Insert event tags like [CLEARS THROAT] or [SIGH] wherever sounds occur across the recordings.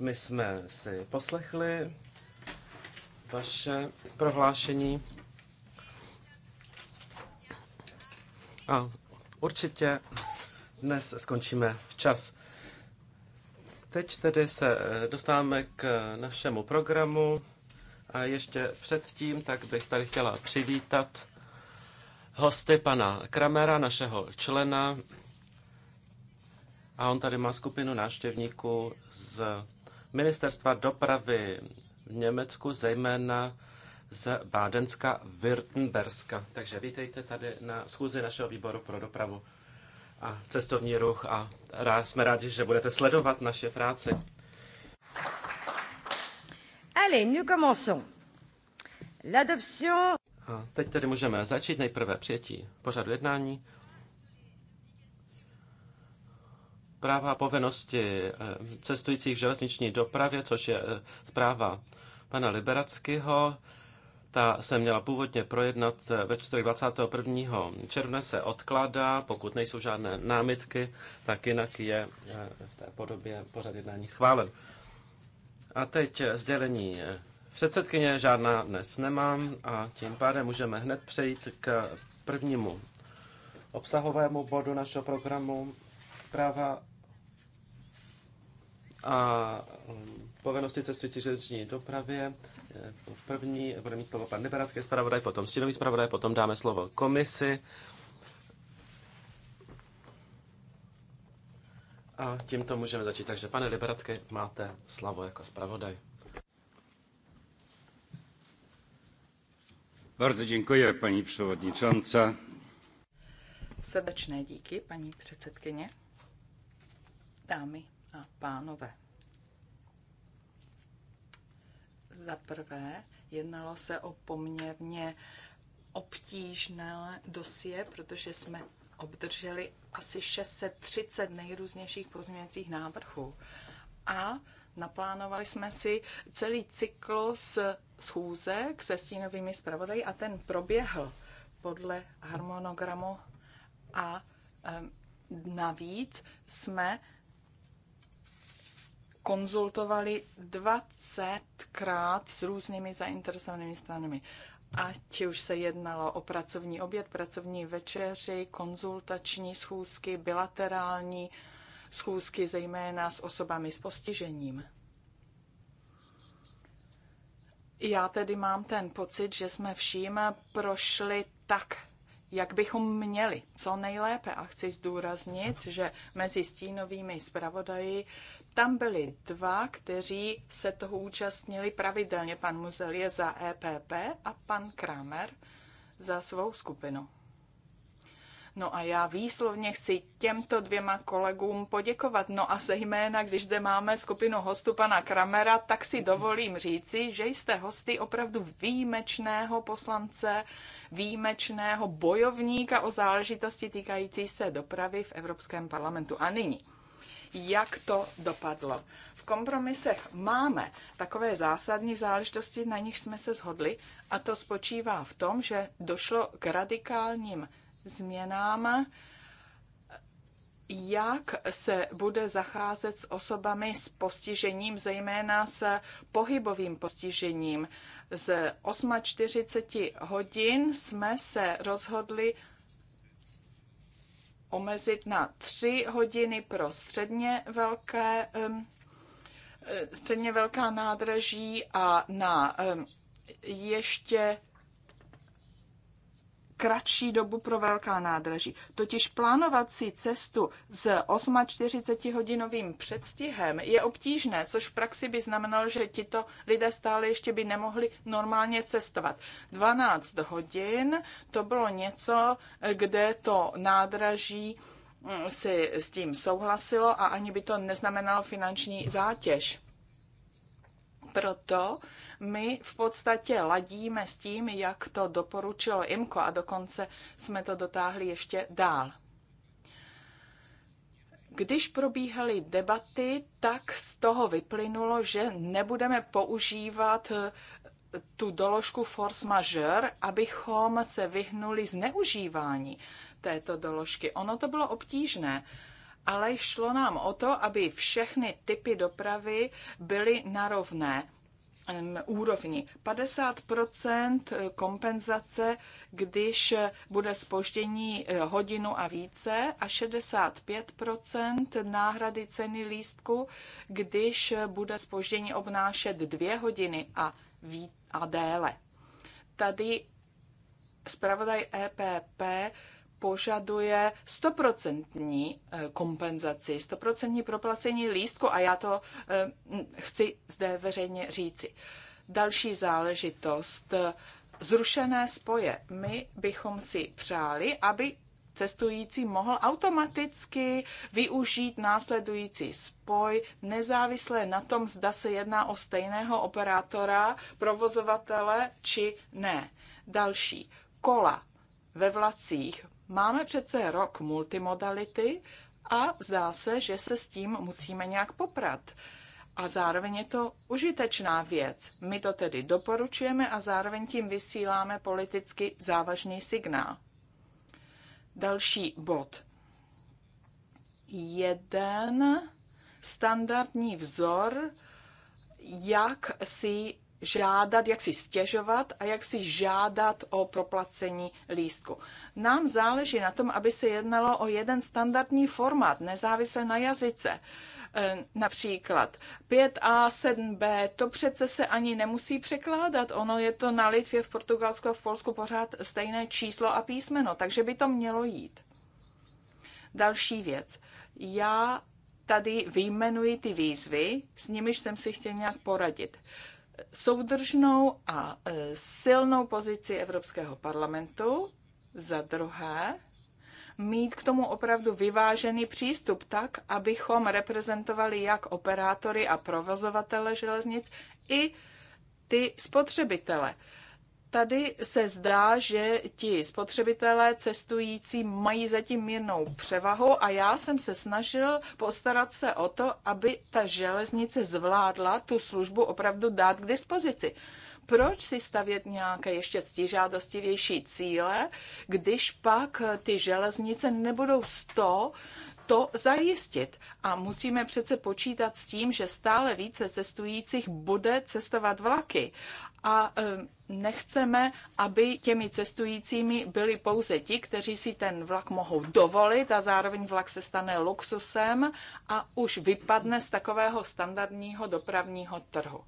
My jsme si poslechli vaše prohlášení a určitě dnes skončíme včas. Teď tedy se eh, dostáváme k našemu programu a ještě předtím tak bych tady chtěla přivítat hosty pana Kramera, našeho člena. A on tady má skupinu návštěvníků z ministerstva dopravy v Německu, zejména z Bádenska Württemberska. Takže vítejte tady na schůzi našeho výboru pro dopravu a cestovní ruch a rá, jsme rádi, že budete sledovat naše práci. Allez, nous commençons. L'adoption. A teď tedy můžeme začít nejprve přijetí pořadu jednání. práva a povinnosti eh, cestujících v železniční dopravě, což je eh, zpráva pana Liberackého. Ta se měla původně projednat eh, ve čtvrtek 21. června, se odkládá, pokud nejsou žádné námitky, tak jinak je v té podobě pořad jednání schválen. A teď sdělení předsedkyně žádná dnes nemám a tím pádem můžeme hned přejít k prvnímu obsahovému bodu našeho programu práva a um, povinnosti cestující železniční dopravě. Eh, první bude mít slovo pan Liberácký zpravodaj, potom stínový zpravodaj, potom dáme slovo komisi. A tímto můžeme začít. Takže pane Liberácký, máte slovo jako zpravodaj. Bardzo děkuji, paní předsedkyně. Srdečné díky, paní předsedkyně. Dámy a pánové. Za prvé, jednalo se o poměrně obtížné dosie, protože jsme obdrželi asi 630 nejrůznějších pozměňujících návrhů. A naplánovali jsme si celý cyklus schůzek se stínovými zpravodaji a ten proběhl podle harmonogramu a navíc jsme konzultovali 20krát s různými zainteresovanými stranami. Ať už se jednalo o pracovní oběd, pracovní večeři, konzultační schůzky, bilaterální schůzky, zejména s osobami s postižením. Já tedy mám ten pocit, že jsme vším prošli tak, jak bychom měli, co nejlépe. A chci zdůraznit, že mezi stínovými zpravodaji tam byli dva, kteří se toho účastnili pravidelně, pan Muzelie za EPP a pan Kramer za svou skupinu. No a já výslovně chci těmto dvěma kolegům poděkovat. No a zejména, když zde máme skupinu hostu pana Kramera, tak si dovolím říci, že jste hosty opravdu výjimečného poslance, výjimečného bojovníka o záležitosti týkající se dopravy v Evropském parlamentu. A nyní jak to dopadlo. V kompromisech máme takové zásadní záležitosti, na nich jsme se shodli, a to spočívá v tom, že došlo k radikálním změnám, jak se bude zacházet s osobami s postižením, zejména s pohybovým postižením. Z 48 hodin jsme se rozhodli omezit na tři hodiny pro středně velké eh, středně velká nádraží a na ještě kratší dobu pro velká nádraží. Totiž plánovat si cestu s 48-hodinovým předstihem je obtížné, což v praxi by znamenalo, že tito lidé stále ještě by nemohli normálně cestovat. 12 hodin to bylo něco, kde to nádraží mm, si s tím souhlasilo a ani by to neznamenalo finanční zátěž. Proto my v podstatě ladíme s tím, jak to doporučilo IMCO a dokonce jsme to dotáhli ještě dál. Když probíhaly debaty, tak z toho vyplynulo, že nebudeme používat eh, tu doložku force majeure, abychom se vyhnuli zneužívání této doložky. Ono to bylo obtížné, ale šlo nám o to, aby všechny typy dopravy byly narovné úrovni. 50 eh, kompenzace, když eh, bude spoždění eh, hodinu a více, a 65 náhrady ceny lístku, když bude spoždění obnášet dvě hodiny a, ví- a déle. Tady zpravodaj EPP požaduje stoprocentní eh, kompenzaci, stoprocentní proplacení lístku a já to eh, chci zde veřejně říci. Další záležitost, eh, zrušené spoje. My bychom si přáli, aby cestující mohl automaticky využít následující spoj nezávisle na tom, zda se jedná o stejného operátora, provozovatele či ne. Další. Kola ve vlacích Máme přece rok multimodality a zdá se, že se s tím musíme nějak poprat. A zároveň je to užitečná věc. My to tedy doporučujeme a zároveň tím vysíláme politicky závažný signál. Další bod. Jeden standardní vzor, jak si žádat, jak si stěžovat a jak si žádat o proplacení lístku. Nám záleží na tom, aby se jednalo o jeden standardní formát, nezávisle na jazyce. E, například 5a, 7b, to přece se ani nemusí překládat. Ono je to na Litvě, v Portugalsku a v Polsku pořád stejné číslo a písmeno, takže by to mělo jít. Další věc. Já tady vyjmenuji ty výzvy, s nimiž jsem si chtěl nějak poradit soudržnou a e, silnou pozici Evropského parlamentu, za druhé mít k tomu opravdu vyvážený přístup tak, abychom reprezentovali jak operátory a provozovatele železnic, i ty spotřebitele. Tady se zdá, že ti spotřebitelé cestující mají zatím jinou převahu a já jsem se snažil postarat se o to, aby ta železnice zvládla tu službu opravdu dát k dispozici. Proč si stavět nějaké ještě stížádostivější cíle, když pak ty železnice nebudou z to to zajistit. A musíme přece počítat s tím, že stále více cestujících bude cestovat vlaky a e, nechceme, aby těmi cestujícími byli pouze ti, kteří si ten vlak mohou dovolit a zároveň vlak se stane luxusem a už vypadne z takového standardního dopravního trhu.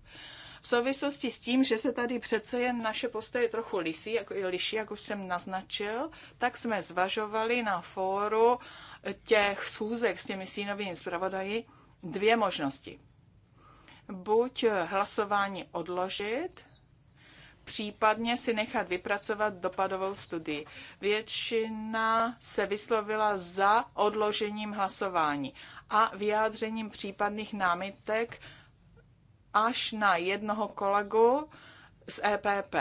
V souvislosti s tím, že se tady přece jen naše postoje trochu lisí, jak, liší, jak už jsem naznačil, tak jsme zvažovali na fóru těch schůzek s těmi sínovými zpravodaji dvě možnosti. Buď hlasování odložit, případně si nechat vypracovat dopadovou studii. Většina se vyslovila za odložením hlasování a vyjádřením případných námitek až na jednoho kolegu z EPP.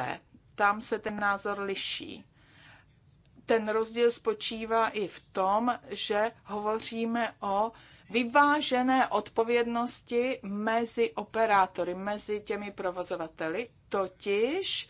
Tam se ten názor liší. Ten rozdíl spočívá i v tom, že hovoříme o vyvážené odpovědnosti mezi operátory, mezi těmi provozovateli totiž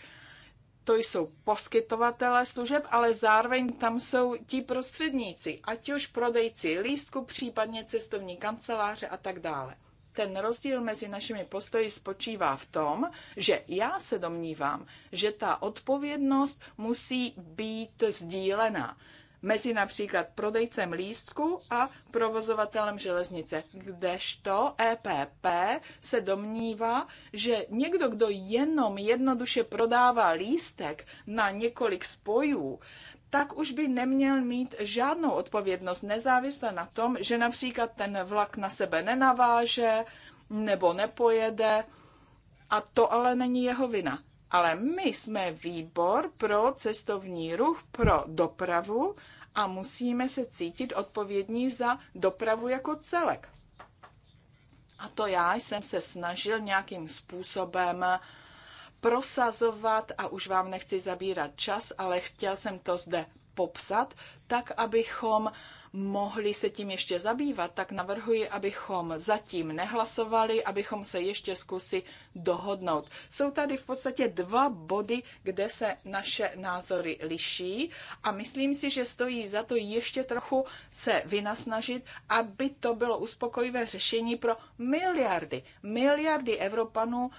to jsou poskytovatelé služeb, ale zároveň tam jsou ti prostředníci, ať už prodejci lístku, případně cestovní kanceláře a tak dále. Ten rozdíl mezi našimi postoji spočívá v tom, že já se domnívám, že ta odpovědnost musí být sdílená, mezi například prodejcem lístku a provozovatelem železnice, kdežto EPP se domnívá, že někdo, kdo jenom jednoduše prodává lístek na několik spojů, tak už by neměl mít žádnou odpovědnost nezávisle na tom, že například ten vlak na sebe nenaváže nebo nepojede, a to ale není jeho vina. Ale my jsme výbor pro cestovní ruch, pro dopravu a musíme se cítit odpovědní za dopravu jako celek. A to já jsem se snažil nějakým způsobem prosazovat a už vám nechci zabírat čas, ale chtěl jsem to zde popsat, tak abychom mohli se tím ještě zabývat, tak navrhuji, abychom zatím nehlasovali, abychom se ještě zkusili dohodnout. Jsou tady v podstatě dva body, kde se naše názory liší a myslím si, že stojí za to ještě trochu se vynasnažit, aby to bylo uspokojivé řešení pro miliardy, miliardy Evropanů,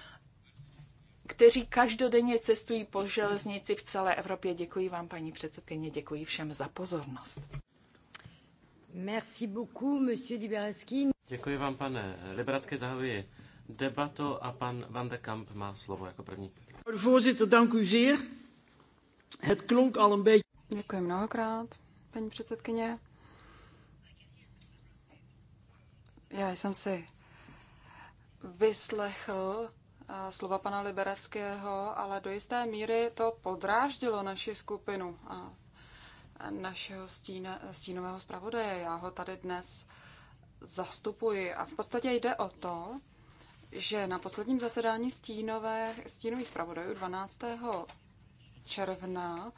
kteří každodenně cestují po železnici v celé Evropě. Děkuji vám, paní předsedkyně, děkuji všem za pozornost. Merci beaucoup, monsieur Děkuji vám, pane Liberacké, zahajuji debatu a pan Van de Kamp má slovo jako první. Voorzitter, dank u zeer. Het klonk al een beetje... Děkuji mnohokrát, paní předsedkyně. Já jsem si vyslechl eh, slova pana Libereckého, ale do jisté míry to podráždilo naši skupinu. A našeho stín, stínového zpravodaje. Já ho tady dnes zastupuji a v podstatě jde o to, že na posledním zasedání stínové, stínových zpravodajů 12. června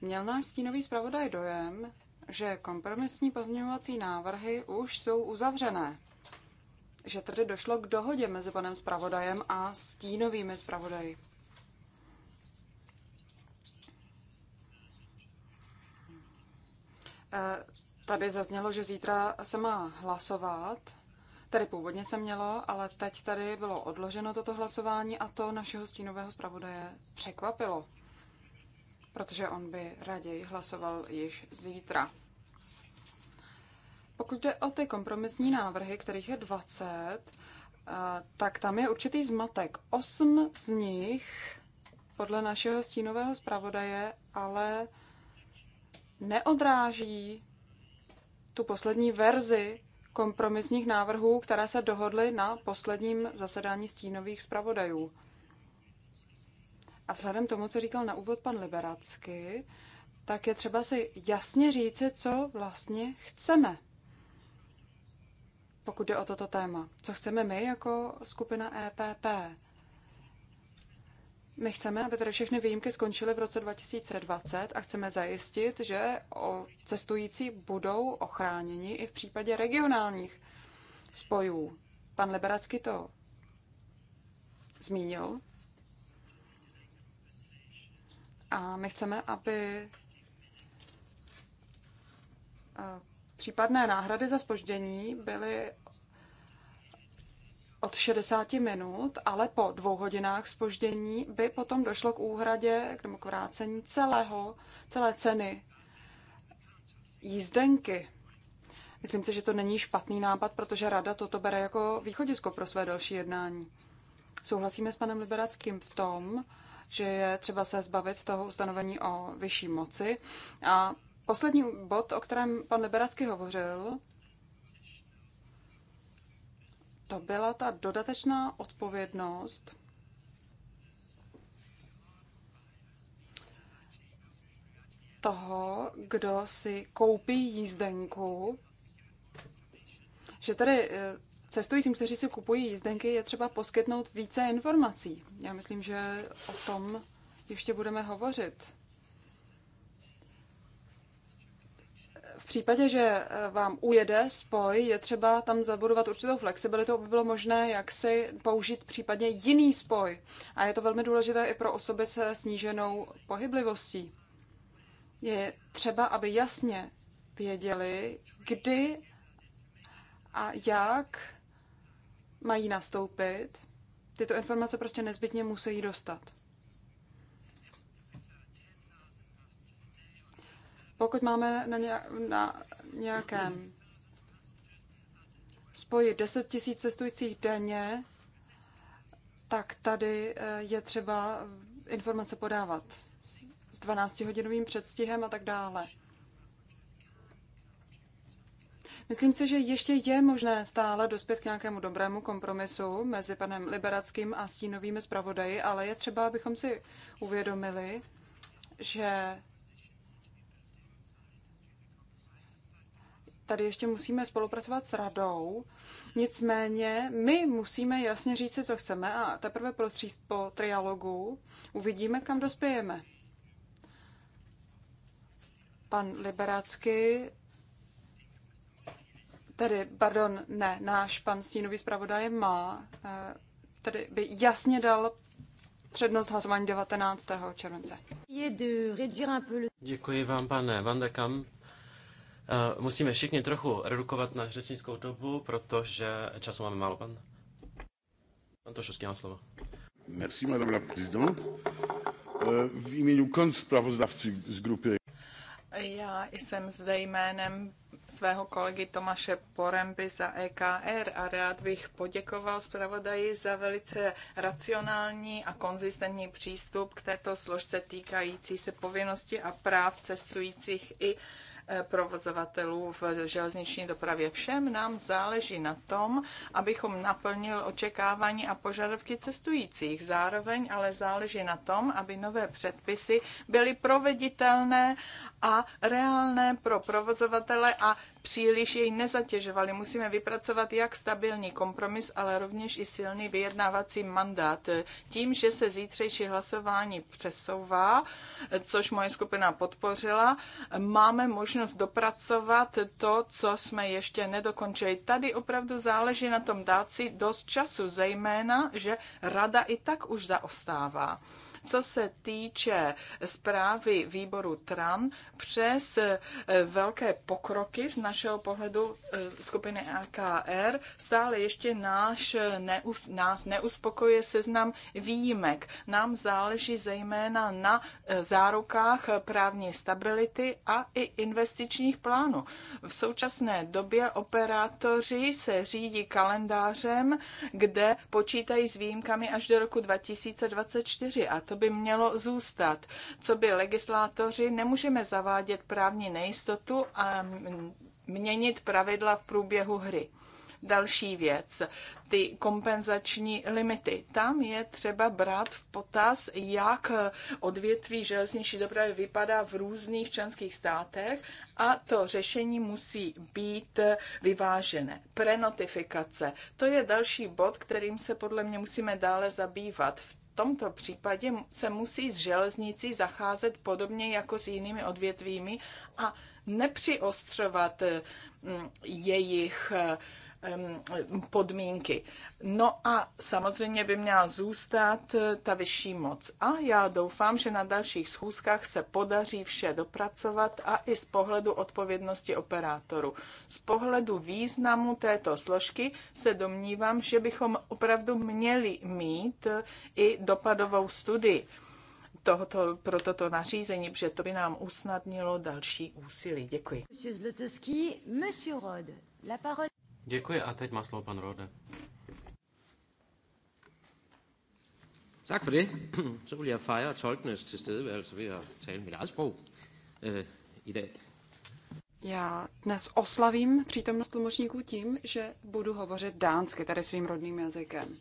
měl náš stínový zpravodaj dojem, že kompromisní pozměňovací návrhy už jsou uzavřené. Že tedy došlo k dohodě mezi panem zpravodajem a stínovými zpravodaji. Eh, tady zaznělo, že zítra se má hlasovat. Tady původně se mělo, ale teď tady bylo odloženo toto hlasování a to našeho stínového zpravodaje překvapilo, protože on by raději hlasoval již zítra. Pokud jde o ty kompromisní návrhy, kterých je 20, eh, tak tam je určitý zmatek. Osm z nich podle našeho stínového zpravodaje ale neodráží tu poslední verzi kompromisních návrhů, které se dohodly na posledním zasedání stínových zpravodajů. A vzhledem tomu, co říkal na úvod pan Liberacky, tak je třeba si jasně říci, co vlastně chceme, pokud jde o toto téma. Co chceme my jako skupina EPP? My chceme, aby tady všechny výjimky skončily v roce 2020 a chceme zajistit, že cestující budou ochráněni i v případě regionálních spojů. Pan Liberacky to zmínil. A my chceme, aby eh, případné náhrady za spoždění byly od 60 minut, ale po dvou hodinách spoždění by potom došlo k úhradě, k, tomu k vrácení celého, celé ceny jízdenky. Myslím si, že to není špatný nápad, protože rada toto bere jako východisko pro své další jednání. Souhlasíme s panem Liberackým v tom, že je třeba se zbavit toho ustanovení o vyšší moci. A poslední bod, o kterém pan Liberacký hovořil, to byla ta dodatečná odpovědnost, toho, kdo si koupí jízdenku, že tedy eh, cestujícím, kteří si kupují jízdenky, je třeba poskytnout více informací. Já myslím, že o tom ještě budeme hovořit. v případě, že eh, vám ujede spoj, je třeba tam zabudovat určitou flexibilitu, aby bylo možné jak si použít případně jiný spoj. A je to velmi důležité i pro osoby se sníženou pohyblivostí. Je třeba, aby jasně věděli, kdy a jak mají nastoupit. Tyto informace prostě nezbytně musí dostat. Pokud máme na, nějakém spoji 10 tisíc cestujících denně, tak tady eh, je třeba informace podávat s 12-hodinovým předstihem a tak dále. Myslím si, že ještě je možné stále dospět k nějakému dobrému kompromisu mezi panem Liberackým a stínovými zpravodaji, ale je třeba, abychom si uvědomili, že tady ještě musíme spolupracovat s radou. Nicméně my musíme jasně říct si, co chceme a teprve po, po trialogu uvidíme, kam dospějeme. Pan Liberácky, tedy, pardon, ne, náš pan stínový zpravodaj má, eh, tedy by jasně dal přednost hlasování 19. července. Děkuji vám, pane Van Eh, musíme všichni trochu redukovat na řečnickou dobu, protože času máme málo. Pan, pan Tošovský má slovo. Merci, madame la présidente. Eh, v jménu konc zpravodajci z grupy. Já jsem zde jménem svého kolegy Tomáše Poremby za EKR a rád bych poděkoval zpravodaji za velice racionální a konzistentní přístup k této složce týkající se povinnosti a práv cestujících i Eh, provozovatelů v železniční dopravě. Všem nám záleží na tom, abychom naplnili očekávání a požadavky cestujících. Zároveň ale záleží na tom, aby nové předpisy byly proveditelné a reálné pro provozovatele a příliš jej nezatěžovali. Musíme vypracovat jak stabilní kompromis, ale rovněž i silný vyjednávací mandát. Tím, že se zítřejší hlasování přesouvá, což moje skupina podpořila, máme možnost dopracovat to, co jsme ještě nedokončili. Tady opravdu záleží na tom dát si dost času, zejména, že rada i tak už zaostává. Co se týče zprávy výboru TRAN, přes eh, velké pokroky z našeho pohledu eh, skupiny AKR stále ještě náš eh, neus, nás neuspokojuje seznam výjimek. Nám záleží zejména na zárukách právní stability a i investičních plánů. V současné době operátoři se řídí kalendářem, kde počítají s výjimkami až do roku 2024 a to to by mělo zůstat. Co by legislátoři, nemůžeme zavádět právní nejistotu a měnit pravidla v průběhu hry. Další věc, ty kompenzační limity. Tam je třeba brát v potaz, jak odvětví železniční dopravy vypadá v různých členských státech a to řešení musí být vyvážené. Prenotifikace, to je další bod, kterým se podle mě musíme dále zabývat. V tomto případě se musí s železnicí zacházet podobně jako s jinými odvětvími a nepřiostřovat eh, jejich eh, podmínky. No a samozřejmě by měla zůstat eh, ta vyšší moc. A já doufám, že na dalších schůzkách se podaří vše dopracovat a i z pohledu odpovědnosti operátoru. Z pohledu významu této složky se domnívám, že bychom opravdu měli mít eh, i dopadovou studii tohoto, pro toto nařízení, protože to by nám usnadnilo další úsilí. Děkuji. la parole... Děkuji a teď má slovo pan Rode. Tak for det. [CLEARS THROAT] Så vil jeg fejre tolkenes tilstedeværelse ved at tale mit eget sprog øh, i dag. Já dnes oslavím přítomnost tlumočníků tím, že budu hovořit dánsky, tady svým rodným jazykem.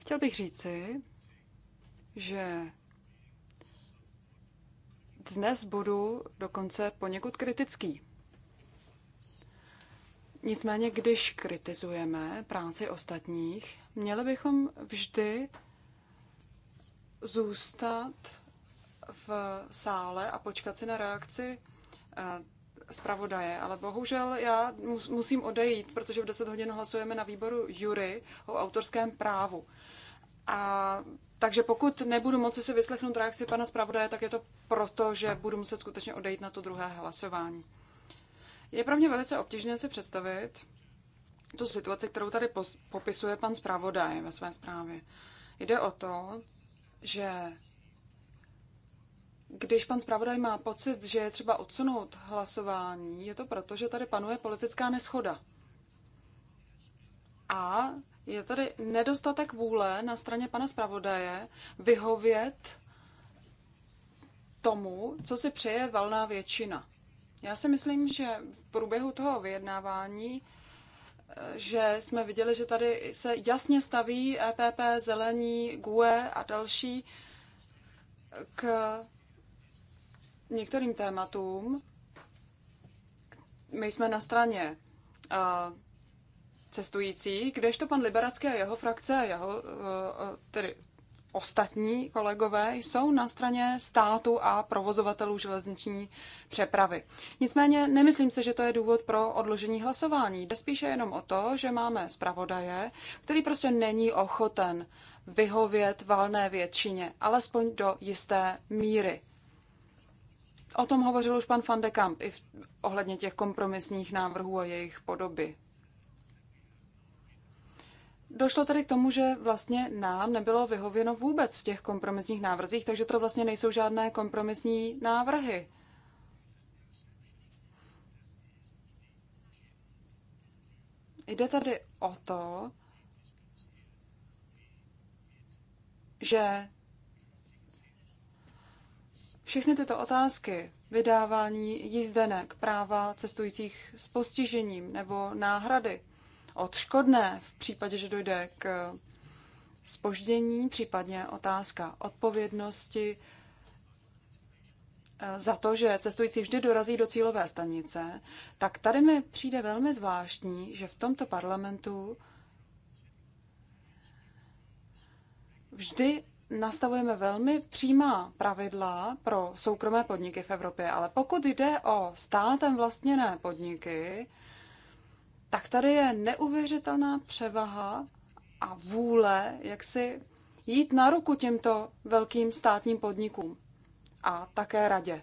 Chtěl bych říci, že dnes budu dokonce poněkud kritický Nicméně, když kritizujeme práci ostatních, měli bychom vždy zůstat v sále a počkat si na reakci eh, zpravodaje, ale bohužel já musím odejít, protože v 10 hodin hlasujeme na výboru jury o autorském právu. A takže pokud nebudu moci si vyslechnout reakci pana zpravodaje, tak je to proto, že budu muset skutečně odejít na to druhé hlasování. Je pro mě velice obtížné si představit tu situaci, kterou tady popisuje pan zpravodaj ve své zprávě. Jde o to, že když pan zpravodaj má pocit, že je třeba odsunout hlasování, je to proto, že tady panuje politická neschoda. A je tady nedostatek vůle na straně pana zpravodaje vyhovět tomu, co si přeje valná většina. Já si myslím, že v průběhu toho vyjednávání eh, že jsme viděli, že tady se jasně staví EPP, Zelení, GUE a další k některým tématům. My jsme na straně eh, cestující, kdežto pan Liberacký a jeho frakce a jeho eh, tedy ostatní kolegové jsou na straně státu a provozovatelů železniční přepravy. Nicméně nemyslím se, že to je důvod pro odložení hlasování. Jde spíše jenom o to, že máme zpravodaje, který prostě není ochoten vyhovět valné většině, alespoň do jisté míry. O tom hovořil už pan van de Kamp i v, ohledně těch kompromisních návrhů a jejich podoby došlo tady k tomu, že vlastně nám nebylo vyhověno vůbec v těch kompromisních návrzích, takže to vlastně nejsou žádné kompromisní návrhy. Jde tady o to, že všechny tyto otázky vydávání jízdenek, práva cestujících s postižením nebo náhrady odškodné v případě, že dojde k spoždění, případně otázka odpovědnosti eh, za to, že cestující vždy dorazí do cílové stanice, tak tady mi přijde velmi zvláštní, že v tomto parlamentu vždy nastavujeme velmi přímá pravidla pro soukromé podniky v Evropě, ale pokud jde o státem vlastněné podniky, tak tady je neuvěřitelná převaha a vůle, jak si jít na ruku těmto velkým státním podnikům a také radě.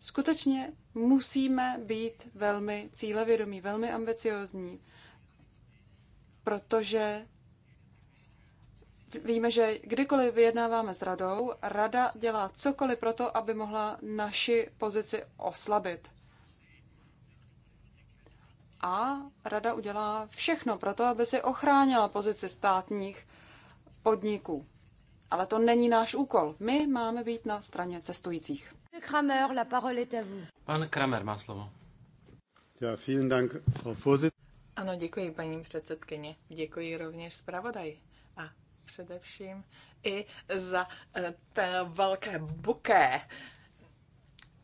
Skutečně musíme být velmi cílevědomí, velmi ambiciozní, protože víme, že kdykoliv vyjednáváme s radou, rada dělá cokoliv pro to, aby mohla naši pozici oslabit a rada udělá všechno pro to, aby si ochránila pozici státních podniků. Ale to není náš úkol. My máme být na straně cestujících. Pan Kramer má slovo. Ano, děkuji, paní předsedkyně. Děkuji rovněž zpravodaj. A především i za eh, ten velké buké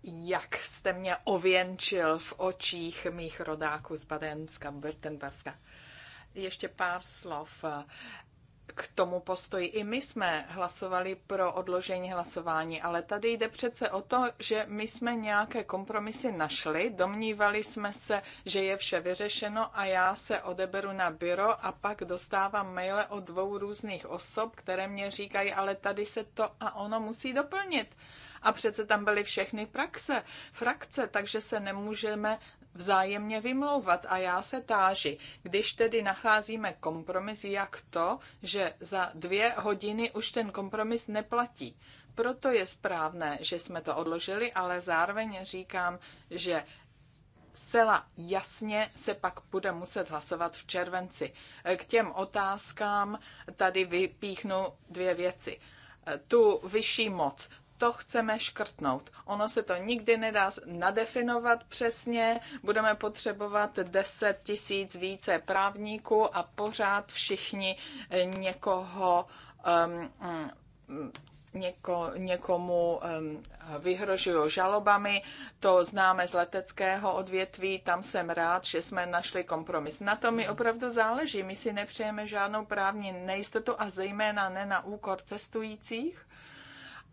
jak jste mě ověnčil v očích mých rodáků z Badenska, Württemberska. Ještě pár slov eh, k tomu postoji. I my jsme hlasovali pro odložení hlasování, ale tady jde přece o to, že my jsme nějaké kompromisy našli, domnívali jsme se, že je vše vyřešeno a já se odeberu na byro a pak dostávám maile od dvou různých osob, které mě říkají, ale tady se to a ono musí doplnit. A přece tam byly všechny praxe, frakce, takže se nemůžeme vzájemně vymlouvat. A já se táži, když tedy nacházíme kompromis, jak to, že za dvě hodiny už ten kompromis neplatí. Proto je správné, že jsme to odložili, ale zároveň říkám, že zcela jasně se pak bude muset hlasovat v červenci. K těm otázkám tady vypíchnu dvě věci. Tu vyšší moc to chceme škrtnout. Ono se to nikdy nedá nadefinovat přesně, budeme potřebovat 10 tisíc více právníků a pořád všichni eh, někoho um, um něko, někomu um, vyhrožují žalobami. To známe z leteckého odvětví, tam jsem rád, že jsme našli kompromis. Na to mi opravdu záleží. My si nepřejeme žádnou právní nejistotu a zejména ne na úkor cestujících.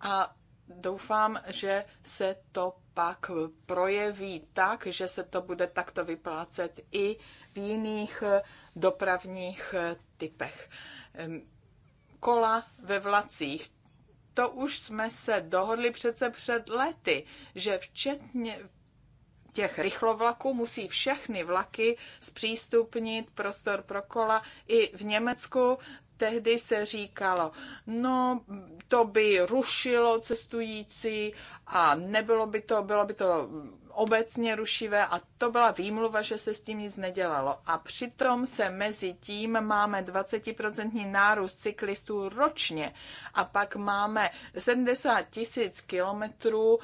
A doufám, že se to pak projeví tak, že se to bude takto vyplácet i v jiných dopravních typech. Kola ve vlacích. To už jsme se dohodli přece před lety, že včetně těch rychlovlaků musí všechny vlaky zpřístupnit prostor pro kola. I v Německu tehdy se říkalo, no to by rušilo cestující a nebylo by to, bylo by to obecně rušivé a to byla výmluva, že se s tím nic nedělalo. A přitom se mezi tím máme 20% nárůst cyklistů ročně a pak máme 70 tisíc kilometrů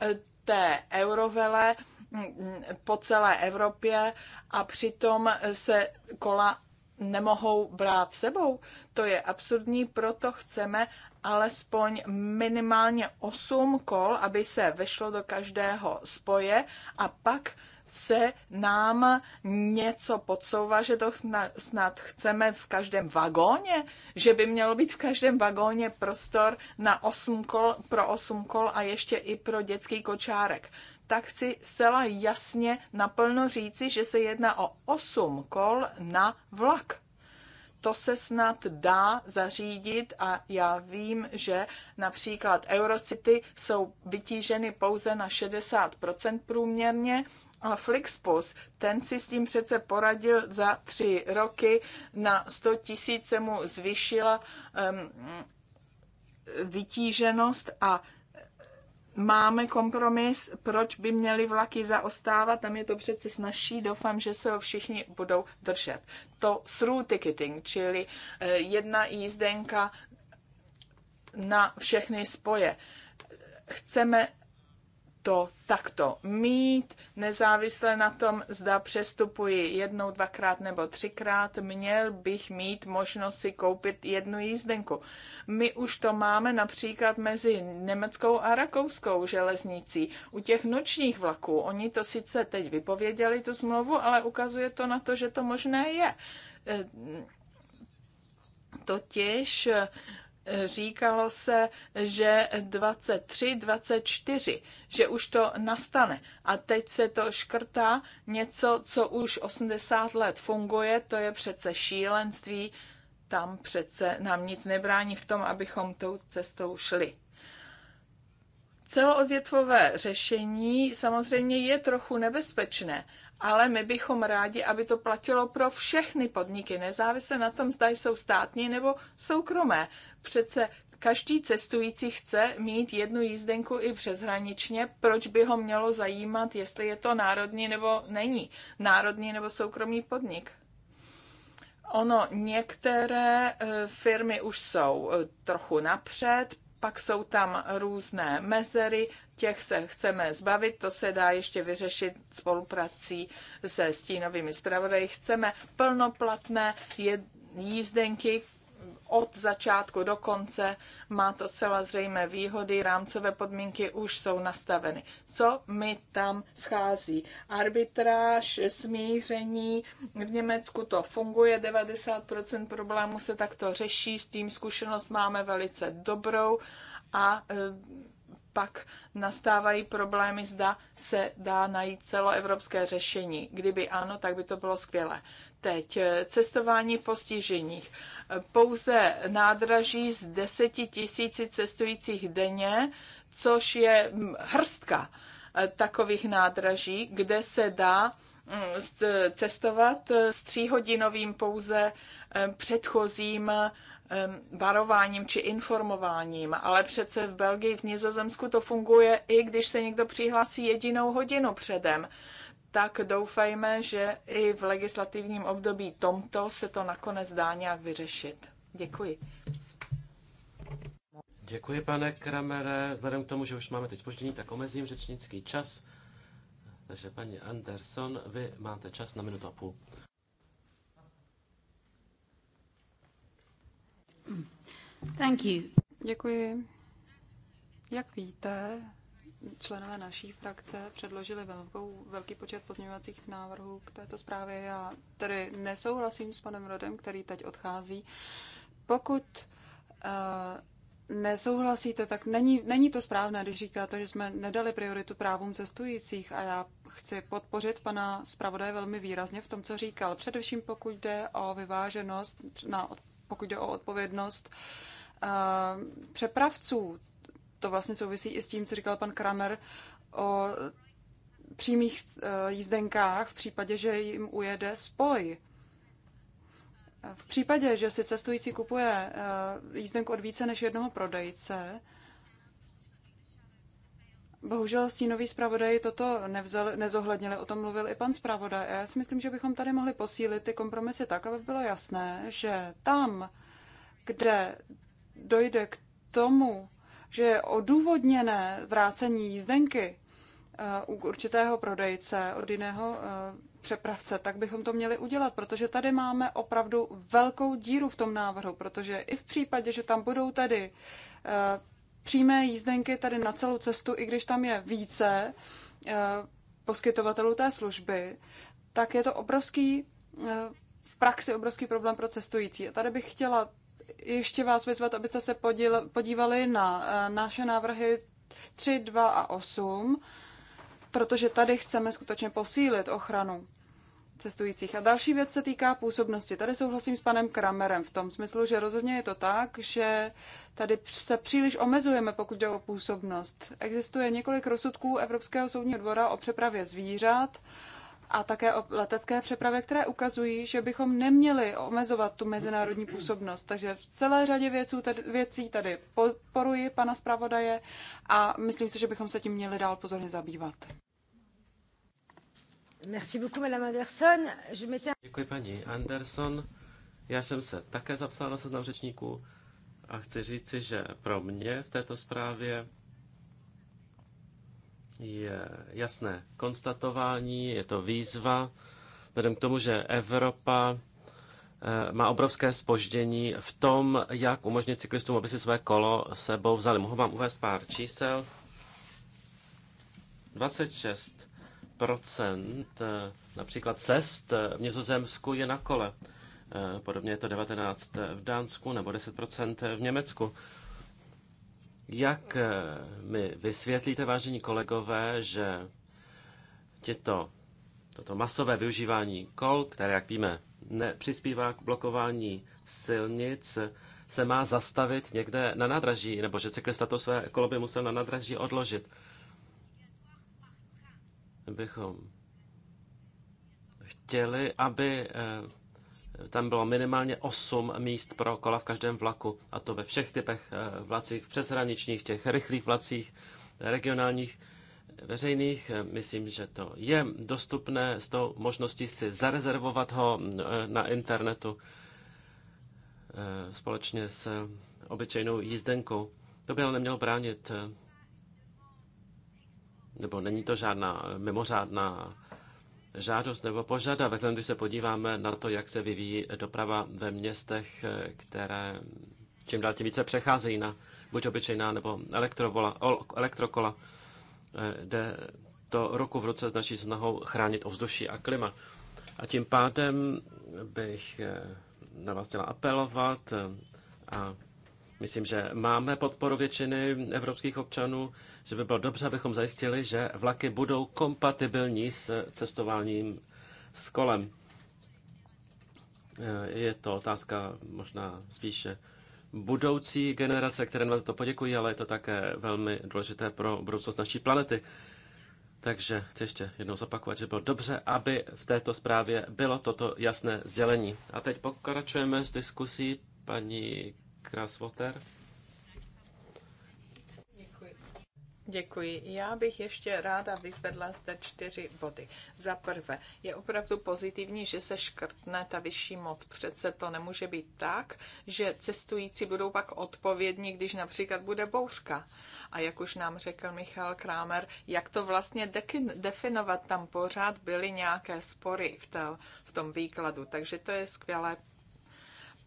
eh, té eurovele mm, mm, po celé Evropě a přitom se kola nemohou brát sebou. To je absurdní, proto chceme alespoň minimálně 8 kol, aby se vešlo do každého spoje a pak se nám něco podsouvá, že to snad chceme v každém vagóně, že by mělo být v každém vagóně prostor na 8 kol, pro 8 kol a ještě i pro dětský kočárek tak chci zcela jasně naplno říci, že se jedná o 8 kol na vlak. To se snad dá zařídit a já vím, že například Eurocity jsou vytíženy pouze na 60% průměrně, a Flixbus, ten si s tím přece poradil za tři roky, na 100 tisíc se mu zvýšila um, vytíženost a máme kompromis, proč by měly vlaky zaostávat, tam je to přeci snažší, doufám, že se ho všichni budou držet. To through ticketing, čili eh, jedna jízdenka na všechny spoje. Chceme to takto mít, nezávisle na tom, zda přestupuji jednou, dvakrát nebo třikrát, měl bych mít možnost si koupit jednu jízdenku. My už to máme například mezi německou a rakouskou železnicí. U těch nočních vlaků, oni to sice teď vypověděli tu smlouvu, ale ukazuje to na to, že to možné je. E, totiž říkalo se, že 23, 24, že už to nastane. A teď se to škrtá něco, co už 80 let funguje, to je přece šílenství, tam přece nám nic nebrání v tom, abychom tou cestou šli. Celoodvětvové řešení samozřejmě je trochu nebezpečné, ale my bychom rádi, aby to platilo pro všechny podniky, nezávisle na tom, zda jsou státní nebo soukromé. Přece každý cestující chce mít jednu jízdenku i přeshraničně, proč by ho mělo zajímat, jestli je to národní nebo není, národní nebo soukromý podnik. Ono, některé eh, firmy už jsou eh, trochu napřed, pak jsou tam různé mezery, těch se chceme zbavit, to se dá ještě vyřešit spoluprací se stínovými zpravodaji. Chceme plnoplatné jízdenky, od začátku do konce. Má to celá zřejmé výhody, rámcové podmínky už jsou nastaveny. Co mi tam schází? Arbitráž, smíření, v Německu to funguje, 90% problémů se takto řeší, s tím zkušenost máme velice dobrou a e, pak nastávají problémy, zda se dá najít celoevropské řešení. Kdyby ano, tak by to bylo skvělé. Teď eh, cestování postižených. Eh, pouze nádraží z deseti tisíci cestujících denně, což je mm, hrstka eh, takových nádraží, kde se dá mm, cestovat s tříhodinovým pouze předchozím varováním či informováním, ale přece v Belgii, v Nizozemsku to funguje, i když se někdo přihlásí jedinou hodinu předem. Tak doufejme, že i v legislativním období tomto se to nakonec dá nějak vyřešit. Děkuji. Děkuji, pane Kramere. Vzhledem k tomu, že už máme teď spoždění, tak omezím řečnický čas. Takže paní Anderson, vy máte čas na minutu a půl. Thank you. Děkuji. Jak víte, členové naší frakce předložili velkou, velký počet pozměňovacích návrhů k této zprávě. Já tedy nesouhlasím s panem Rodem, který teď odchází. Pokud uh, nesouhlasíte, tak není, není to správné, když říkáte, že jsme nedali prioritu právům cestujících a já chci podpořit pana zpravodaje velmi výrazně v tom, co říkal. Především pokud jde o vyváženost na pokud jde o odpovědnost eh, přepravců. To vlastně souvisí i s tím, co říkal pan Kramer o přímých eh, jízdenkách v případě, že jim ujede spoj. V případě, že si cestující kupuje eh, jízdenku od více než jednoho prodejce, Bohužel stínoví zpravodaji toto nevzal, nezohlednili, o tom mluvil i pan zpravodaj. Já si myslím, že bychom tady mohli posílit ty kompromisy tak, aby bylo jasné, že tam, kde dojde k tomu, že je odůvodněné vrácení jízdenky eh, u určitého prodejce od jiného eh, přepravce, tak bychom to měli udělat, protože tady máme opravdu velkou díru v tom návrhu, protože i v případě, že tam budou tady eh, přímé jízdenky tady na celou cestu, i když tam je více eh, poskytovatelů té služby, tak je to obrovský, eh, v praxi obrovský problém pro cestující. A tady bych chtěla ještě vás vyzvat, abyste se podíl, podívali na eh, naše návrhy 3, 2 a 8, protože tady chceme skutečně posílit ochranu cestujících. A další věc se týká působnosti. Tady souhlasím s panem Kramerem v tom smyslu, že rozhodně je to tak, že tady se příliš omezujeme, pokud jde o působnost. Existuje několik rozsudků Evropského soudního dvora o přepravě zvířat a také o letecké přepravě, které ukazují, že bychom neměli omezovat tu mezinárodní působnost. Takže v celé řadě věců, tady, věcí tady podporuji pana zpravodaje a myslím si, že bychom se tím měli dál pozorně zabývat. Merci beaucoup, Madame Anderson. Je m'étais... Děkuji, paní Anderson. Já jsem se také zapsal na seznam řečníků a chci říci, že pro mě v této zprávě je jasné konstatování, je to výzva, vzhledem k tomu, že Evropa eh, má obrovské spoždění v tom, jak umožnit cyklistům, aby si své kolo sebou vzali. Mohu vám uvést pár čísel. 26 Procent, eh, například cest eh, v Nizozemsku je na kole. Eh, podobně je to 19 v Dánsku nebo 10 v Německu. Jak mi vysvětlíte, vážení kolegové, že těto, toto masové využívání kol, které, jak víme, nepřispívá k blokování silnic, se má zastavit někde na nádraží, nebo že cyklista to své kolo by musel na nádraží odložit bychom chtěli, aby eh, tam bylo minimálně 8 míst pro kola v každém vlaku, a to ve všech typech eh, vlacích, přeshraničních, těch rychlých vlacích, regionálních, veřejných. Myslím, že to je dostupné s tou možností si zarezervovat ho eh, na internetu společně s obyčejnou jízdenkou. To by ale nemělo bránit nebo není to žádná eh, mimořádná žádost nebo požadavek, když se podíváme na to, jak se vyvíjí doprava ve městech, eh, které čím dál tím více přecházejí na buď obyčejná nebo elektrovola, elektrokola, eh, jde to roku v roce s naší snahou chránit ovzduší a klima. A tím pádem bych na vás chtěla apelovat a Myslím, že máme podporu většiny evropských občanů, že by bylo dobře, abychom zajistili, že vlaky budou kompatibilní s cestováním s kolem. Je to otázka možná spíše budoucí generace, které vás za to poděkují, ale je to také velmi důležité pro budoucnost naší planety. Takže chci ještě jednou zopakovat, že bylo dobře, aby v této zprávě bylo toto jasné sdělení. A teď pokračujeme s diskusí paní Krasvoter. Děkuji. Děkuji. Já bych ještě ráda vyzvedla zde čtyři body. Za prvé, je opravdu pozitivní, že se škrtne ta vyšší moc. Přece to nemůže být tak, že cestující budou pak odpovědní, když například bude bouřka. A jak už nám řekl Michal Krámer, jak to vlastně de- definovat, tam pořád byly nějaké spory v, to, v tom výkladu. Takže to je skvělé.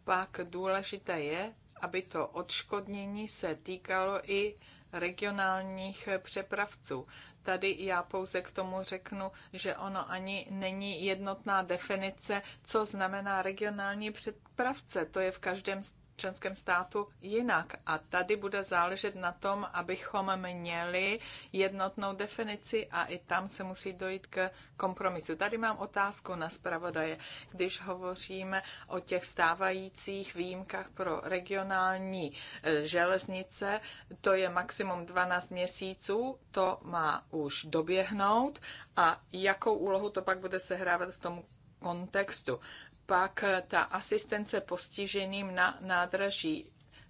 Pak důležité je aby to odškodnění se týkalo i regionálních přepravců. Tady já pouze k tomu řeknu, že ono ani není jednotná definice, co znamená regionální přepravce. To je v každém členském státu jinak. A tady bude záležet na tom, abychom měli jednotnou definici a i tam se musí dojít k kompromisu. Tady mám otázku na zpravodaje. Když hovoříme o těch stávajících výjimkách pro regionální e, železnice, to je maximum 12 měsíců, to má už doběhnout a jakou úlohu to pak bude sehrávat v tom kontextu pak ta asistence postiženým na nádraží.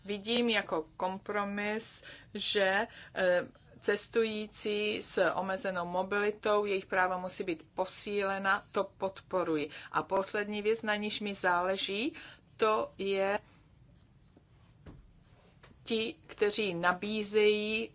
Vidím jako kompromis, že eh, cestující s omezenou mobilitou, jejich práva musí být posílena, to podporuji. A poslední věc, na níž mi záleží, to je ti, kteří nabízejí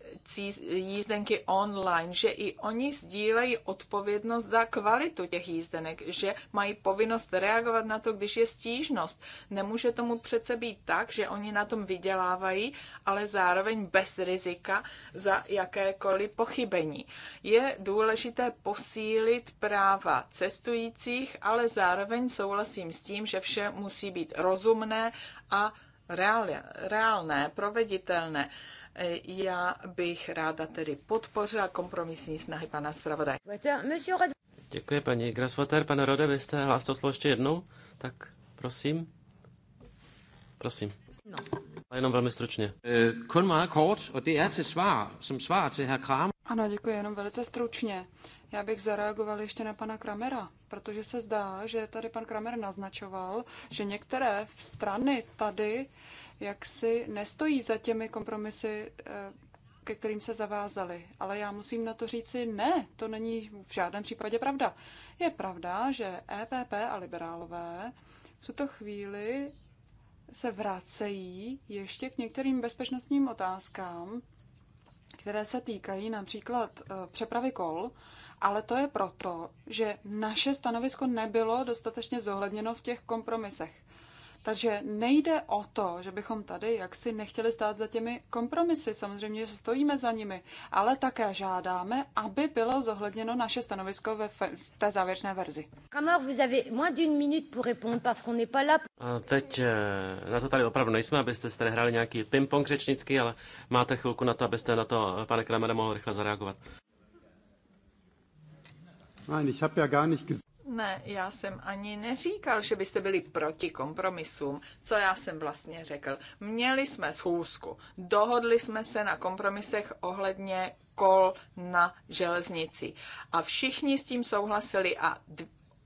jízdenky online, že i oni sdílejí odpovědnost za kvalitu těch jízdenek, že mají povinnost reagovat na to, když je stížnost. Nemůže tomu přece být tak, že oni na tom vydělávají, ale zároveň bez rizika za jakékoliv pochybení. Je důležité posílit práva cestujících, ale zároveň souhlasím s tím, že vše musí být rozumné a reálně, reálné, proveditelné. Já bych ráda tedy podpořila kompromisní snahy pana zpravodaj. Děkuji, paní Grasvater. Pane Rode, vy jste hlásil slovo ještě jednou, tak prosím. Prosím. No. A jenom velmi stručně. Eh, kun er Ano, děkuji, jenom velice stručně. Já bych zareagoval ještě na pana Kramera protože se zdá, že tady pan Kramer naznačoval, že některé strany tady jaksi nestojí za těmi kompromisy, eh, ke kterým se zavázali. Ale já musím na to říci, ne, to není v žádném případě pravda. Je pravda, že EPP a liberálové v tuto chvíli se vracejí ještě k některým bezpečnostním otázkám, které se týkají například eh, přepravy kol, ale to je proto, že naše stanovisko nebylo dostatečně zohledněno v těch kompromisech. Takže nejde o to, že bychom tady jaksi nechtěli stát za těmi kompromisy, samozřejmě, že stojíme za nimi, ale také žádáme, aby bylo zohledněno naše stanovisko ve v té závěrečné verzi. A teď eh, na to tady opravdu nejsme, abyste tady hráli nějaký ping-pong řečnický, ale máte chvilku na to, abyste na to, eh, pane Kramere, mohl rychle zareagovat. Nein, ich habe ja gar nicht ne, já jsem ani neříkal, že byste byli proti kompromisům. Co já jsem vlastně řekl? Měli jsme schůzku, dohodli jsme se na kompromisech ohledně kol na železnici a všichni s tím souhlasili a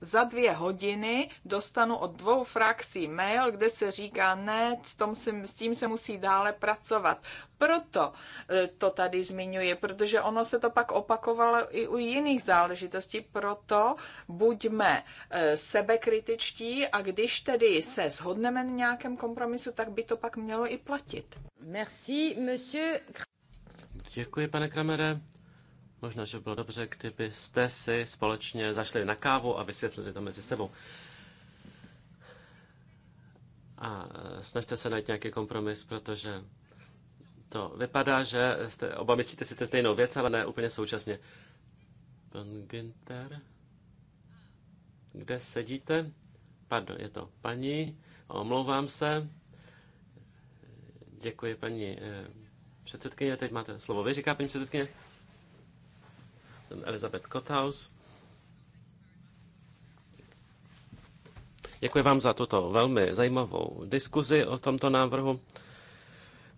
za dvě hodiny dostanu od dvou frakcí mail, kde se říká, ne, s, tom si, s tím se musí dále pracovat. Proto e, to tady zmiňuje, protože ono se to pak opakovalo i u jiných záležitostí, proto buďme e, sebekritičtí a když tedy se shodneme na nějakém kompromisu, tak by to pak mělo i platit. Merci, monsieur. Děkuji, pane Kramere. Možná, že bylo dobře, kdybyste si společně zašli na kávu a vysvětlili to mezi sebou. A eh, snažte se najít nějaký kompromis, protože to vypadá, že jste, oba myslíte sice stejnou věc, ale ne úplně současně. Pan Ginter? Kde sedíte? Pardon, je to paní. Omlouvám se. Děkuji, paní eh, předsedkyně. Teď máte slovo vy, říká paní předsedkyně. Elizabeth Kothaus. Děkuji vám za tuto velmi zajímavou diskuzi o tomto návrhu.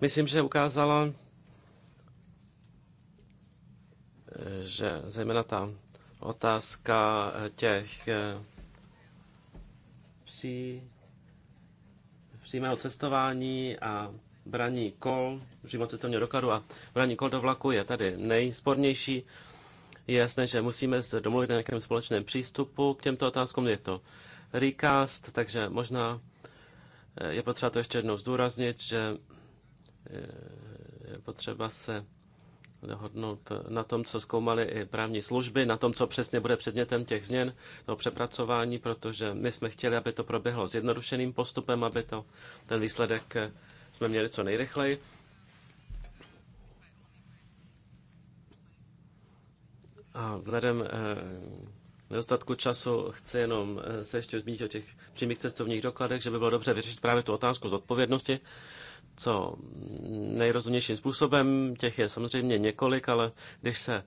Myslím, že ukázala, že zejména ta otázka těch eh, při přímého cestování a braní kol, přímo cestovního dokladu a braní kol do vlaku je tady nejspornější je jasné, že musíme se domluvit na nějakém společném přístupu k těmto otázkám. Je to recast, takže možná eh, je potřeba to ještě jednou zdůraznit, že eh, je potřeba se dohodnout na tom, co zkoumaly i právní služby, na tom, co přesně bude předmětem těch změn, toho přepracování, protože my jsme chtěli, aby to proběhlo zjednodušeným postupem, aby to, ten výsledek eh, jsme měli co nejrychleji. A vzhledem eh, nedostatku času chci jenom eh, se ještě zmínit o těch přímých cestovních dokladech, že by bylo dobře vyřešit právě tu otázku z odpovědnosti, co nejrozumějším způsobem. Těch je samozřejmě několik, ale když se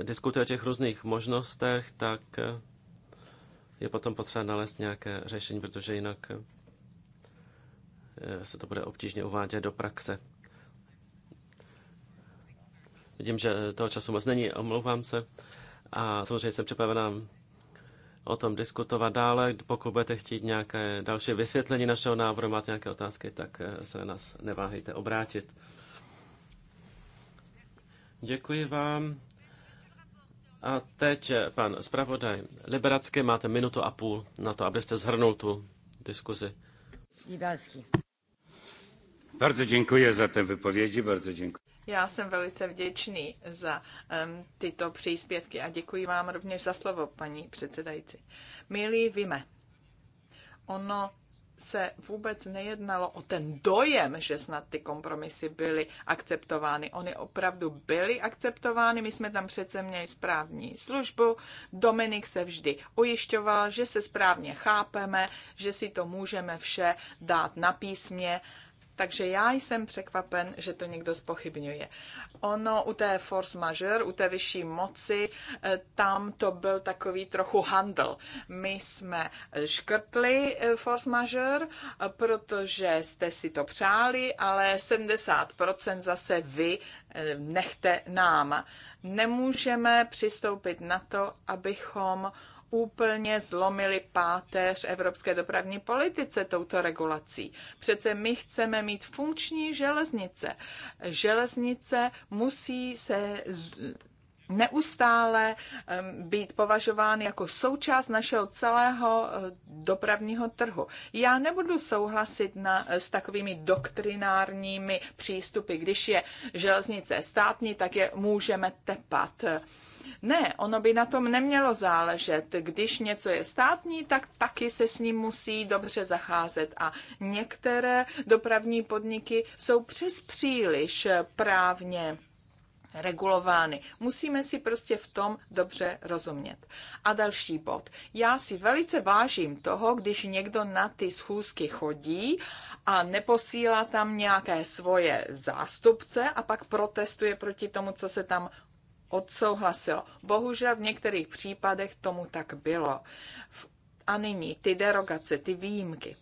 eh, diskutuje o těch různých možnostech, tak je potom potřeba nalézt nějaké řešení, protože jinak se to bude obtížně uvádět do praxe. Vidím, že toho času moc není, omlouvám se. A samozřejmě jsem připravená o tom diskutovat dále. Pokud budete chtít nějaké další vysvětlení našeho návrhu, máte nějaké otázky, tak eh, se na nás neváhejte obrátit. Děkuji vám. A teď, eh, pan zpravodaj Liberacky, máte minutu a půl na to, abyste zhrnul tu diskuzi. Liberacky. Bardzo dziękuję za te wypowiedzi, bardzo dziękuję. Já jsem velice vděčný za um, tyto příspěvky a děkuji vám rovněž za slovo, paní předsedající. Milí Vime, ono se vůbec nejednalo o ten dojem, že snad ty kompromisy byly akceptovány. Ony opravdu byly akceptovány, my jsme tam přece měli správní službu. Dominik se vždy ujišťoval, že se správně chápeme, že si to můžeme vše dát na písmě takže já jsem překvapen, že to někdo zpochybňuje. Ono u té force majeure, u té vyšší moci, eh, tam to byl takový trochu handel. My jsme škrtli eh, force majeure, eh, protože jste si to přáli, ale 70% zase vy nechte nám. Nemůžeme přistoupit na to, abychom úplně zlomili páteř evropské dopravní politice touto regulací. Přece my chceme mít funkční železnice. Železnice musí se neustále být považován jako součást našeho celého eh, dopravního trhu. Já nebudu souhlasit na, eh, s takovými doktrinárními přístupy. Když je železnice státní, tak je můžeme tepat ne, ono by na tom nemělo záležet. Když něco je státní, tak taky se s ním musí dobře zacházet. A některé dopravní podniky jsou přes příliš právně regulovány. Musíme si prostě v tom dobře rozumět. A další bod. Já si velice vážím toho, když někdo na ty schůzky chodí a neposílá tam nějaké svoje zástupce a pak protestuje proti tomu, co se tam odsouhlasil. Bohužel v některých případech tomu tak bylo. A nyní ty derogace, ty výjimky.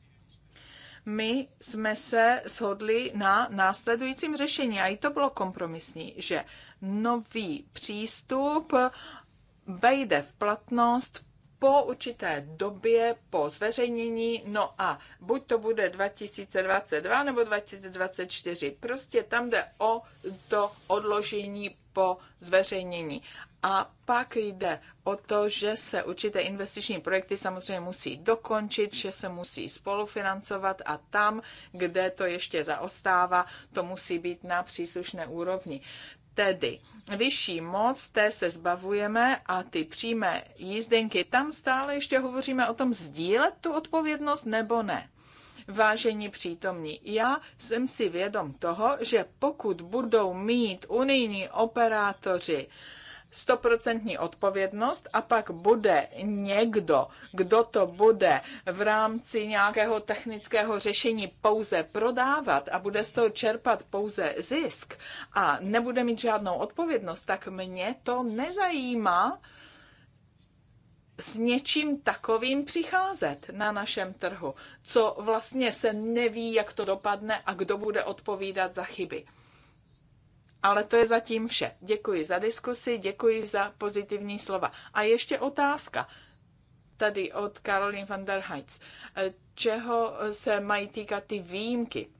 My jsme se shodli na následujícím řešení, a i to bylo kompromisní, že nový přístup vejde v platnost po určité době po zveřejnění, no a buď to bude 2022 nebo 2024, prostě tam jde o to odložení po zveřejnění. A pak jde o to, že se určité investiční projekty samozřejmě musí dokončit, že se musí spolufinancovat a tam, kde to ještě zaostává, to musí být na příslušné úrovni. Tedy vyšší moc, té se zbavujeme a ty přímé jízdenky, tam stále ještě hovoříme o tom sdílet tu odpovědnost nebo ne. Vážení přítomní, já jsem si vědom toho, že pokud budou mít unijní operátoři uh, stoprocentní odpovědnost a pak bude někdo, kdo to bude v rámci nějakého technického řešení pouze prodávat a bude z toho čerpat pouze zisk a nebude mít žádnou odpovědnost, tak mě to nezajímá s něčím takovým přicházet na našem trhu, co vlastně se neví, jak to dopadne a kdo bude odpovídat za chyby. Ale to je zatím vše. Děkuji za diskusi, děkuji za pozitivní slova. A ještě otázka tady od Karolín van der Heitz. Eh, čeho se mají týkat ty výjimky?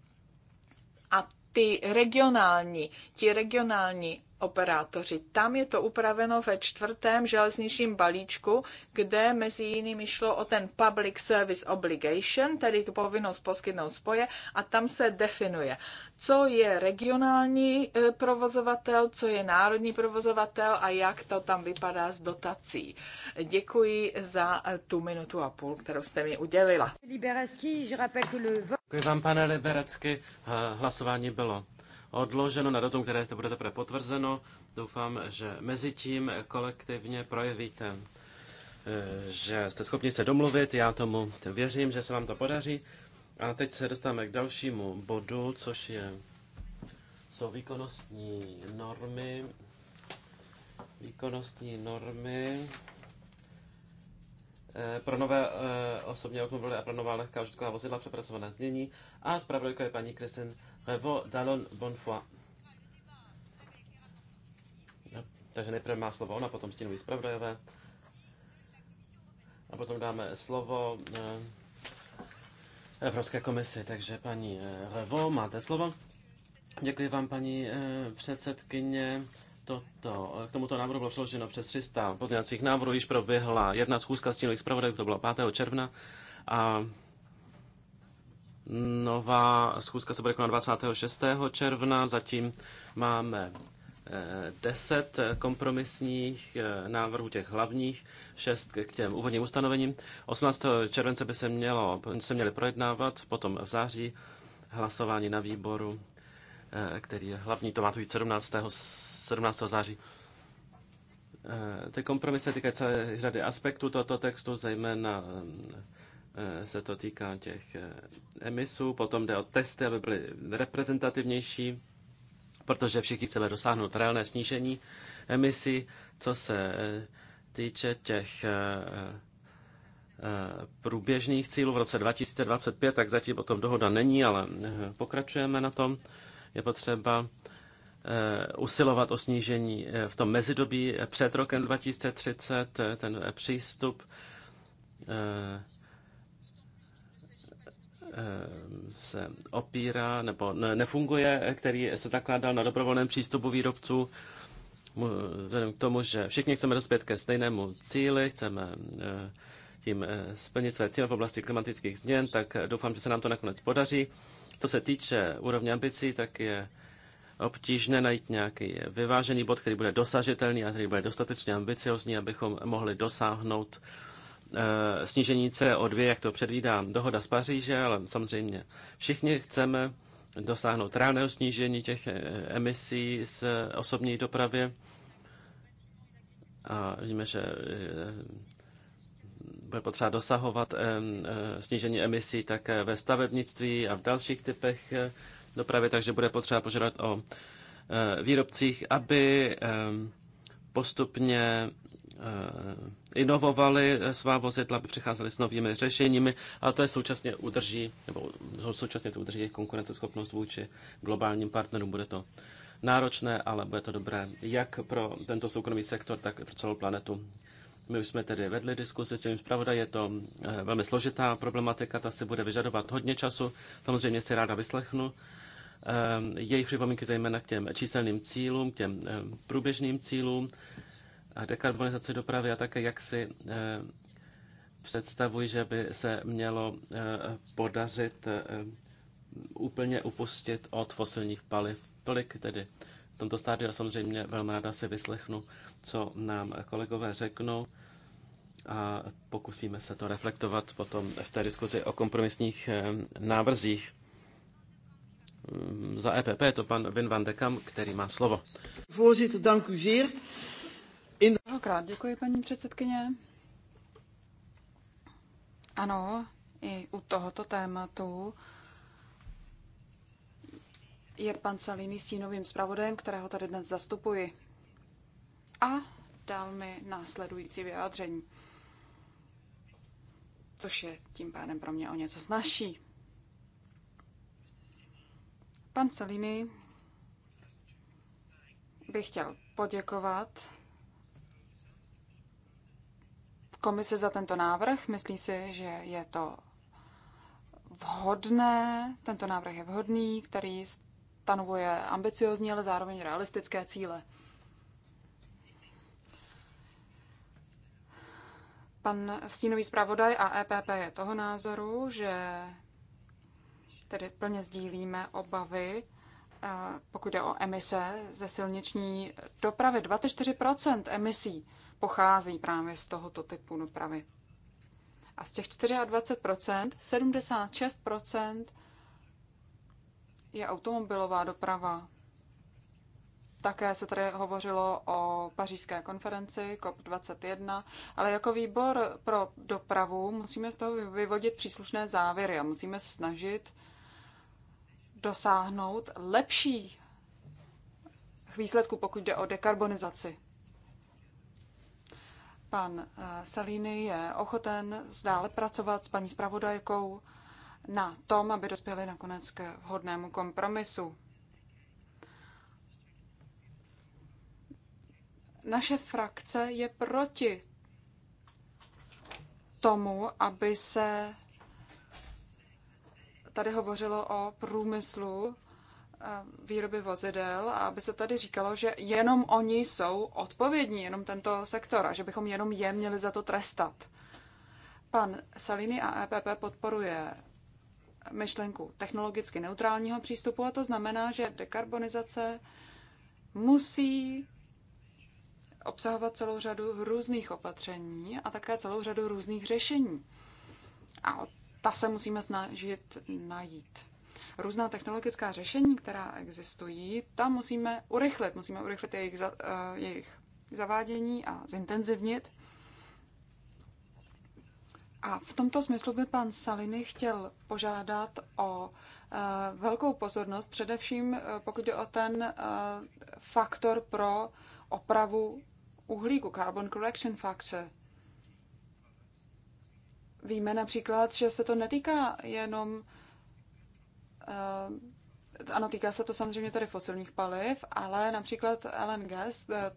A ty regionální, ti regionální operátoři. Tam je to upraveno ve čtvrtém železničním balíčku, kde mezi jinými šlo o ten public service obligation, tedy tu povinnost poskytnout spoje a tam se definuje, co je regionální e, provozovatel, co je národní provozovatel a jak to tam vypadá s dotací. Děkuji za e, tu minutu a půl, kterou jste mi udělila. Děkuji vám, pane Liberecky. Hlasování bylo odloženo na datum, které jste bude teprve potvrzeno. Doufám, že mezi tím kolektivně projevíte, e, že jste schopni se domluvit. Já tomu věřím, že se vám to podaří. A teď se dostáváme k dalšímu bodu, což je, jsou výkonnostní normy. Výkonnostní normy e, pro nové e, osobní automobily a pro nová lehká užitková vozidla přepracované znění. A zpravodajka je paní Kristin Evo Dalon Bonfoy. No, takže nejprve má slovo ona, potom stínový zpravodajové. A potom dáme slovo eh, Evropské komisi. Takže paní Levo, eh, máte slovo. Děkuji vám, paní eh, předsedkyně. Toto, k tomuto návrhu bylo přeloženo přes 300 pozměňovacích návrhů. Již proběhla jedna schůzka stínových zpravodajů, to bylo 5. června. A Nová schůzka se bude konat 26. června, zatím máme 10 eh, kompromisních eh, návrhů, těch hlavních, 6 k těm úvodním ustanovením. 18. července by se, mělo, se měly projednávat, potom v září hlasování na výboru, eh, který je hlavní, to má tu 17. 17. září. Ty kompromisy týkají celé řady aspektů tohoto textu, zejména Eh, se to týká těch eh, emisů, potom jde o testy, aby byly reprezentativnější, protože všichni chceme dosáhnout reálné snížení emisí, co se eh, týče těch průběžných cílů v roce 2025, tak zatím o tom dohoda není, ale pokračujeme na tom. Je potřeba usilovat o snížení v tom mezidobí před rokem 2030, ten přístup Eh, se opírá nebo nefunguje, který se zakládal na dobrovolném přístupu výrobců, vzhledem k tomu, že všichni chceme dospět ke stejnému cíli, chceme eh, tím eh, splnit své cíle v oblasti klimatických změn, tak doufám, že se nám to nakonec podaří. To se týče úrovně ambicí, tak je obtížné najít nějaký vyvážený bod, který bude dosažitelný a který bude dostatečně ambiciozní, abychom mohli dosáhnout uh, Eh, snížení CO2, jak to předvídá dohoda z Paříže, ale samozřejmě všichni chceme dosáhnout reálného snížení těch eh, emisí z osobní dopravy. A víme, že eh, bude potřeba dosahovat snížení emisí také ve stavebnictví a v dalších typech dopravy, takže bude potřeba požádat o výrobcích, aby postupně Eh, inovovali svá vozidla, aby přicházeli s novými řešeními, ale to je současně udrží, nebo současně to udrží jejich konkurenceschopnost vůči globálním partnerům. Bude to náročné, ale bude to dobré jak pro tento soukromý sektor, tak pro celou planetu. My už jsme tedy vedli diskusi s tím zpravodaj, je to eh, velmi složitá problematika, ta si bude vyžadovat hodně času. Samozřejmě si ráda vyslechnu eh, jejich připomínky zejména k těm číselným cílům, k těm průběžným cílům a dekarbonizaci dopravy a také jak si eh, představuji, že by se mělo eh, podařit eh, úplně upustit od fosilních paliv. Tolik tedy v tomto stádiu a samozřejmě velmi ráda si vyslechnu, co nám kolegové řeknou a pokusíme se to reflektovat potom v té diskuzi o kompromisních návrzích. Za EPP je to pan Vin van de Kam, který má slovo. Voorzitter, dank u zeer. Mnohokrát děkuji, paní předsedkyně. Ano, i u tohoto tématu je pan Salini stínovým zpravodajem, kterého tady dnes zastupuji. A dal mi následující vyjádření, což je tím pádem pro mě o něco snažší. Pan Salini by chtěl poděkovat komise za tento návrh. Myslí si, že je to vhodné, tento návrh je vhodný, který stanovuje ambiciozní, ale zároveň realistické cíle. Pan stínový zpravodaj a EPP je toho názoru, že tedy plně sdílíme obavy, eh, pokud jde o emise ze silniční dopravy. 24 emisí pochází právě z tohoto typu dopravy. A z těch 24%, 76% je automobilová doprava. Také se tady hovořilo o pařížské konferenci COP21, ale jako výbor pro dopravu musíme z toho vyvodit příslušné závěry a musíme se snažit dosáhnout lepší výsledku, pokud jde o dekarbonizaci Pan eh, Salini je ochoten zdále pracovat s paní zpravodajkou na tom, aby dospěli nakonec k vhodnému kompromisu. Naše frakce je proti tomu, aby se tady hovořilo o průmyslu výroby vozidel a aby se tady říkalo, že jenom oni jsou odpovědní, jenom tento sektor a že bychom jenom je měli za to trestat. Pan Salini a EPP podporuje myšlenku technologicky neutrálního přístupu a to znamená, že dekarbonizace musí obsahovat celou řadu různých opatření a také celou řadu různých řešení. A ta se musíme snažit najít různá technologická řešení, která existují, tam musíme urychlit, musíme urychlit jejich, za, eh, jejich zavádění a zintenzivnit. A v tomto smyslu by pan Saliny chtěl požádat o eh, velkou pozornost, především eh, pokud jde o ten faktor pro opravu uhlíku, Carbon Correction Factor. Víme například, že se to netýká jenom Eh, ano, týká se to samozřejmě tady fosilních paliv, ale například LNG, eh,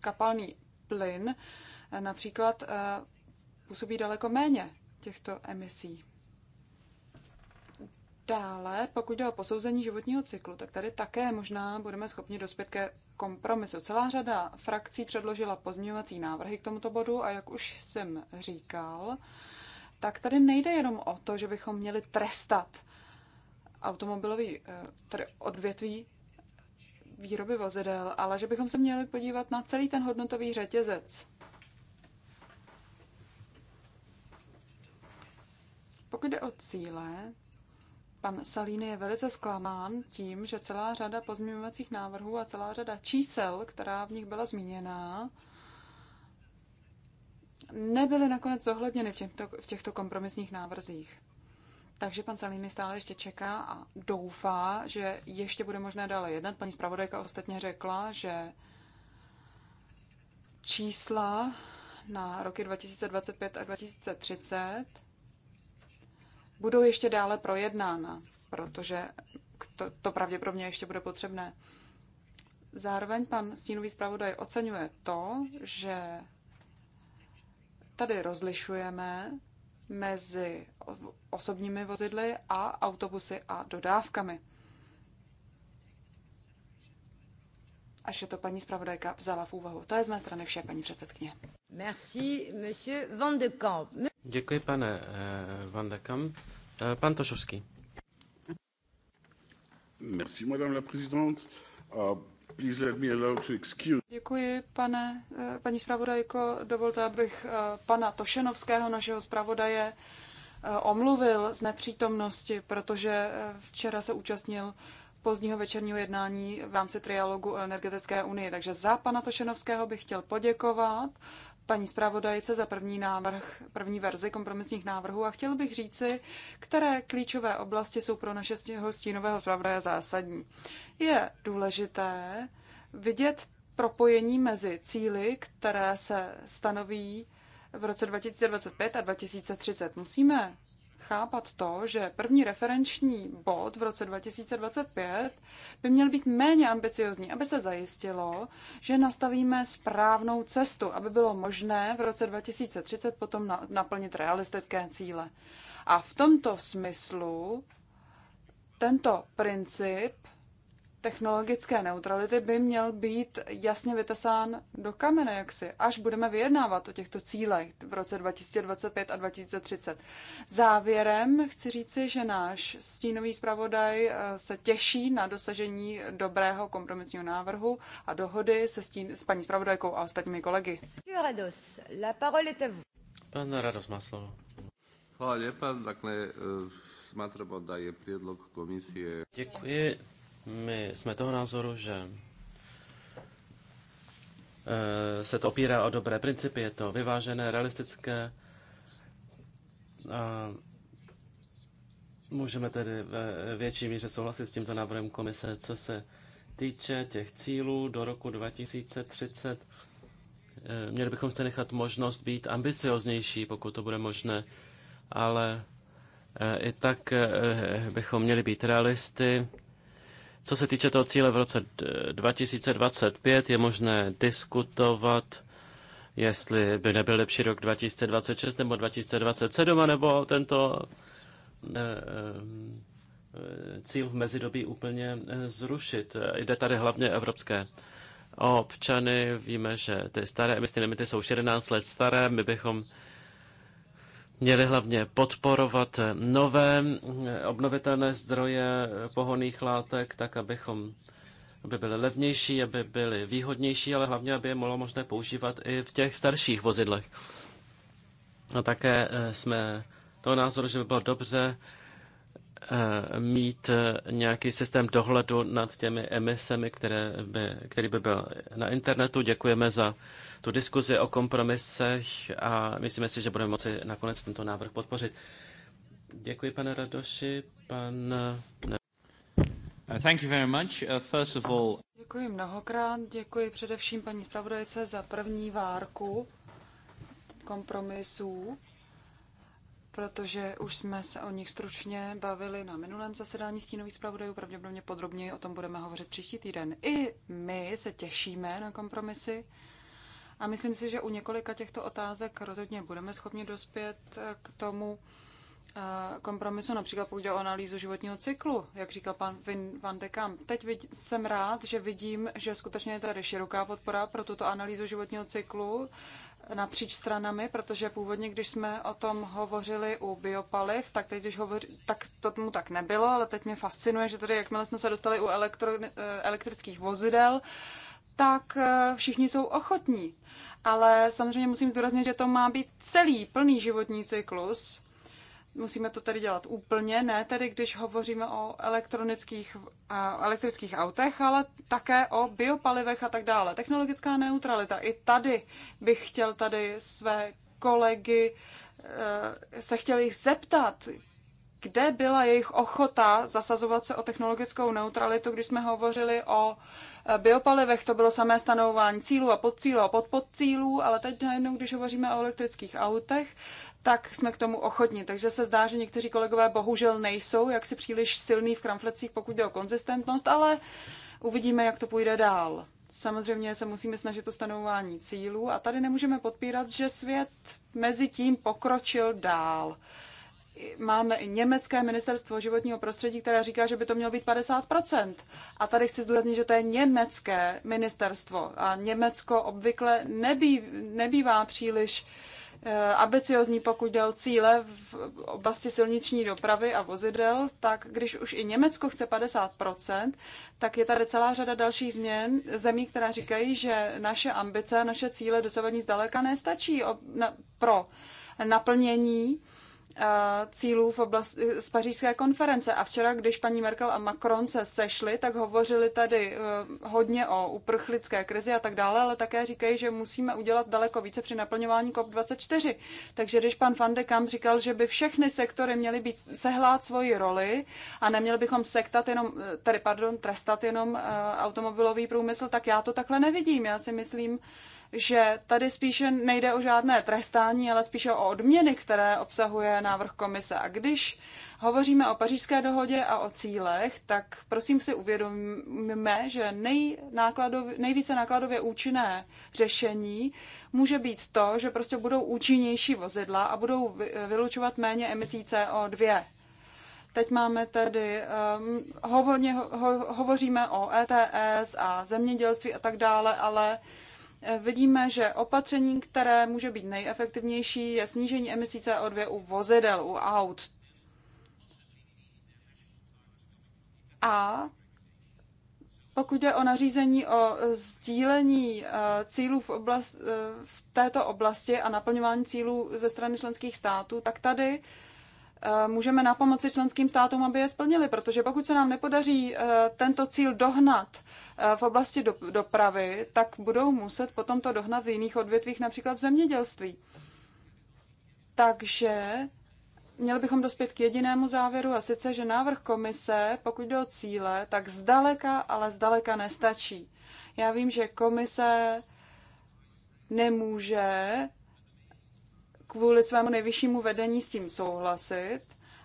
kapalný plyn, eh, například působí daleko méně těchto emisí. Dále, pokud jde o posouzení životního cyklu, tak tady také možná budeme schopni dospět ke kompromisu. Celá řada frakcí předložila pozměňovací návrhy k tomuto bodu a jak už jsem říkal, tak tady nejde jenom o to, že bychom měli trestat automobilový eh, tedy odvětví výroby vozidel, ale že bychom se měli podívat na celý ten hodnotový řetězec. Pokud jde o cíle, pan Salíny je velice zklamán tím, že celá řada pozměňovacích návrhů a celá řada čísel, která v nich byla zmíněná, nebyly nakonec zohledněny v těchto, v těchto kompromisních návrzích. Takže pan Salini stále ještě čeká a doufá, že ještě bude možné dále jednat. Paní zpravodajka ostatně řekla, že čísla na roky 2025 a 2030 budou ještě dále projednána, protože to, to pravděpodobně ještě bude potřebné. Zároveň pan stínový zpravodaj oceňuje to, že tady rozlišujeme mezi osobními vozidly a autobusy a dodávkami. Až je to paní zpravodajka vzala v úvahu. To je z mé strany vše, paní předsedkyně. Merci, monsieur Van de Kamp. Děkuji, pane eh, Van de Kamp. Eh, pan Tošovský. Merci, madame la présidente. Uh, please let me allow to excuse. Děkuji, pane, eh, paní zpravodajko. Dovolte, abych pana Tošenovského, našeho zpravodaje, Eh, omluvil z nepřítomnosti, protože eh, včera se účastnil pozdního večerního jednání v rámci trialogu energetické unie. Takže za pana Tošenovského bych chtěl poděkovat paní zpravodajce za první návrh, první verzi kompromisních návrhů a chtěl bych říci, které klíčové oblasti jsou pro našeho stínového zpravodaje zásadní. Je důležité vidět propojení mezi cíly, které se stanoví v roce 2025 a 2030. Musíme chápat to, že první referenční bod v roce 2025 by měl být méně ambiciozní, aby se zajistilo, že nastavíme správnou cestu, aby bylo možné v roce 2030 potom naplnit realistické cíle. A v tomto smyslu tento princip technologické neutrality by měl být jasně vytesán do kamene, jaksi, až budeme vyjednávat o těchto cílech v roce 2025 a 2030. Závěrem chci říci, že náš stínový zpravodaj eh, se těší na dosažení dobrého kompromisního návrhu a dohody se stín, s paní zpravodajkou a ostatními kolegy. Pan Rados má slovo. Hvala dakle eh, smatramo da je prijedlog komisije... Děkuji, my jsme toho názoru, že eh, se to opírá o dobré principy, je to vyvážené, realistické. A můžeme tedy ve větší míře souhlasit s tímto návrhem komise, co se týče těch cílů do roku 2030. Eh, měli bychom se nechat možnost být ambicioznější, pokud to bude možné, ale eh, i tak bychom měli být realisty co se týče toho cíle v roce 2025, je možné diskutovat, jestli by nebyl lepší rok 2026 nebo 2027, nebo tento eh, eh, cíl v mezidobí úplně eh, zrušit. Jde tady hlavně evropské občany. Víme, že ty staré emisní limity jsou 11 let staré. My bychom měli hlavně podporovat nové obnovitelné zdroje pohoných látek, tak abychom aby byly levnější, aby byly výhodnější, ale hlavně, aby je mohlo možné používat i v těch starších vozidlech. A také eh, jsme toho názoru, že by bylo dobře eh, mít eh, nějaký systém dohledu nad těmi emisemi, které by, který by byl na internetu. Děkujeme za tu diskuzi o kompromisech a myslíme si, že budeme moci nakonec tento návrh podpořit. Děkuji, pane Radoši. Pan... Uh, thank you very much. Uh, first of all... Děkuji mnohokrát. Děkuji především paní zpravodajce za první várku kompromisů, protože už jsme se o nich stručně bavili na minulém zasedání stínových zpravodajů. Pravděpodobně podrobněji o tom budeme hovořit příští týden. I my se těšíme na kompromisy. A myslím si, že u několika těchto otázek rozhodně budeme schopni dospět eh, k tomu eh, kompromisu, například pokud jde o analýzu životního cyklu, jak říkal pan Vin van de Kamp. Teď jsem rád, že vidím, že skutečně je tady široká podpora pro tuto analýzu životního cyklu eh, napříč stranami, protože původně, když jsme o tom hovořili u biopaliv, tak teď, když hovoří, tak to tomu tak nebylo, ale teď mě fascinuje, že tady, jakmile jsme se dostali u elektro, elektrických vozidel, tak eh, všichni jsou ochotní. Ale samozřejmě musím zdůraznit, že to má být celý plný životní cyklus. Musíme to tady dělat úplně, ne tedy když hovoříme o elektronických, eh, elektrických autech, ale také o biopalivech a tak dále. Technologická neutralita. I tady bych chtěl tady své kolegy eh, se chtěl jich zeptat, kde byla jejich ochota zasazovat se o technologickou neutralitu, když jsme hovořili o e, biopalivech, to bylo samé stanovování cílů a podcílů a podpodcílů, ale teď najednou, když hovoříme o elektrických autech, tak jsme k tomu ochotni. Takže se zdá, že někteří kolegové bohužel nejsou jaksi příliš silní v kramflecích, pokud jde o konzistentnost, ale uvidíme, jak to půjde dál. Samozřejmě se musíme snažit o stanovování cílů a tady nemůžeme podpírat, že svět mezi tím pokročil dál máme i německé ministerstvo životního prostředí, které říká, že by to mělo být 50%. A tady chci zdůraznit, že to je německé ministerstvo. A Německo obvykle nebýv, nebývá příliš eh, ambiciozní, pokud jde o cíle v oblasti silniční dopravy a vozidel, tak když už i Německo chce 50%, tak je tady celá řada dalších změn zemí, která říkají, že naše ambice, naše cíle dosavadní zdaleka nestačí pro naplnění Eh, cílů v oblasti, z pařížské konference. A včera, když paní Merkel a Macron se sešli, tak hovořili tady eh, hodně o uprchlické krizi a tak dále, ale také říkají, že musíme udělat daleko více při naplňování COP24. Takže když pan Van de Kamp říkal, že by všechny sektory měly být sehlát svoji roli a neměli bychom sektat jenom, eh, tady pardon, trestat jenom automobilový průmysl, tak já to takhle nevidím. Já si myslím, že tady spíše nejde o žádné trestání, ale spíše o odměny, které obsahuje návrh komise. A když hovoříme o pařížské dohodě a o cílech, tak prosím si uvědomme, že nejvíce nákladově účinné řešení může být to, že prostě budou účinnější vozidla a budou vylučovat méně emisí CO2. Teď máme tedy, um, hovodně, ho, ho, hovoříme o ETS a zemědělství a tak dále, ale uh, vidíme, že opatření, které může být nejefektivnější, je snížení emisí CO2 u vozidel, u aut. A pokud jde o nařízení o sdílení eh, cílů v, oblast, eh, v této oblasti a naplňování cílů ze strany členských států, tak tady Eh, můžeme na členským státům, aby je splnili, protože pokud se nám nepodaří eh, tento cíl dohnat eh, v oblasti dopravy, tak budou muset potom to dohnat v jiných odvětvích, například v zemědělství. Takže měli bychom dospět k jedinému závěru a sice, že návrh komise, pokud jde o cíle, tak zdaleka, ale zdaleka nestačí. Já vím, že komise nemůže kvůli svému nejvyššímu vedení s tím souhlasit,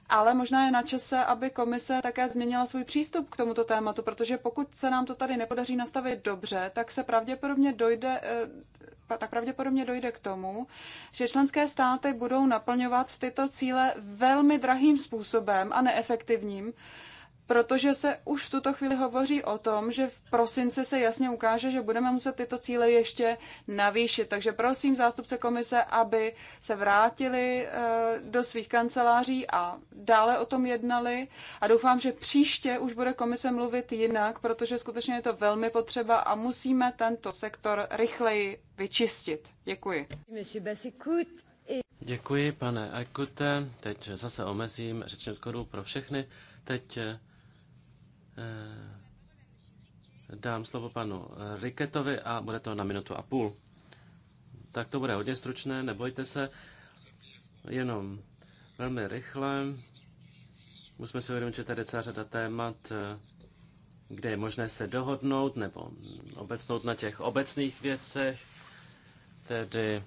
ale možná je na čase, aby komise také změnila svůj přístup k tomuto tématu, protože pokud se nám to tady nepodaří nastavit dobře, tak se pravděpodobně dojde, eh, tak pravděpodobně dojde k tomu, že členské státy budou naplňovat tyto cíle velmi drahým způsobem a neefektivním, protože se už v tuto chvíli hovoří o tom, že v prosinci se jasně ukáže, že budeme muset tyto cíle ještě navýšit. Takže prosím zástupce komise, aby se vrátili eh, do svých kanceláří a dále o tom jednali. A doufám, že příště už bude komise mluvit jinak, protože skutečně je to velmi potřeba a musíme tento sektor rychleji vyčistit. Děkuji. Děkuji, pane Akute. Teď zase omezím řečnickou pro všechny. Teď eh, Eh, dám slovo panu Riketovi a bude to na minutu a půl. Tak to bude hodně stručné, nebojte se, jenom velmi rychle. Musíme si uvědomit, že tady je celá řada témat, eh, kde je možné se dohodnout nebo obecnout na těch obecných věcech, tedy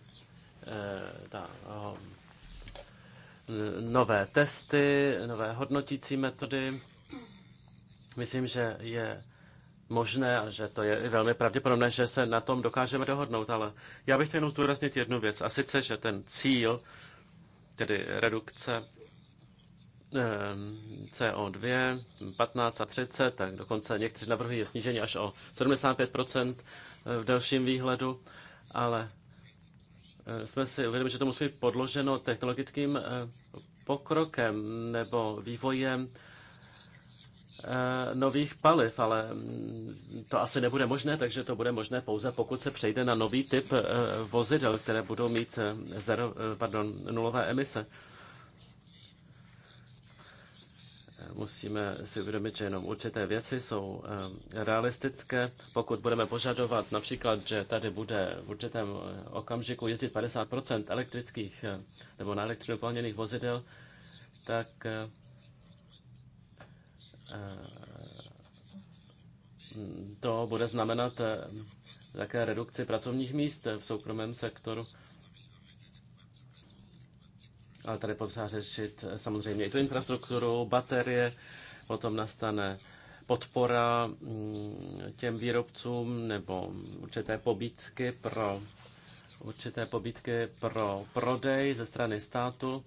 eh, ta, oh, nové testy, nové hodnotící metody, Myslím, že je možné a že to je i velmi pravděpodobné, že se na tom dokážeme dohodnout, ale já bych chtěl jenom zdůraznit jednu věc, a sice, že ten cíl, tedy redukce ehm, CO2 15 a 30, tak dokonce někteří navrhují snížení až o 75 eh, v dalším výhledu, ale eh, jsme si uvědomili, že to musí být podloženo technologickým eh, pokrokem nebo vývojem Eh, nových paliv, ale mm, to asi nebude možné, takže to bude možné pouze, pokud se přejde na nový typ eh, vozidel, které budou mít eh, zero, pardon, nulové emise. Musíme si uvědomit, že jenom určité věci jsou realistické. Pokud budeme požadovat například, že tady bude v určitém okamžiku jezdit 50 elektrických nebo na elektřinu vozidel, tak Eh, to bude znamenat eh, také redukci pracovních míst v soukromém sektoru. Ale tady potřeba řešit eh, samozřejmě i tu infrastrukturu, baterie, potom nastane podpora mm, těm výrobcům nebo určité pobítky pro určité pobítky pro prodej ze strany státu.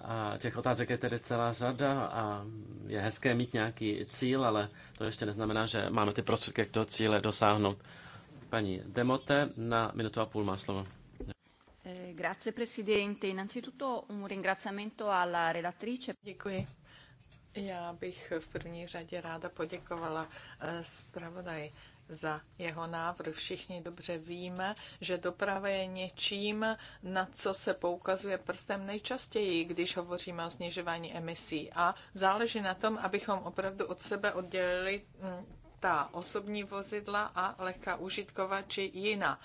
A těch otázek je tedy celá řada a je hezké mít nějaký cíl, ale to ještě neznamená, že máme ty prostředky, jak toho cíle dosáhnout. Paní Demote, na minutu a půl má slovo. Eh, grazie Presidente. Innanzitutto un ringraziamento alla relatrice. Děkuji. Já bych v první řadě ráda poděkovala eh, zpravodaj. Uh, za jeho návrh. Všichni dobře víme, že doprava je něčím, na co se poukazuje prstem nejčastěji, když hovoříme o snižování emisí. A záleží na tom, abychom opravdu od sebe oddělili mm, ta osobní vozidla a lehká užitková či jiná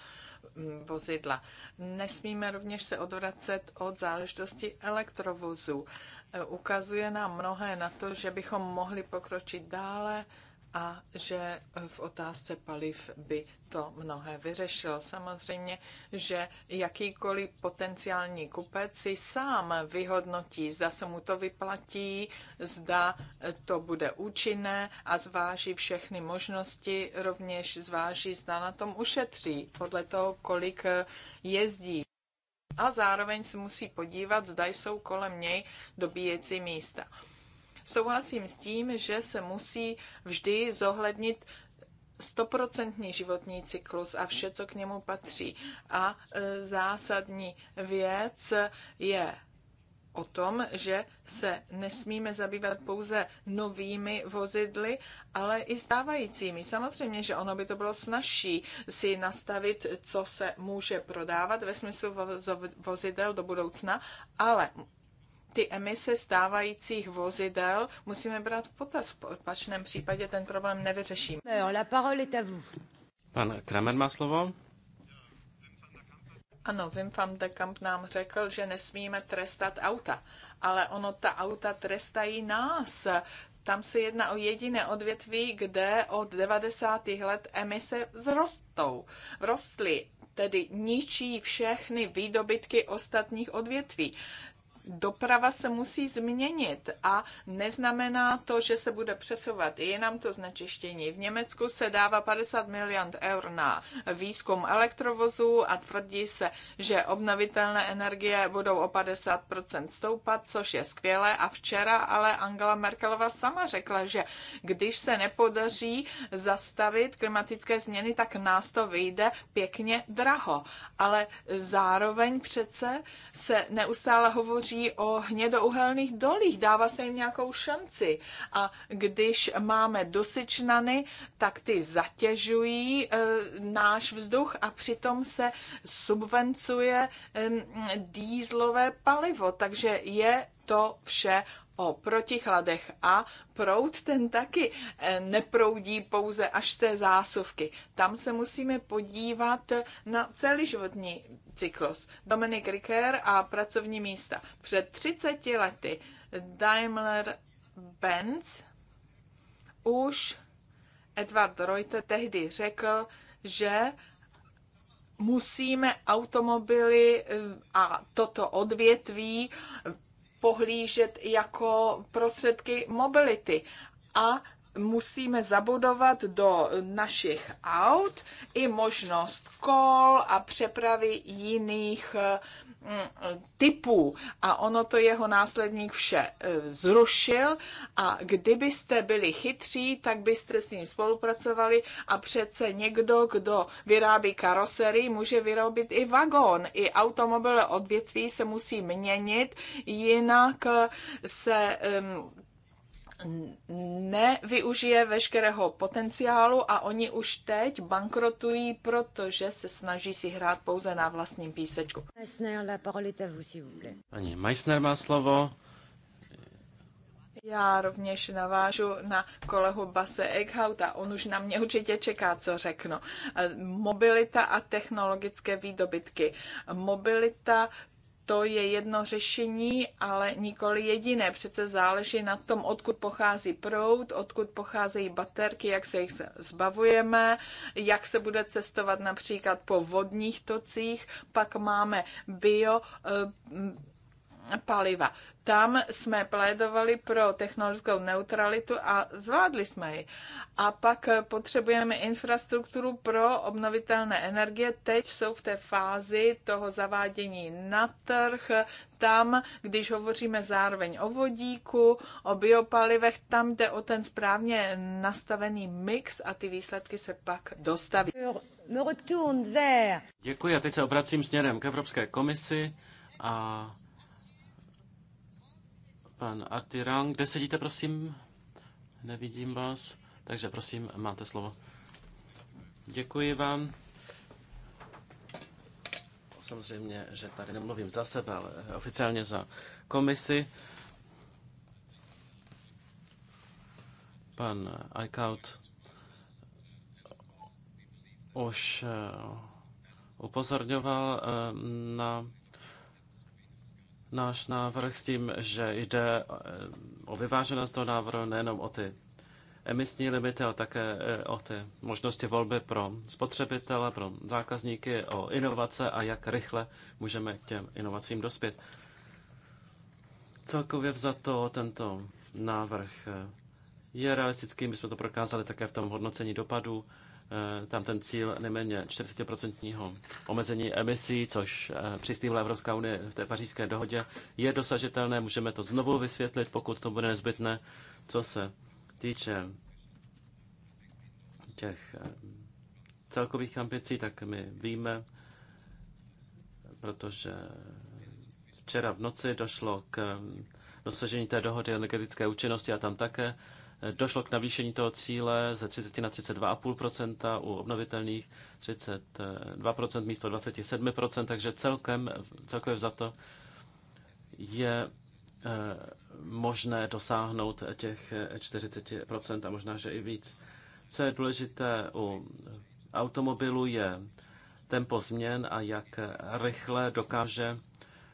mm, vozidla. Nesmíme rovněž se odvracet od záležitosti elektrovozů. E, ukazuje nám mnohé na to, že bychom mohli pokročit dále a že v otázce paliv by to mnohé vyřešilo. Samozřejmě, že jakýkoliv potenciální kupec si sám vyhodnotí, zda se mu to vyplatí, zda to bude účinné a zváží všechny možnosti, rovněž zváží, zda na tom ušetří podle toho, kolik jezdí. A zároveň si musí podívat, zda jsou kolem něj dobíjecí místa. Souhlasím s tím, že se musí vždy zohlednit stoprocentní životní cyklus a vše, co k němu patří. A e, zásadní věc je o tom, že se nesmíme zabývat pouze novými vozidly, ale i stávajícími. Samozřejmě, že ono by to bylo snažší si nastavit, co se může prodávat ve smyslu vozidel do budoucna, ale ty emise stávajících vozidel musíme brát v potaz. V opačném případě ten problém nevyřešíme. Pan Kramer má slovo. Ano, Wim van de Kamp nám řekl, že nesmíme trestat auta, ale ono ta auta trestají nás. Tam se jedná o jediné odvětví, kde od 90. let emise vzrostou. vrostly. tedy ničí všechny výdobytky ostatních odvětví doprava se musí změnit a neznamená to, že se bude přesovat jenom to znečištění. V Německu se dává 50 milion eur na výzkum elektrovozů a tvrdí se, že obnovitelné energie budou o 50% stoupat, což je skvělé. A včera ale Angela Merkelová sama řekla, že když se nepodaří zastavit klimatické změny, tak nás to vyjde pěkně draho. Ale zároveň přece se neustále hovoří hovoří o hnědouhelných dolích, dává se jim nějakou šanci. A když máme dosyčnany, tak ty zatěžují e, náš vzduch a přitom se subvencuje e, dýzlové palivo. Takže je to vše o protichladech a proud ten taky eh, neproudí pouze až z té zásuvky. Tam se musíme podívat na celý životní cyklus. Dominik Ricker a pracovní místa. Před 30 lety Daimler Benz už Edward Reuter tehdy řekl, že musíme automobily eh, a toto odvětví pohlížet jako prostředky mobility. A musíme zabudovat do našich aut i možnost kol a přepravy jiných eh, mm, typů a ono to jeho následník vše eh, zrušil a kdybyste byli chytří, tak byste s ním spolupracovali a přece někdo, kdo vyrábí karosery, může vyrobit i vagón. I automobile odvětví se musí měnit, jinak eh, se um, nevyužije veškerého potenciálu a oni už teď bankrotují, protože se snaží si hrát pouze na vlastním písečku. Pani Meissner má slovo. Já rovněž navážu na kolegu Base Eichhauta. On už na mě určitě čeká, co řeknu. Mobilita a technologické výdobytky. Mobilita to je jedno řešení, ale nikoli jediné. Přece záleží na tom, odkud pochází proud, odkud pocházejí baterky, jak se jich zbavujeme, jak se bude cestovat například po vodních tocích. Pak máme bio eh, paliva. Tam jsme plédovali pro technologickou neutralitu a zvládli jsme ji. A pak potřebujeme infrastrukturu pro obnovitelné energie. Teď jsou v té fázi toho zavádění na trh. Tam, když hovoříme zároveň o vodíku, o biopalivech, tam jde o ten správně nastavený mix a ty výsledky se pak dostaví. Děkuji a teď se obracím směrem k Evropské komisi a Pan Artirang, kde sedíte, prosím? Nevidím vás, takže prosím, máte slovo. Děkuji vám. Samozřejmě, že tady nemluvím za sebe, ale oficiálně za komisi. Pan Eichhout už eh, upozorňoval eh, na náš návrh s tím, že jde eh, o vyváženost toho návrhu nejenom o ty emisní limity, ale také eh, o ty možnosti volby pro spotřebitele, pro zákazníky, o inovace a jak rychle můžeme k těm inovacím dospět. Celkově vzato tento návrh eh, je realistický, my jsme to prokázali také v tom hodnocení dopadů Eh, tam ten cíl nejméně 40% omezení emisí, což eh, přistývla Evropská unie v té pařížské dohodě, je dosažitelné, můžeme to znovu vysvětlit, pokud to bude nezbytné, co se týče těch eh, celkových ambicí, tak my víme, protože včera v noci došlo k dosažení té dohody energetické účinnosti a tam také Došlo k navýšení toho cíle ze 30 na 32,5 u obnovitelných 32 místo 27 takže celkem, celkově to je eh, možné dosáhnout těch 40 a možná, že i víc. Co je důležité u automobilu je tempo změn a jak rychle dokáže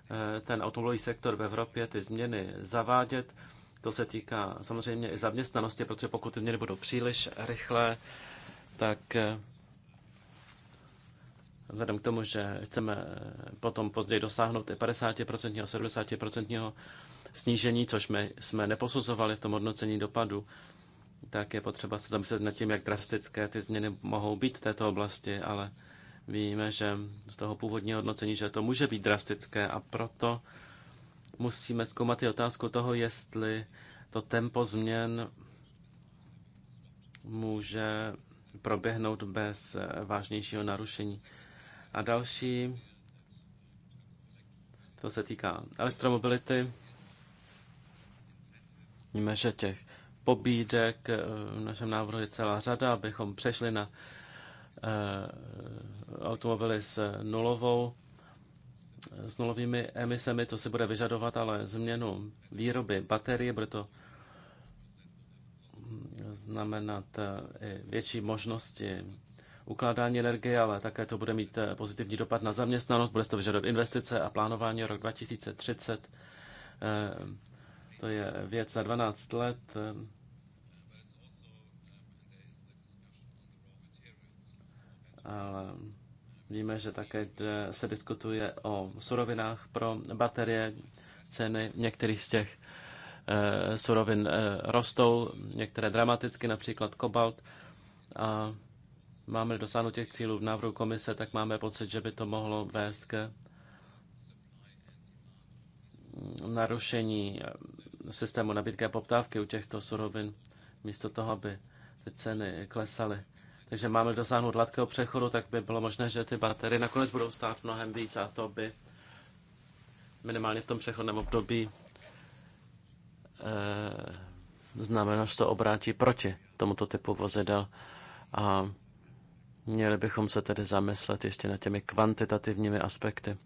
eh, ten automobilový sektor v Evropě ty změny zavádět. To se týká samozřejmě i zaměstnanosti, protože pokud ty změny budou příliš rychlé, tak eh, vzhledem k tomu, že chceme potom později dosáhnout i 50%, 70% snížení, což my jsme neposuzovali v tom hodnocení dopadu, tak je potřeba se zamyslet nad tím, jak drastické ty změny mohou být v této oblasti, ale víme, že z toho původního hodnocení, že to může být drastické a proto musíme zkoumat i otázku toho, jestli to tempo změn může proběhnout bez vážnějšího narušení. A další, to se týká elektromobility. Víme, že těch pobídek eh, v našem návrhu je celá řada, abychom přešli na eh, automobily s nulovou s nulovými emisemi, to si bude vyžadovat, ale změnu výroby baterie, bude to znamenat eh, větší možnosti ukládání energie, ale také to bude mít eh, pozitivní dopad na zaměstnanost, bude to vyžadovat investice a plánování rok 2030. Eh, to je věc za 12 let. Ale Víme, že také se diskutuje o surovinách pro baterie. Ceny některých z těch eh, surovin eh, rostou, některé dramaticky, například kobalt. A máme dosáhnout těch cílů v návrhu komise, tak máme pocit, že by to mohlo vést k narušení eh, systému nabídky a poptávky u těchto surovin, místo toho, aby ty ceny klesaly takže máme dosáhnout hladkého přechodu, tak by bylo možné, že ty baterie nakonec budou stát mnohem víc a to by minimálně v tom přechodném období eh, znamená, že to obrátí proti tomuto typu vozidel. A měli bychom se tedy zamyslet ještě nad těmi kvantitativními aspekty.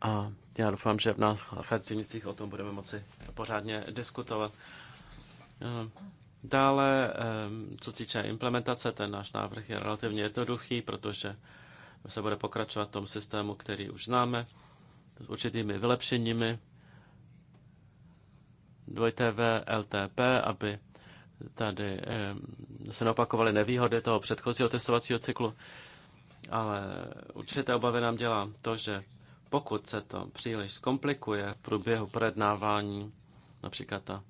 A já doufám, že v následujících měsících o tom budeme moci pořádně diskutovat. Eh, dále, eh, co se týče implementace, ten náš návrh je relativně jednoduchý, protože se bude pokračovat v tom systému, který už známe, s určitými vylepšeními. 2TV, LTP, aby tady eh, se neopakovaly nevýhody toho předchozího testovacího cyklu, ale určité obavy nám dělá to, že pokud se to příliš zkomplikuje v průběhu projednávání, například ta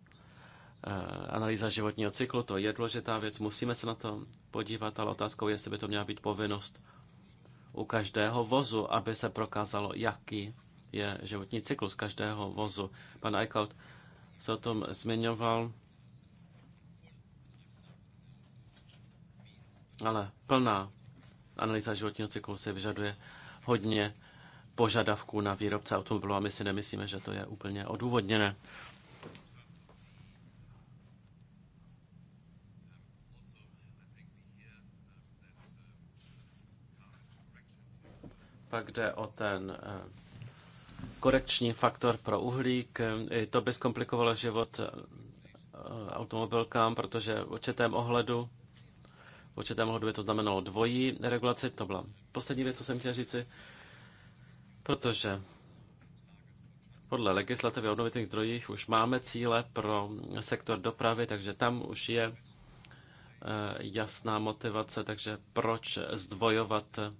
eh, analýza životního cyklu, to je důležitá věc, musíme se na to podívat, ale otázkou jestli by to měla být povinnost u každého vozu, aby se prokázalo, jaký je životní cyklus každého vozu. Pan Eichhout se o tom zmiňoval, ale plná analýza životního cyklu se vyžaduje hodně požadavků na výrobce automobilů a my si nemyslíme, že to je úplně odůvodněné. Pak jde o ten eh, korekční faktor pro uhlík. I to by zkomplikovalo život eh, automobilkám, protože v určitém ohledu v určitém ohledu by to znamenalo dvojí regulaci. To byla poslední věc, co jsem chtěl říci protože podle legislativy o obnovitelných zdrojích už máme cíle pro sektor dopravy, takže tam už je eh, jasná motivace, takže proč zdvojovat eh,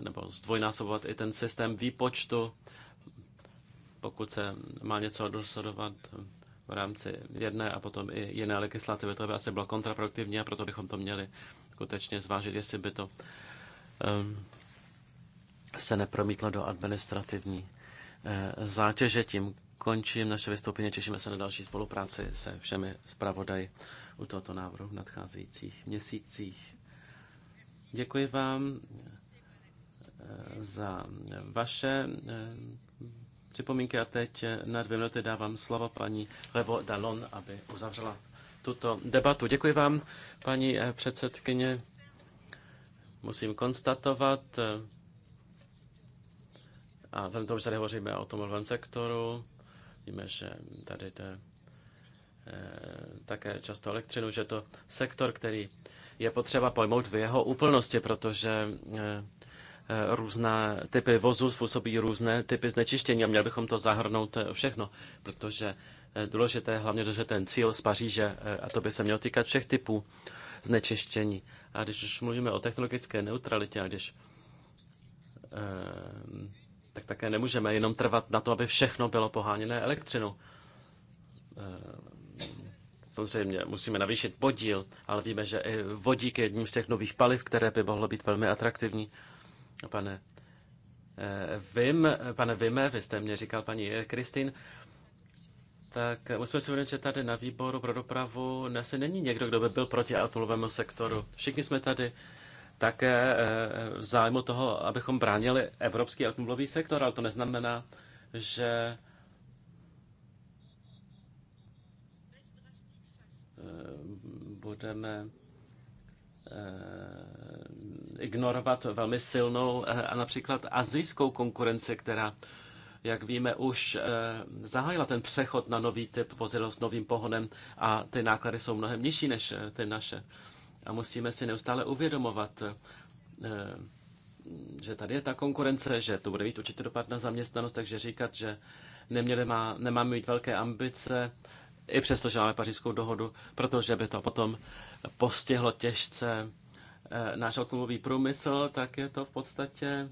nebo zdvojnásobovat i ten systém výpočtu, pokud se má něco dosadovat v rámci jedné a potom i jiné legislativy. To by asi bylo kontraproduktivní a proto bychom to měli skutečně zvážit, jestli by to um, se nepromítlo do administrativní eh, zátěže. Tím končím naše vystoupení. Těšíme se na další spolupráci se všemi zpravodaji u tohoto návrhu v nadcházejících měsících. Děkuji vám eh, za vaše eh, připomínky a teď na dvě minuty dávám slovo paní Levo Dalon, aby uzavřela tuto debatu. Děkuji vám, paní předsedkyně. Musím konstatovat, a vzhledem tomu, že tady hovoříme o automobilovém sektoru, víme, že tady jde eh, také často elektřinu, že to sektor, který je potřeba pojmout v jeho úplnosti, protože eh, eh, různé typy vozů způsobí různé typy znečištění a měli bychom to zahrnout všechno, protože důležité je hlavně, že ten cíl z Paříže, a to by se mělo týkat všech typů znečištění. A když už mluvíme o technologické neutralitě, a když tak také nemůžeme jenom trvat na to, aby všechno bylo poháněné elektřinou. Eh, samozřejmě musíme navýšit podíl, ale víme, že i vodík je jedním z těch nových paliv, které by mohlo být velmi atraktivní. Pane eh, Vim, pane Vime, vy jste mě říkal paní Kristin, tak musíme si uvědomit, že tady na výboru pro dopravu asi není někdo, kdo by byl proti automobilovému sektoru. Všichni jsme tady také eh, v zájmu toho, abychom bránili evropský automobilový sektor, ale to neznamená, že eh, budeme eh, ignorovat velmi silnou a například azijskou konkurenci, která, jak víme, už zahájila ten přechod na nový typ vozidel s novým pohonem a ty náklady jsou mnohem nižší než ty naše a musíme si neustále uvědomovat, eh, že tady je ta konkurence, že to bude mít určitě dopad na zaměstnanost, takže říkat, že neměli má, nemáme mít velké ambice, i přesto, že máme pařížskou dohodu, protože by to potom postihlo těžce eh, náš automobilový průmysl, tak je to v podstatě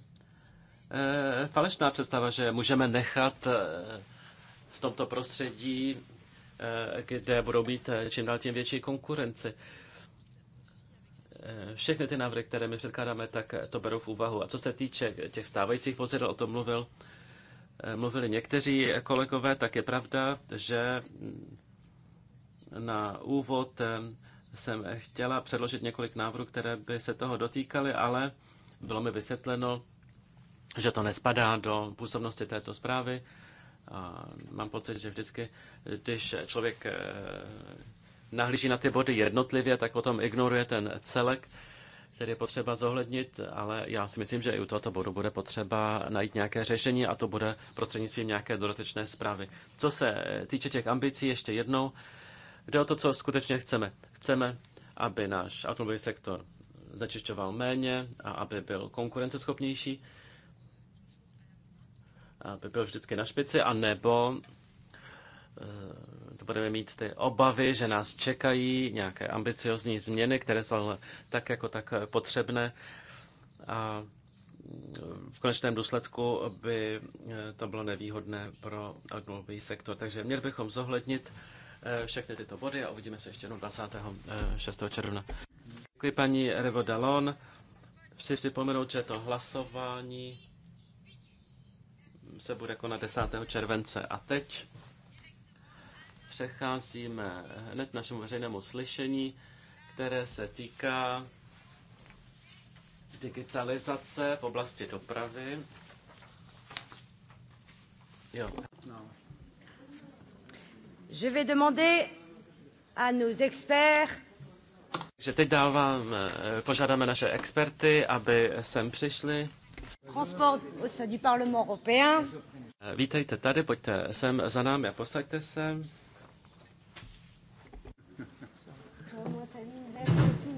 eh, falešná představa, že můžeme nechat v tomto prostředí, kde budou mít čím dál tím větší konkurenci všechny ty návrhy, které my předkládáme, tak to berou v úvahu. A co se týče těch stávajících vozidel, o tom mluvil, eh, mluvili někteří kolegové, tak je pravda, že na úvod eh, jsem chtěla předložit několik návrhů, které by se toho dotýkaly, ale bylo mi vysvětleno, že to nespadá do působnosti této zprávy. A mám pocit, že vždycky, když člověk eh, nahlíží na ty body jednotlivě, tak potom ignoruje ten celek, který je potřeba zohlednit, ale já si myslím, že i u tohoto bodu bude potřeba najít nějaké řešení a to bude prostřednictvím nějaké dodatečné zprávy. Co se týče těch ambicí, ještě jednou, jde o to, co skutečně chceme. Chceme, aby náš automobilový sektor znečišťoval méně a aby byl konkurenceschopnější, aby byl vždycky na špici, anebo eh, budeme mít ty obavy, že nás čekají nějaké ambiciozní změny, které jsou ale tak jako tak potřebné. A v konečném důsledku by eh, to bylo nevýhodné pro automobilový sektor. Takže měli bychom zohlednit eh, všechny tyto body a uvidíme se ještě jednou 26. Eh, června. Děkuji paní Revo Dalon. Chci připomenout, že to hlasování se bude konat 10. července. A teď přecházíme hned našemu veřejnému slyšení, které se týká digitalizace v oblasti dopravy. Jo. No. Je vais demander à nos experts že teď dávám, eh, požádáme naše experty, aby sem přišli. Transport au sein du Parlement européen. Eh, vítejte tady, pojďte sem za námi a posaďte se.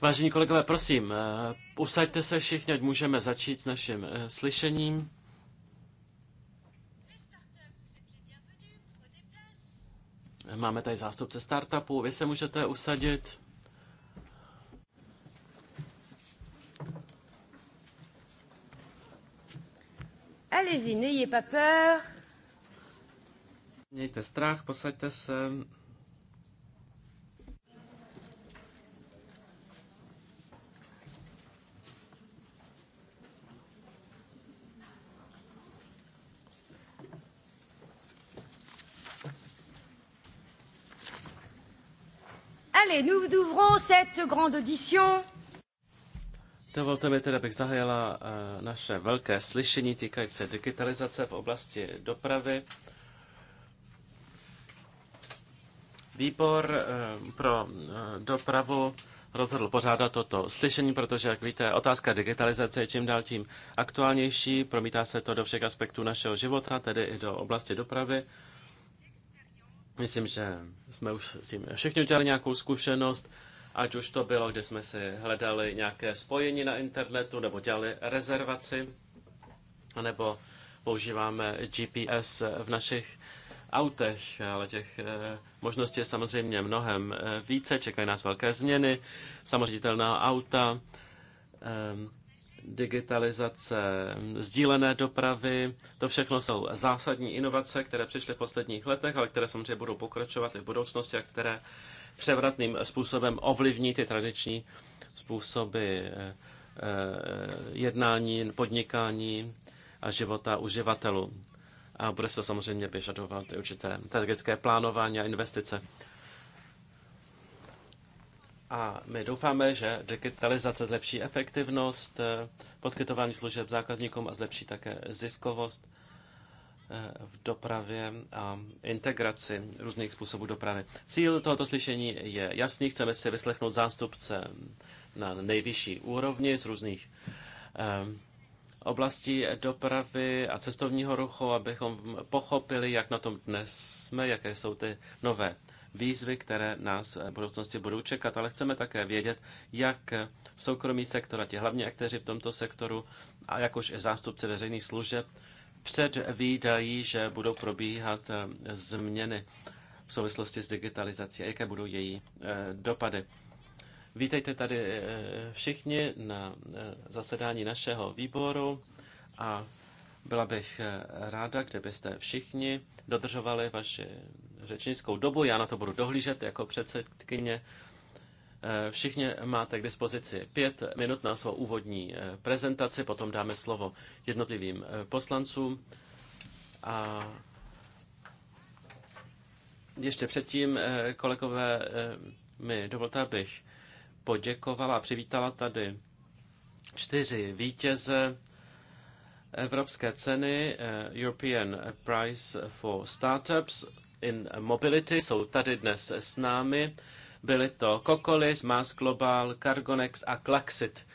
Vážení kolegové, prosím, eh, usaďte se všichni, ať můžeme začít s naším eh, slyšením. Máme tady zástupce startupů, vy se můžete usadit. Allez-y, n'ayez pas peur. Mějte strach, posaďte se. Allez, nous ouvrons cette grande audition. Dovolte mi tedy, abych zahájila eh, naše velké slyšení týkající se digitalizace v oblasti dopravy. Výbor eh, pro eh, dopravu rozhodl pořádat toto slyšení, protože, jak víte, otázka digitalizace je čím dál tím aktuálnější, promítá se to do všech aspektů našeho života, tedy i do oblasti dopravy. Myslím, že jsme už s tím všichni udělali nějakou zkušenost, ať už to bylo, kde jsme si hledali nějaké spojení na internetu, nebo dělali rezervaci, nebo používáme GPS v našich autech, ale těch eh, možností je samozřejmě mnohem eh, více. Čekají nás velké změny, samozřejmě auta, ehm, digitalizace sdílené dopravy. To všechno jsou zásadní inovace, které přišly v posledních letech, ale které samozřejmě budou pokračovat i v budoucnosti a které převratným způsobem ovlivní ty tradiční způsoby eh, eh, jednání, podnikání a života uživatelů. A bude se samozřejmě vyžadovat určité strategické plánování a investice. A my doufáme, že digitalizace zlepší efektivnost eh, poskytování služeb zákazníkům a zlepší také ziskovost eh, v dopravě a integraci různých způsobů dopravy. Cíl tohoto slyšení je jasný. Chceme si vyslechnout zástupce na nejvyšší úrovni z různých eh, oblastí dopravy a cestovního ruchu, abychom pochopili, jak na tom dnes jsme, jaké jsou ty nové výzvy, které nás v budoucnosti budou čekat, ale chceme také vědět, jak soukromý sektor a ti hlavní aktéři v tomto sektoru a jakož i zástupci veřejných služeb předvídají, že budou probíhat eh, změny v souvislosti s digitalizací a jaké budou její eh, dopady. Vítejte tady eh, všichni na zasedání našeho výboru a byla bych ráda, kdybyste všichni dodržovali vaši řečnickou dobu, já na to budu dohlížet jako předsedkyně. Eh, všichni máte k dispozici pět minut na svou úvodní eh, prezentaci, potom dáme slovo jednotlivým eh, poslancům. A ještě předtím, kolegové, mi dovolte, abych poděkovala a přivítala tady čtyři vítěze Evropské ceny European Prize for Startups in Mobility jsou tady dnes s námi. Byly to Kokolis, Mass Global, Cargonex a Klaxit.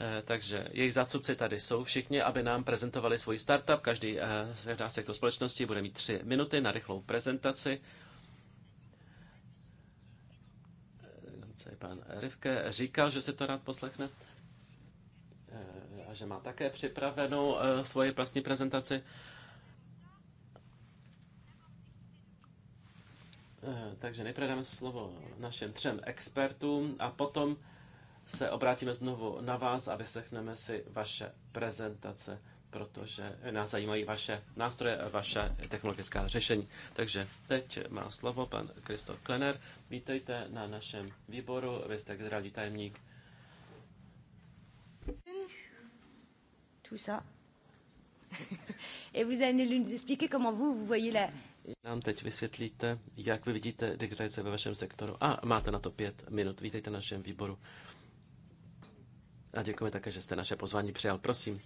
Eh, takže jejich zástupci tady jsou všichni, aby nám prezentovali svůj startup. Každý, eh, z těchto společností bude mít tři minuty na rychlou prezentaci. Pan Rivke říkal, že si to rád poslechne eh, a že má také připravenou svoji vlastní prezentaci. Eh, takže nejprve dáme slovo našim třem expertům a potom se obrátíme znovu na vás a vyslechneme si vaše prezentace, protože nás zajímají vaše nástroje a vaše technologická řešení. Takže teď má slovo pan Kristof Klener. Vítejte na našem výboru. Vy jste generální tajemník. Tout ça. Et vous allez nous expliquer comment vous, vous voyez la, nám teď vysvětlíte, jak vy vidíte digitalizaci ve vašem sektoru. A máte na to pět minut. Vítejte na našem výboru. A děkujeme také, že jste naše pozvání přijal. Prosím.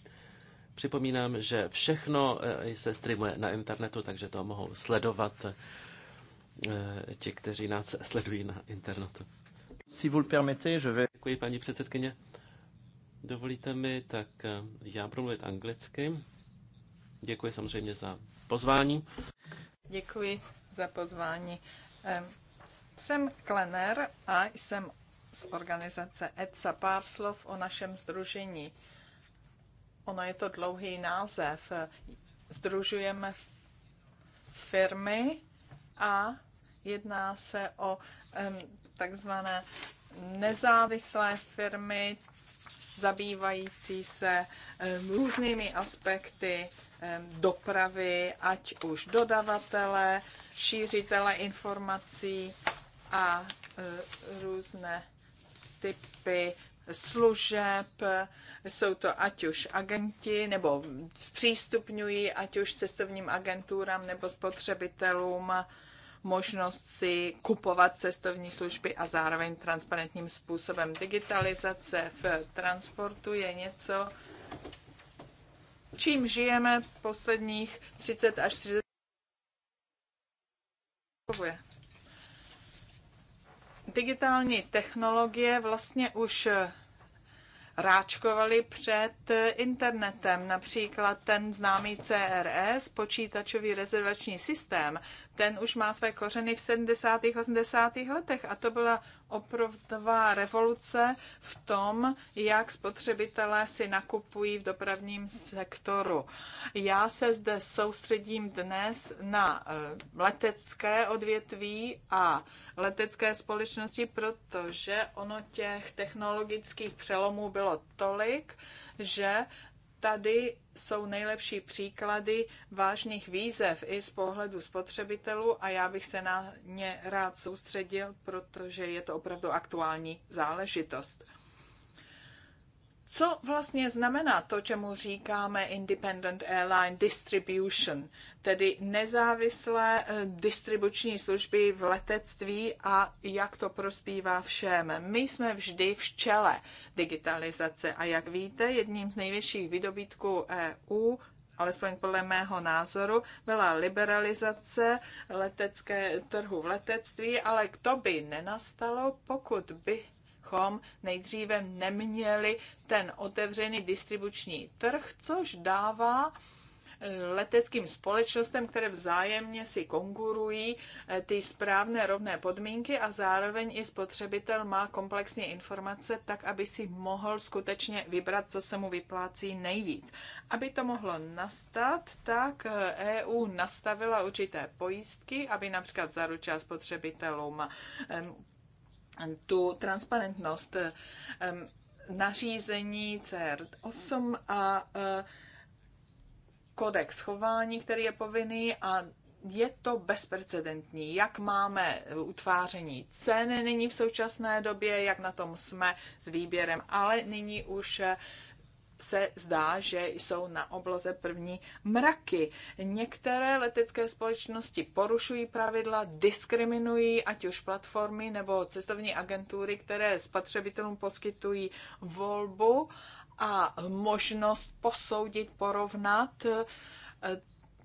Připomínám, že všechno eh, se streamuje na internetu, takže to mohou sledovat eh, ti, kteří nás sledují na internetu. Si vous le permettez, je vais... Děkuji, paní předsedkyně. Dovolíte mi, tak eh, já budu mluvit anglicky. Děkuji samozřejmě za pozvání. Děkuji za pozvání. Jsem Klener a jsem z organizace ETSA. Pár slov o našem združení. Ono je to dlouhý název. Združujeme firmy a jedná se o takzvané nezávislé firmy, zabývající se různými aspekty Eh, dopravy, ať už dodavatele, šířitele informací a eh, různé typy služeb, jsou to ať už agenti, nebo zpřístupňují ať už cestovním agenturám nebo spotřebitelům možnost si kupovat cestovní služby a zároveň transparentním způsobem. Digitalizace v transportu je něco, čím žijeme posledních 30 až 30 Digitální technologie vlastně už ráčkovali před internetem. Například ten známý CRS, počítačový rezervační systém, ten už má své kořeny v 70. a 80. letech a to byla opravdová revoluce v tom, jak spotřebitelé si nakupují v dopravním sektoru. Já se zde soustředím dnes na eh, letecké odvětví a letecké společnosti, protože ono těch technologických přelomů bylo tolik, že tady jsou nejlepší příklady vážných výzev i z pohledu spotřebitelů a já bych se na ně rád soustředil, protože je to opravdu aktuální záležitost co vlastně znamená to, čemu říkáme Independent Airline Distribution, tedy nezávislé eh, distribuční služby v letectví a jak to prospívá všem. My jsme vždy v čele digitalizace a jak víte, jedním z největších vydobítků EU alespoň podle mého názoru, byla liberalizace letecké trhu v letectví, ale to by nenastalo, pokud by bychom nejdříve neměli ten otevřený distribuční trh, což dává eh, leteckým společnostem, které vzájemně si konkurují eh, ty správné rovné podmínky a zároveň i spotřebitel má komplexní informace, tak aby si mohl skutečně vybrat, co se mu vyplácí nejvíc. Aby to mohlo nastat, tak EU eh, e nastavila určité pojistky, aby například zaručila spotřebitelům tu transparentnost nařízení cr 8 a e, kodex chování, který je povinný a je to bezprecedentní, jak máme utváření ceny nyní v současné době, jak na tom jsme s výběrem, ale nyní už e, se zdá, že jsou na obloze první mraky. Některé letecké společnosti porušují pravidla, diskriminují ať už platformy nebo cestovní agentury, které spotřebitelům poskytují volbu a možnost posoudit, porovnat eh,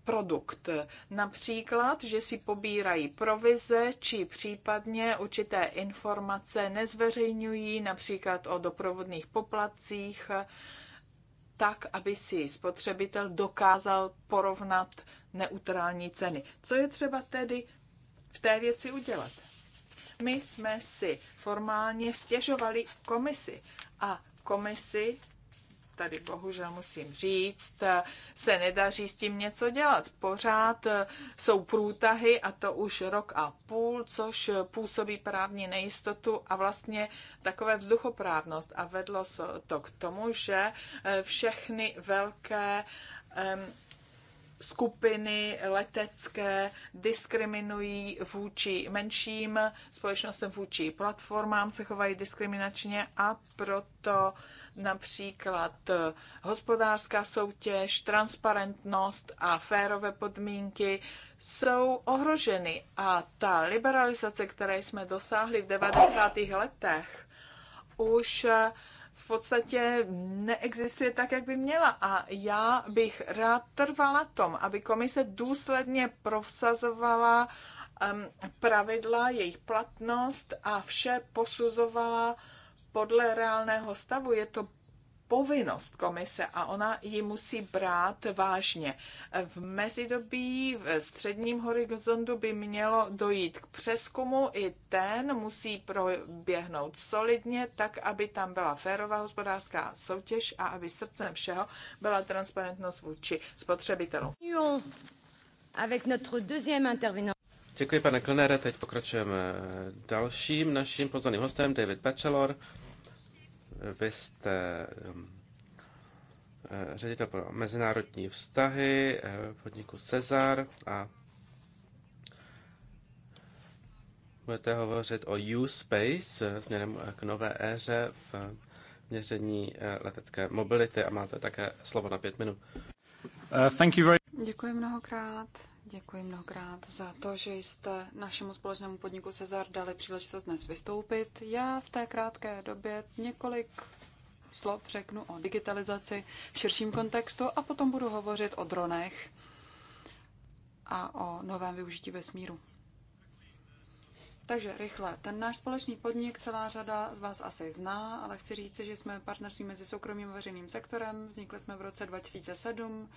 produkt. Například, že si pobírají provize či případně určité informace nezveřejňují, například o doprovodných poplatcích, tak, aby si spotřebitel dokázal porovnat neutrální ceny. Co je třeba tedy v té věci udělat? My jsme si formálně stěžovali komisi a komisi tady bohužel musím říct, se nedaří s tím něco dělat. Pořád jsou průtahy a to už rok a půl, což působí právní nejistotu a vlastně takové vzduchoprávnost. A vedlo to k tomu, že eh, všechny velké skupiny letecké diskriminují vůči menším společnostem, vůči platformám se chovají diskriminačně a proto uh, například eh, hospodářská soutěž, transparentnost a férové podmínky jsou ohroženy. A ta liberalizace, které jsme dosáhli v 90. letech, už eh, v podstatě neexistuje tak, jak by měla. A já bych rád trvala tom, aby komise důsledně prosazovala um, pravidla, jejich platnost a vše posuzovala podle reálného stavu je to povinnost komise a ona ji musí brát vážně. V mezidobí, v středním horizontu by mělo dojít k přeskumu, i ten musí proběhnout solidně, tak aby tam byla férová hospodářská soutěž a aby srdcem všeho byla transparentnost vůči spotřebitelům. Děkuji, pane Klenere, Teď pokračujeme dalším naším pozvaným hostem, David Bachelor vy jste um, eh, ředitel pro mezinárodní vztahy eh, podniku Cezar a budete hovořit o U-Space eh, směrem k nové éře v měření letecké mobility a máte také slovo na pět minut. Uh, Děkuji mnohokrát. Děkuji mnohokrát za to, že jste našemu společnému podniku Cezar dali příležitost dnes vystoupit. Já v té krátké době několik slov řeknu o digitalizaci v širším kontextu a potom budu hovořit o dronech a o novém využití vesmíru. Takže rychle. Ten náš společný podnik celá řada z vás asi zná, ale chci říct, že jsme partnerství mezi soukromým a veřejným sektorem. Vznikli jsme v roce 2007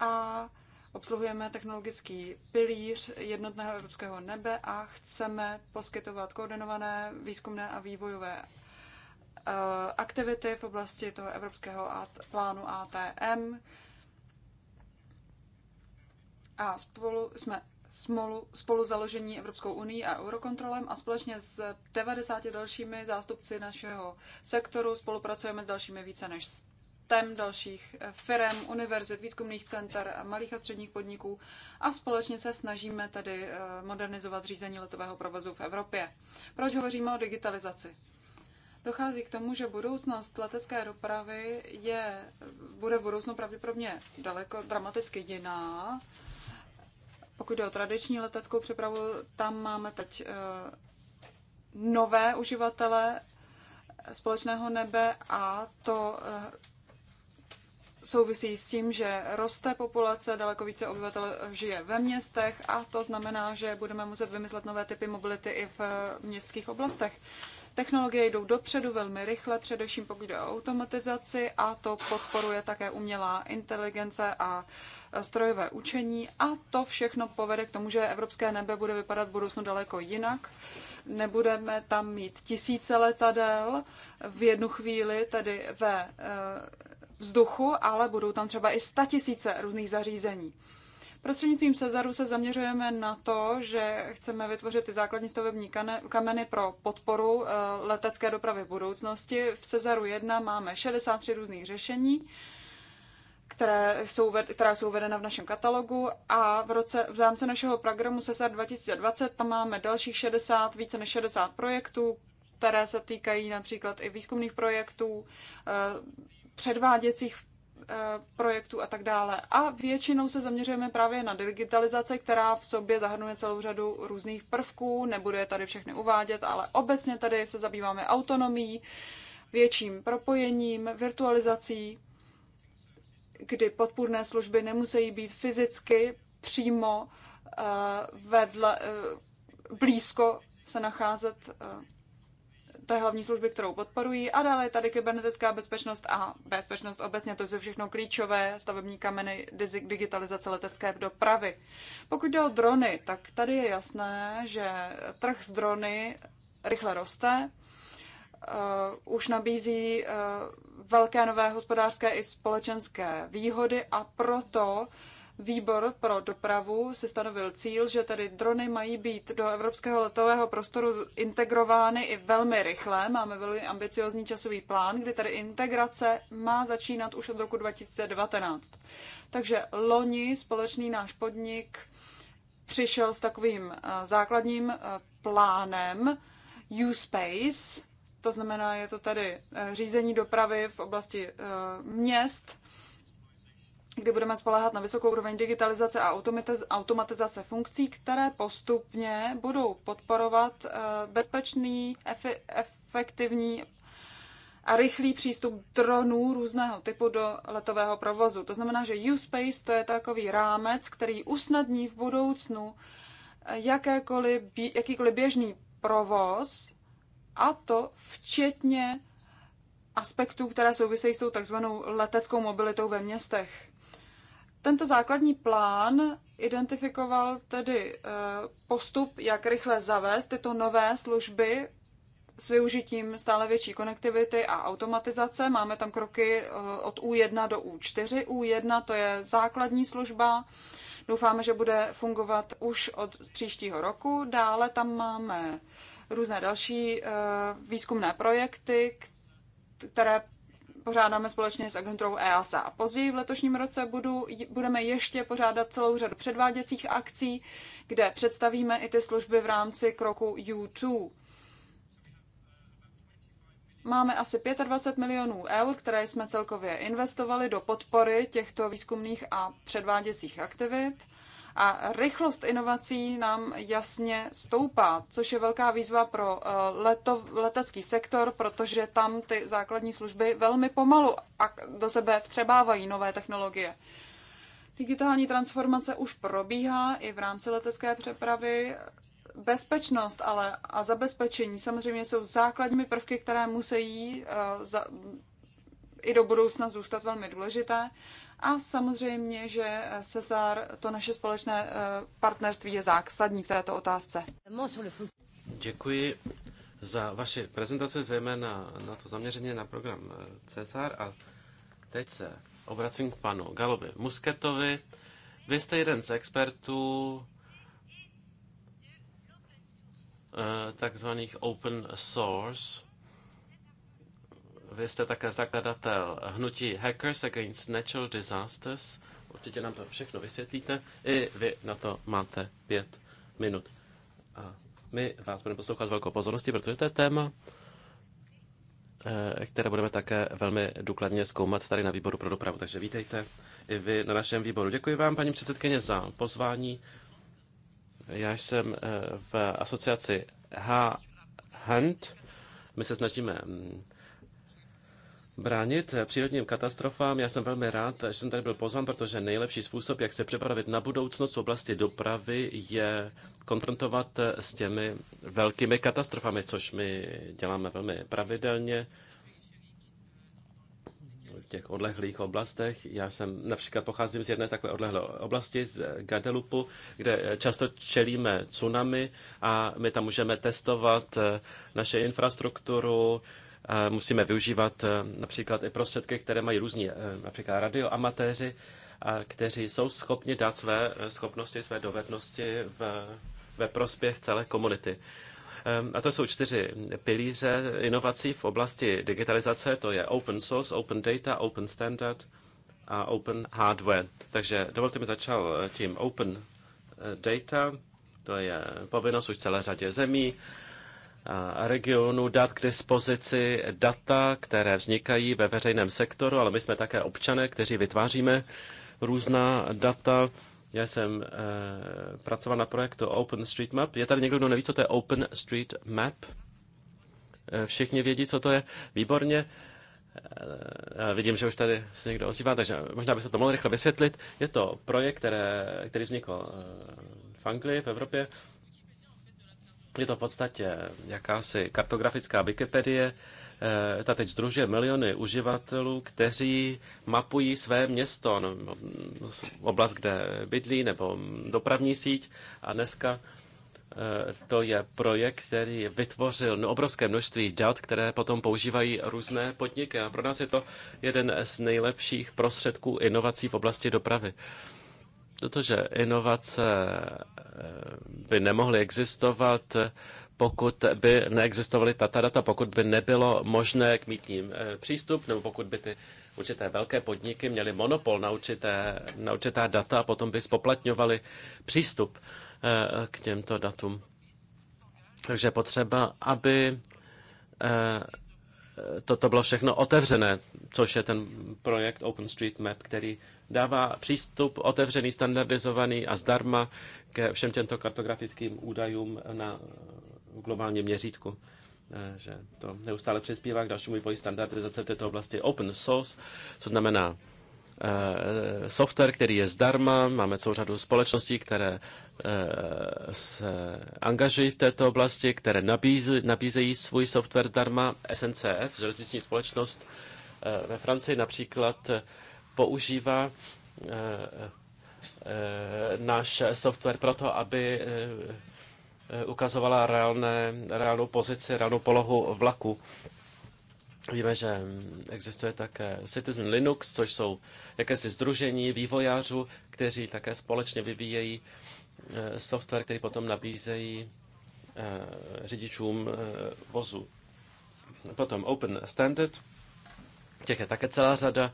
a obsluhujeme technologický pilíř jednotného evropského nebe a chceme poskytovat koordinované výzkumné a vývojové eh, aktivity v oblasti toho evropského plánu ATM. A spolu jsme smolu, spolu založení Evropskou unii a Eurokontrolem a společně s 90 dalšími zástupci našeho sektoru spolupracujeme s dalšími více než 100 dalších firm, univerzit, výzkumných center, malých a středních podniků a společně se snažíme tedy eh, modernizovat řízení letového provozu v Evropě. Proč hovoříme o digitalizaci? dochází k tomu, že budoucnost letecké dopravy je, bude v budoucnu pravděpodobně daleko dramaticky jiná pokud jde o tradiční leteckou přepravu, tam máme teď eh, nové uživatele eh, společného nebe a to eh, souvisí s tím, že roste populace, daleko více obyvatel žije ve městech a to znamená, že budeme muset vymyslet nové typy mobility i v městských oblastech. Technologie jdou dopředu velmi rychle, především pokud jde o automatizaci a to podporuje také umělá inteligence a e, strojové učení a to všechno povede k tomu, že evropské nebe bude vypadat v budoucnu daleko jinak. Nebudeme tam mít tisíce letadel v jednu chvíli, tedy ve e, vzduchu, ale budou tam třeba i tisíce různých zařízení. Prostřednictvím Cezaru se zaměřujeme na to, že chceme vytvořit ty základní stavební kameny pro podporu eh, letecké dopravy v budoucnosti. V Cezaru 1 máme 63 různých řešení, které jsou, která jsou uvedena v našem katalogu a v, roce, v zámce našeho programu Cezar 2020 tam máme dalších 60, více než 60 projektů, které se týkají například i výzkumných projektů, eh, předváděcích Eh, projektů a tak dále. A většinou se zaměřujeme právě na digitalizaci, která v sobě zahrnuje celou řadu různých prvků, nebudu je tady všechny uvádět, ale obecně tady se zabýváme autonomií, větším propojením, virtualizací, kdy podpůrné služby nemusí být fyzicky přímo eh, vedle, eh, blízko se nacházet té hlavní služby, kterou podporují. A dále je tady kybernetická bezpečnost a bezpečnost obecně. To jsou všechno klíčové stavební kameny digitalizace letecké dopravy. Pokud jde o drony, tak tady je jasné, že trh s drony rychle roste. Uh, už nabízí uh, velké nové hospodářské i společenské výhody a proto uh, výbor pro dopravu si stanovil cíl, že tedy drony mají být do evropského letového prostoru integrovány i velmi rychle. Máme velmi ambiciozní časový plán, kdy tedy integrace má začínat už od roku 2019. Takže loni společný náš podnik přišel s takovým eh, základním eh, plánem U-Space, to znamená, je to tady eh, řízení dopravy v oblasti měst, kdy budeme spolehat na vysokou úroveň digitalizace a automatizace funkcí, které postupně budou podporovat eh, bezpečný, efektivní a rychlý přístup dronů různého typu do letového provozu. To znamená, že U-Space to je takový rámec, který usnadní v budoucnu eh, jakékoliv, jakýkoliv běžný provoz, a to včetně aspektů, které souvisejí s tou takzvanou leteckou mobilitou ve městech. Tento základní plán identifikoval tedy eh, postup, jak rychle zavést tyto nové služby s využitím stále větší konektivity a automatizace. Máme tam kroky eh, od U1 do U4. U1 to je základní služba, doufáme, že bude fungovat už od příštího roku. Dále tam máme různé další eh, výzkumné projekty, které pořádáme společně s agenturou EASA. A později v letošním roce budu, budeme ještě pořádat celou řadu předváděcích akcí, kde představíme i ty služby v rámci kroku U2. Máme asi 25 milionů eur, které jsme celkově investovali do podpory těchto výzkumných a předváděcích aktivit a rychlost inovací nám jasně stoupá, což je velká výzva pro eh, leto, letecký sektor, protože tam ty základní služby velmi pomalu do sebe vstřebávají nové technologie. Digitální transformace už probíhá i v rámci letecké přepravy. Bezpečnost ale a zabezpečení samozřejmě jsou základními prvky, které musí eh, za, i do budoucna zůstat velmi důležité. A samozřejmě, že Cezar, to naše společné eh, partnerství je zásadní v této otázce. Děkuji za vaši prezentaci, zejména na to zaměření na program eh, Cezar. A teď se obracím k panu Galovi Musketovi. Vy jste jeden z expertů eh, takzvaných open source vy jste také zakladatel hnutí Hackers Against Natural Disasters. Určitě nám to všechno vysvětlíte. I vy na to máte pět minut. A my vás budeme poslouchat s velkou pozorností, protože to je téma, eh, které budeme také velmi důkladně zkoumat tady na výboru pro dopravu. Takže vítejte i vy na našem výboru. Děkuji vám, paní předsedkyně, za pozvání. Já jsem eh, v asociaci H. Hunt. My se snažíme mm, bránit přírodním katastrofám. Já jsem velmi rád, že jsem tady byl pozván, protože nejlepší způsob, jak se připravit na budoucnost v oblasti dopravy, je konfrontovat s těmi velkými katastrofami, což my děláme velmi pravidelně v těch odlehlých oblastech. Já jsem například pocházím z jedné z takové odlehlé oblasti, z Gadelupu, kde často čelíme tsunami a my tam můžeme testovat naše infrastrukturu, musíme využívat eh, například i prostředky, které mají různí eh, například radioamatéři, kteří jsou schopni dát své eh, schopnosti, své dovednosti v, ve prospěch celé komunity. Ehm, a to jsou čtyři pilíře inovací v oblasti digitalizace. To je open source, open data, open standard a open hardware. Takže dovolte mi začal tím open data. To je povinnost už celé řadě zemí regionu dát k dispozici data, které vznikají ve veřejném sektoru, ale my jsme také občané, kteří vytváříme různá data. Já jsem eh, pracoval na projektu OpenStreetMap. Je tady někdo, kdo neví, co to je OpenStreetMap? Eh, všichni vědí, co to je. Výborně. Eh, já vidím, že už tady se někdo ozývá, takže možná by se to mohlo rychle vysvětlit. Je to projekt, které, který vznikl v Anglii, v Evropě je to v podstatě jakási kartografická Wikipedie, eh, ta teď združuje miliony uživatelů, kteří mapují své město, no, oblast, kde bydlí, nebo dopravní síť. A dneska eh, to je projekt, který vytvořil no, obrovské množství dat, které potom používají různé podniky. A pro nás je to jeden z nejlepších prostředků inovací v oblasti dopravy protože inovace eh, by nemohly existovat, eh, pokud by neexistovaly tato data, pokud by nebylo možné k mítním eh, přístup, nebo pokud by ty určité velké podniky měly monopol na, určité, na určitá data a potom by spoplatňovaly přístup k těmto datům. Takže potřeba, aby toto bylo všechno otevřené, což je ten projekt OpenStreetMap, který dává přístup otevřený, standardizovaný a zdarma ke všem těmto kartografickým údajům na globálním měřítku. Eh, že to neustále přispívá k dalšímu vývoji standardizace v této oblasti open source, co znamená Eh, software, který je zdarma. Máme celou řadu společností, které eh, se angažují v této oblasti, které nabízí, nabízejí svůj software zdarma. SNCF, železniční společnost eh, ve Francii například používá náš software proto, aby ukazovala reálné, reálnou pozici, reálnou polohu vlaku Víme, že mm, existuje také Citizen Linux, což jsou jakési združení vývojářů, kteří také společně vyvíjejí e, software, který potom nabízejí e, řidičům e, vozu. Potom Open Standard, těch je také celá řada.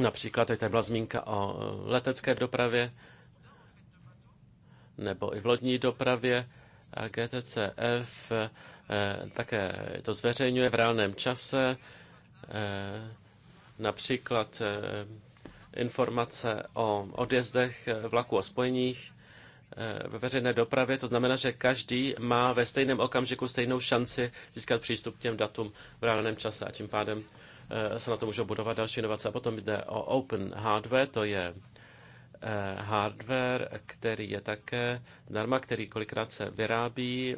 Například tady byla zmínka o letecké dopravě nebo i v lodní dopravě. GTCF Eh, také to zveřejňuje v reálném čase, eh, například eh, informace o odjezdech vlaků a spojeních ve veřejné dopravě. To znamená, že každý má ve stejném okamžiku stejnou šanci získat přístup k těm datům v reálném čase a tím pádem se na to můžou budovat další inovace. A potom jde o Open Hardware, to je hardware, který je také zdarma, který kolikrát se vyrábí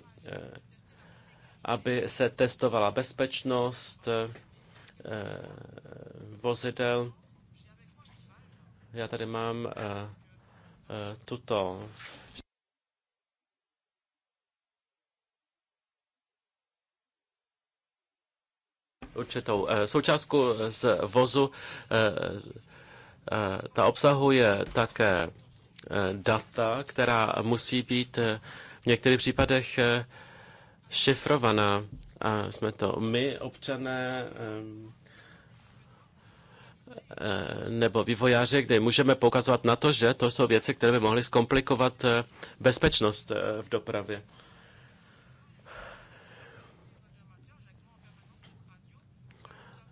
aby se testovala bezpečnost eh, vozidel. Já tady mám eh, eh, tuto určitou součástku z vozu. Ta obsahuje také data, která musí být v některých případech šifrovaná. A jsme to my, občané, eh, nebo vývojáři, kde můžeme poukazovat na to, že to jsou věci, které by mohly zkomplikovat eh, bezpečnost eh, v dopravě.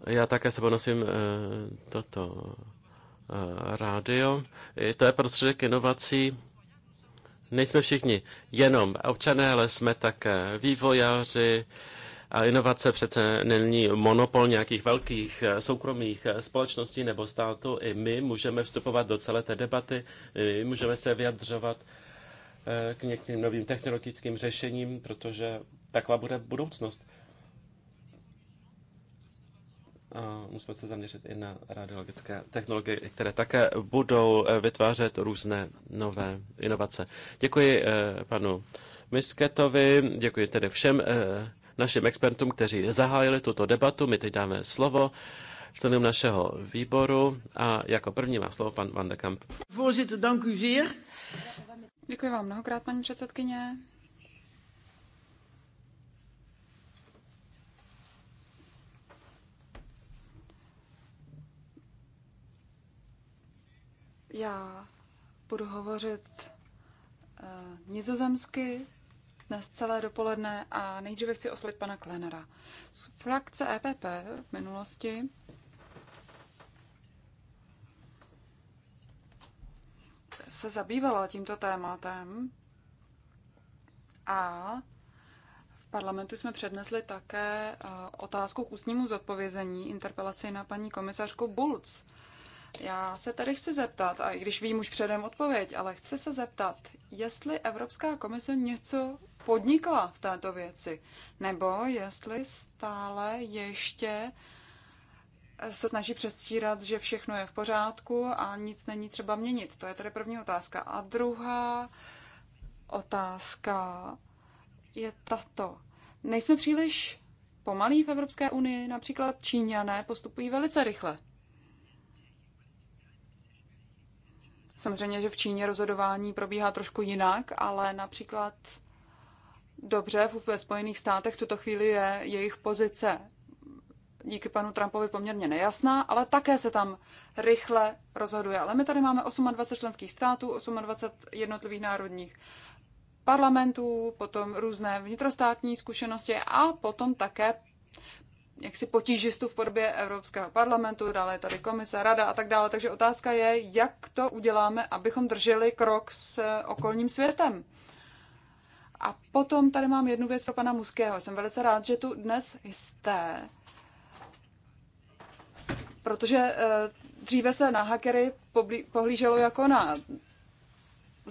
Já také se ponosím toto rádio. To je prostředek inovací nejsme všichni jenom občané, ale jsme také vývojáři a inovace přece není monopol nějakých velkých eh, soukromých eh, společností nebo státu. I my můžeme vstupovat do celé té debaty, my můžeme se vyjadřovat eh, k některým novým technologickým řešením, protože taková bude budoucnost musíme se zaměřit i na radiologické technologie, které také budou eh, vytvářet různé nové inovace. Děkuji eh, panu Misketovi, děkuji tedy všem eh, našim expertům, kteří zahájili tuto debatu. My teď dáme slovo členům našeho výboru a jako první má slovo pan Van de Kamp. Děkuji vám mnohokrát, paní předsedkyně. Já budu hovořit eh, nizozemsky dnes celé dopoledne a nejdříve chci oslit pana Klenera. Z frakce EPP v minulosti se zabývala tímto tématem a v parlamentu jsme přednesli také eh, otázku k ústnímu zodpovězení interpelaci na paní komisařku Bulc já se tady chci zeptat, a i když vím už předem odpověď, ale chci se zeptat, jestli Evropská komise něco podnikla v této věci, nebo jestli stále ještě se snaží předstírat, že všechno je v pořádku a nic není třeba měnit. To je tady první otázka. A druhá otázka je tato. Nejsme příliš pomalí v Evropské unii, například Číňané postupují velice rychle. Samozřejmě, že v Číně rozhodování probíhá trošku jinak, ale například dobře ve Spojených státech tuto chvíli je jejich pozice díky panu Trumpovi poměrně nejasná, ale také se tam rychle rozhoduje. Ale my tady máme 28 členských států, 28 jednotlivých národních parlamentů, potom různé vnitrostátní zkušenosti a potom také jaksi potížistu v podobě Evropského parlamentu, dále je tady komise, rada a tak dále. Takže otázka je, jak to uděláme, abychom drželi krok s okolním světem. A potom tady mám jednu věc pro pana Muského. Jsem velice rád, že tu dnes jste, protože eh, dříve se na hackery pohlíželo jako na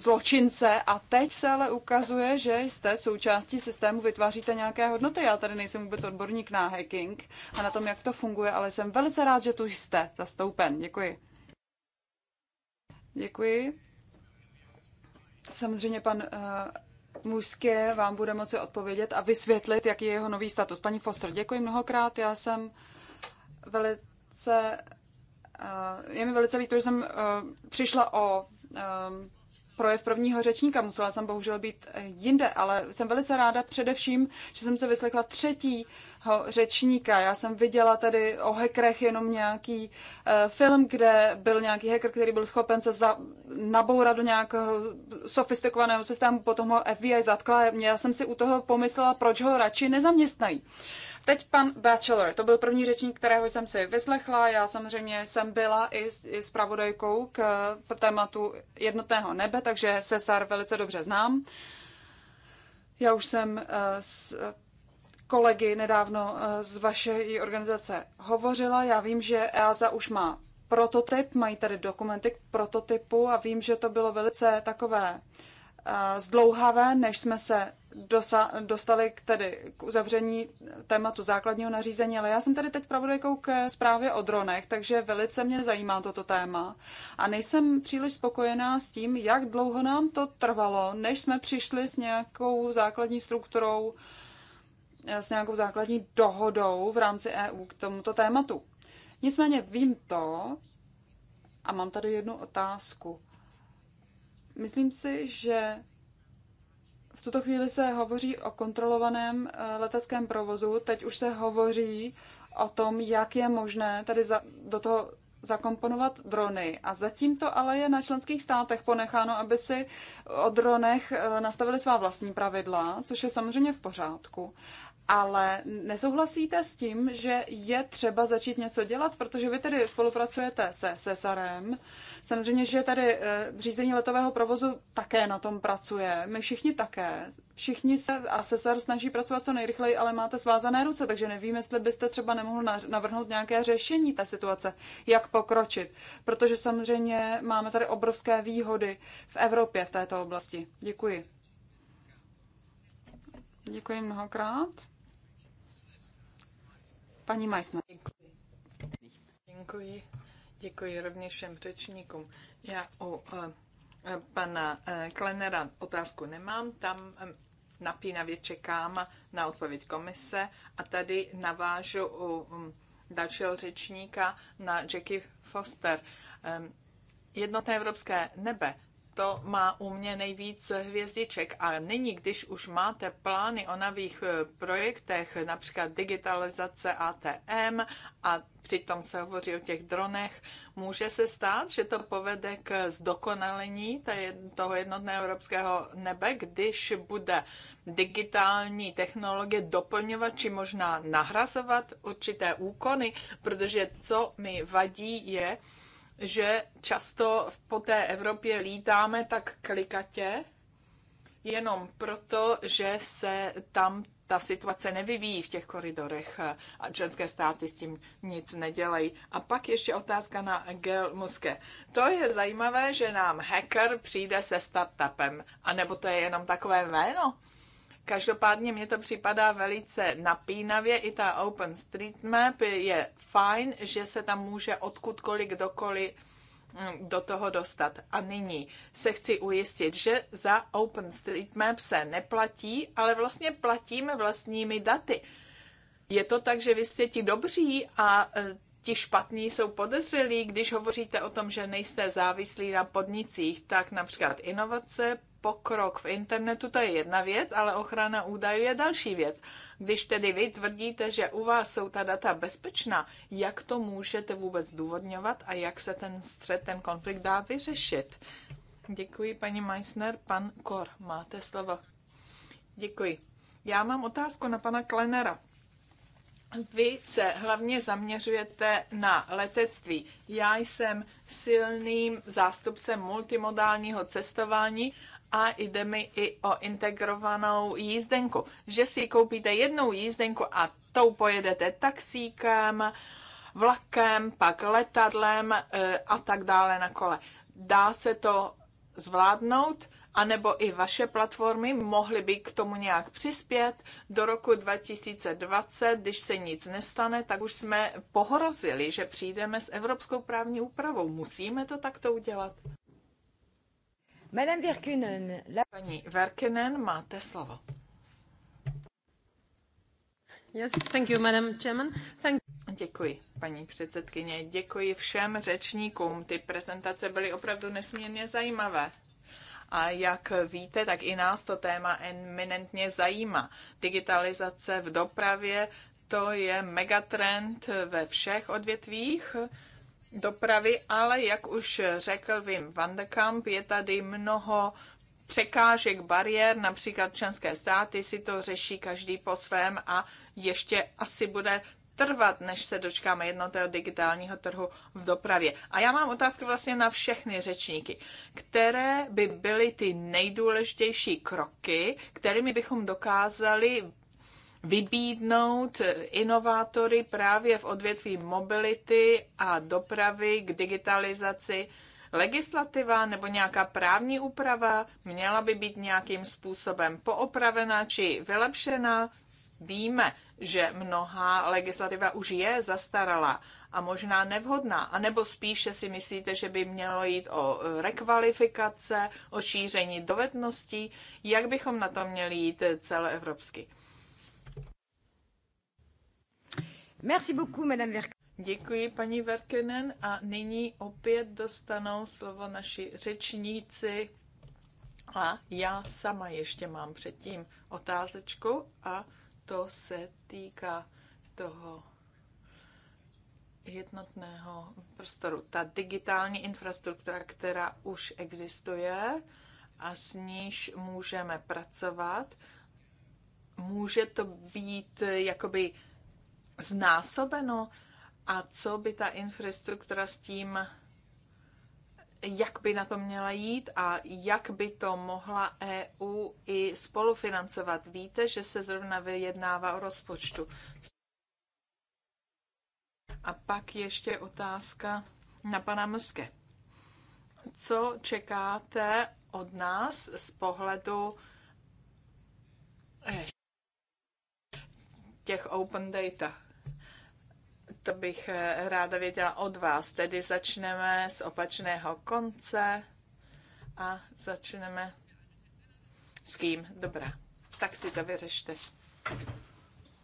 zločince a teď se ale ukazuje, že jste součástí systému, vytváříte nějaké hodnoty. Já tady nejsem vůbec odborník na hacking a na tom, jak to funguje, ale jsem velice rád, že tu jste zastoupen. Děkuji. Děkuji. Samozřejmě pan uh, eh, Muské vám bude moci odpovědět a vysvětlit, jaký je jeho nový status. Paní Foster, děkuji mnohokrát. Já jsem velice... Uh, je mi velice líto, že jsem uh, přišla o Uh, projev prvního řečníka, musela jsem bohužel být eh, jinde, ale jsem velice ráda především, že jsem se vyslechla třetího řečníka. Já jsem viděla tady o hekrech jenom nějaký eh, film, kde byl nějaký hacker, který byl schopen se za, nabourat do nějakého sofistikovaného systému, potom ho FBI zatkla. Já jsem si u toho pomyslela, proč ho radši nezaměstnají. Teď pan Bachelor, to byl první řečník, kterého jsem si vyslechla. Já samozřejmě jsem byla i, i pravodajkou k eh, tématu jednotného nebe, takže Cesar velice dobře znám. Já už jsem eh, s eh, kolegy nedávno z vaší organizace hovořila. Já vím, že EASA už má prototyp, mají tady dokumenty k prototypu a vím, že to bylo velice takové uh, Eh, zdlouhavé, než jsme se dosa, dostali k, tedy, k uzavření tématu základního nařízení, ale já jsem tady teď pravodajkou k zprávě o dronech, takže velice mě zajímá toto téma. A nejsem příliš spokojená s tím, jak dlouho nám to trvalo, než jsme přišli s nějakou základní strukturou, eh, s nějakou základní dohodou v rámci EU k tomuto tématu. Nicméně vím to, a mám tady jednu otázku. Myslím si, že v tuto chvíli se hovoří o kontrolovaném eh, leteckém provozu. Teď už se hovoří o tom, jak je možné tady za, do toho zakomponovat drony. A zatím to ale je na členských státech ponecháno, aby si o dronech eh, nastavili svá vlastní pravidla, což je samozřejmě v pořádku. Ale nesouhlasíte s tím, že je třeba začít něco dělat, protože vy tedy spolupracujete se Cesarem, se Samozřejmě, že tady eh, řízení letového provozu také na tom pracuje. My všichni také. Všichni se a SESAR snaží pracovat co nejrychleji, ale máte svázané ruce, takže nevím, jestli byste třeba nemohl navrhnout nějaké řešení té situace, jak pokročit. Protože samozřejmě máme tady obrovské výhody v Evropě v této oblasti. Děkuji. Děkuji mnohokrát. Paní Majsna. Děkuji. Děkuji. Děkuji rovněž všem řečníkům. Já u eh, eh, pana eh, Klenera otázku nemám, tam napínavě čekám na odpověď komise a tady navážu u mm, dalšího řečníka na Jackie Foster. Ehm, jednotné evropské nebe to má u mě nejvíc hvězdiček. A nyní, když už máte plány o nových eh, projektech, například digitalizace ATM a přitom se hovoří o těch dronech, může se stát, že to povede k zdokonalení toho jednotného evropského nebe, když bude digitální technologie doplňovat či možná nahrazovat určité úkony, protože co mi vadí je, že často po té Evropě lítáme tak klikatě, jenom proto, že se tam ta situace nevyvíjí v těch koridorech a členské státy s tím nic nedělají. A pak ještě otázka na Gel Muske. To je zajímavé, že nám hacker přijde se startupem, anebo to je jenom takové jméno? Každopádně mě to připadá velice napínavě. I ta OpenStreetMap je fajn, že se tam může odkudkoliv kdokoliv mm, do toho dostat. A nyní se chci ujistit, že za OpenStreetMap se neplatí, ale vlastně platíme vlastními daty. Je to tak, že vy jste ti dobří a e, ti špatní jsou podezřelí, když hovoříte o tom, že nejste závislí na podnicích, tak například inovace, pokrok v internetu, to je jedna věc, ale ochrana údajů je další věc. Když tedy vy tvrdíte, že u vás jsou ta data bezpečná, jak to můžete vůbec důvodňovat a jak se ten střed, ten konflikt dá vyřešit? Děkuji, paní Meissner. Pan Kor, máte slovo. Děkuji. Já mám otázku na pana Klenera. Vy se hlavně zaměřujete na letectví. Já jsem silným zástupcem multimodálního cestování a jde mi i o integrovanou jízdenku, že si koupíte jednou jízdenku a tou pojedete taxíkem, vlakem, pak letadlem e, a tak dále na kole. Dá se to zvládnout, anebo i vaše platformy mohly by k tomu nějak přispět. Do roku 2020, když se nic nestane, tak už jsme pohrozili, že přijdeme s evropskou právní úpravou. Musíme to takto udělat? Madame la... Paní Virkinen, máte slovo. Yes, thank you, Madam Chairman. Thank Děkuji, paní předsedkyně. Děkuji všem řečníkům. Ty prezentace byly opravdu nesmírně zajímavé. A jak víte, tak i nás to téma eminentně zajímá. Digitalizace v dopravě, to je megatrend ve všech odvětvích dopravy, ale jak už řekl Wim van de Kamp, je tady mnoho překážek, bariér, například členské státy si to řeší každý po svém a ještě asi bude trvat, než se dočkáme jednotného digitálního trhu v dopravě. A já mám otázky vlastně na všechny řečníky. Které by byly ty nejdůležitější kroky, kterými bychom dokázali vybídnout inovátory právě v odvětví mobility a dopravy k digitalizaci. Legislativa nebo nějaká právní úprava měla by být nějakým způsobem poopravena či vylepšena. Víme, že mnoha legislativa už je zastarala a možná nevhodná, anebo spíše si myslíte, že by mělo jít o rekvalifikace, o šíření dovedností, jak bychom na to měli jít celoevropsky. Merci beaucoup, Madame Verk. Děkuji, paní Verkenen. A nyní opět dostanou slovo naši řečníci. A já sama ještě mám předtím otázečku a to se týká toho jednotného prostoru. Ta digitální infrastruktura, která už existuje a s níž můžeme pracovat, může to být jakoby znásobeno a co by ta infrastruktura s tím, jak by na to měla jít a jak by to mohla EU i spolufinancovat. Víte, že se zrovna vyjednává o rozpočtu. A pak ještě otázka na pana Mrske. Co čekáte od nás z pohledu eh, těch open data? To bych eh, ráda věděla od vás. Tedy začneme z opačného konce a začneme s kým? Dobrá, tak si to vyřešte.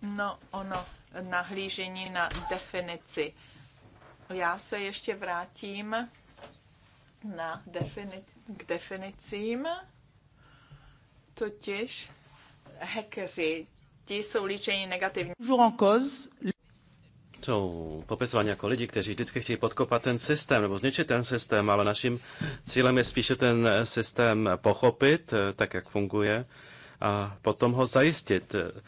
No, ono, nahlížení na definici. Já se ještě vrátím na defini- k definicím, totiž hackeři, ti jsou líčení negativní jsou popisováni jako lidi, kteří vždycky chtějí podkopat ten systém nebo zničit ten systém, ale naším cílem je spíše ten systém pochopit, eh, tak jak funguje, a potom ho zajistit, eh,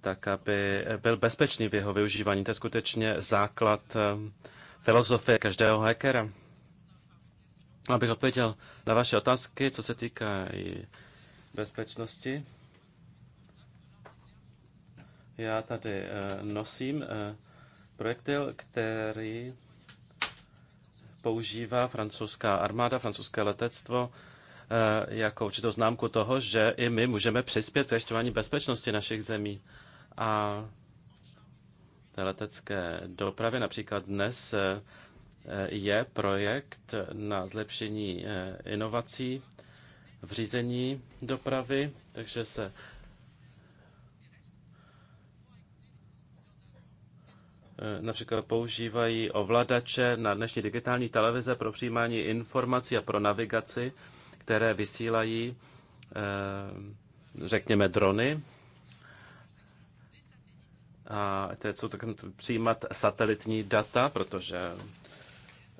tak aby byl bezpečný v jeho využívání. To je skutečně základ eh, filozofie každého hackera. Abych odpověděl na vaše otázky, co se týká bezpečnosti. Já tady nosím Projektil, který používá francouzská armáda, francouzské letectvo eh, jako určitou známku toho, že i my můžeme přispět k zajišťování bezpečnosti našich zemí. A té letecké dopravy například dnes eh, je projekt na zlepšení eh, inovací v řízení dopravy, takže se Eh, například používají ovladače na dnešní digitální televize pro přijímání informací a pro navigaci, které vysílají, eh, řekněme, drony. A to jsou tak přijímat satelitní data, protože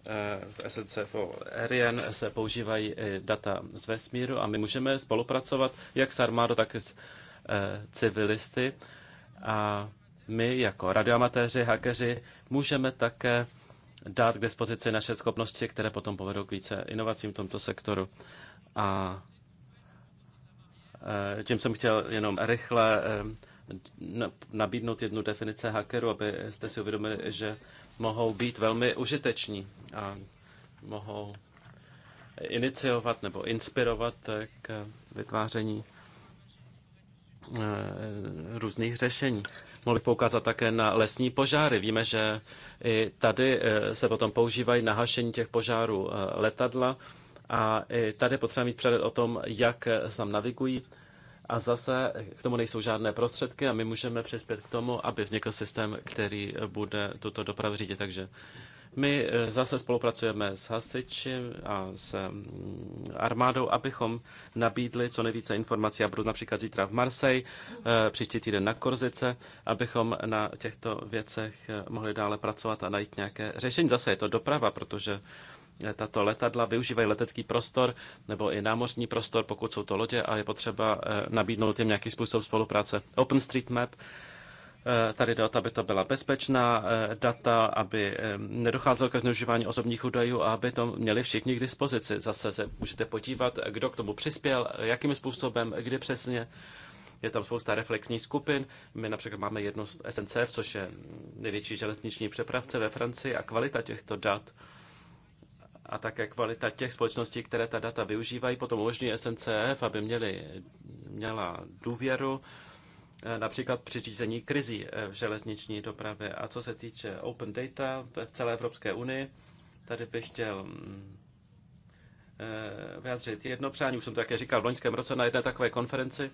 eh, v SNCFO Arian se používají data z vesmíru a my můžeme spolupracovat jak s armádou, tak i s civilisty. A my jako radioamatéři, hakeři, můžeme také dát k dispozici naše schopnosti, které potom povedou k více inovacím v tomto sektoru. A eh, tím jsem chtěl jenom rychle eh, nabídnout jednu definici hackerů, abyste si uvědomili, že mohou být velmi užiteční a mohou iniciovat nebo inspirovat eh, k vytváření různých řešení. Mohl bych poukázat také na lesní požáry. Víme, že i tady eh, se potom používají na hašení těch požárů eh, letadla a i tady potřeba mít přehled o tom, jak eh, se tam navigují. A zase k tomu nejsou žádné prostředky a my můžeme přispět k tomu, aby vznikl systém, který bude tuto dopravu řídit. Takže my eh, zase spolupracujeme s hasiči a s mm, armádou, abychom nabídli co nejvíce informací. Já budu například zítra v Marseille, eh, příští týden na Korzice, abychom na těchto věcech eh, mohli dále pracovat a najít nějaké řešení. Zase je to doprava, protože tato letadla využívají letecký prostor nebo i námořní prostor, pokud jsou to lodě a je potřeba nabídnout jim nějaký způsob spolupráce. OpenStreetMap Eh, tady jde aby to byla bezpečná eh, data, aby eh, nedocházelo ke zneužívání osobních údajů a aby to měli všichni k dispozici. Zase se můžete podívat, kdo k tomu přispěl, jakým způsobem, kdy přesně. Je tam spousta reflexních skupin. My například máme jednu z SNCF, což je největší železniční přepravce ve Francii a kvalita těchto dat a také kvalita těch společností, které ta data využívají, potom umožňuje SNCF, aby měli, měla důvěru Eh, například při řízení krizí eh, v železniční dopravě. A co se týče open data v celé Evropské unii, tady bych chtěl mm, eh, vyjádřit jedno přání, už jsem to také říkal v loňském roce na jedné takové konferenci.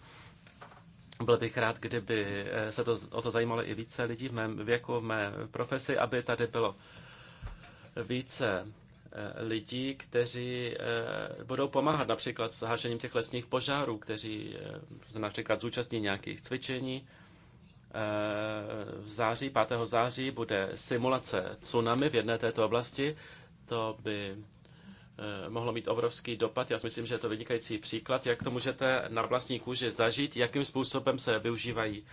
Byl bych rád, kdyby se to, o to zajímalo i více lidí v mém věku, v mé profesi, aby tady bylo více Eh, lidí, kteří eh, budou pomáhat například s hášením těch lesních požárů, kteří se eh, například zúčastní nějakých cvičení. V září, 5. září, bude simulace tsunami v jedné této oblasti. To by mohlo mít obrovský dopad. Já si myslím, že je to vynikající příklad, jak to můžete na vlastní kůži zažít, jakým způsobem se využívají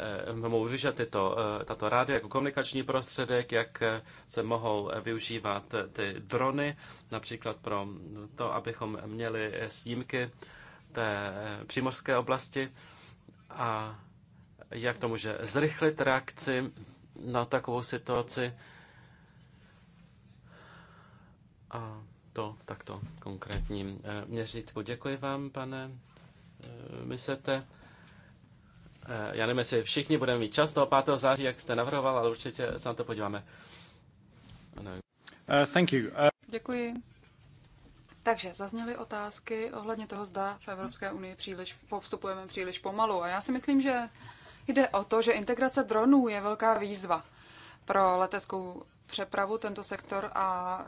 Eh, mohou využít tyto, eh, tato rádio jako komunikační prostředek, jak eh, se mohou využívat ty drony, například pro to, abychom měli snímky té přímořské oblasti a jak to může zrychlit reakci na takovou situaci. A to takto konkrétním měřítku. Děkuji vám, pane Misete. Eh, já nevím, jestli všichni budeme mít čas toho 5. září, jak jste navrhoval, ale určitě se na to podíváme. Uh, thank you. Uh... Děkuji. Takže zazněly otázky ohledně toho, zda v Evropské unii příliš postupujeme příliš pomalu. A já si myslím, že jde o to, že integrace dronů je velká výzva pro leteckou přepravu, tento sektor a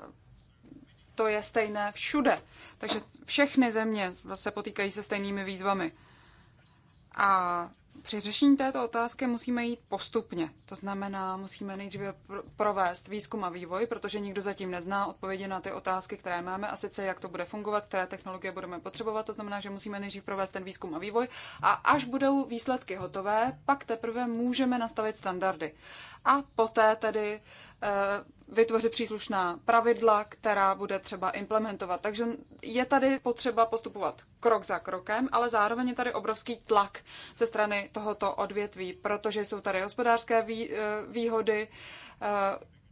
to je stejné všude. Takže všechny země se potýkají se stejnými výzvami. A při řešení této otázky musíme jít postupně. To znamená, musíme nejdříve provést výzkum a vývoj, protože nikdo zatím nezná odpovědi na ty otázky, které máme, a sice jak to bude fungovat, které technologie budeme potřebovat. To znamená, že musíme nejdřív provést ten výzkum a vývoj a až budou výsledky hotové, pak teprve můžeme nastavit standardy. A poté tedy Eh, vytvořit příslušná pravidla, která bude třeba implementovat. Takže je tady potřeba postupovat krok za krokem, ale zároveň je tady obrovský tlak ze strany tohoto odvětví, protože jsou tady hospodářské eh, výhody, eh,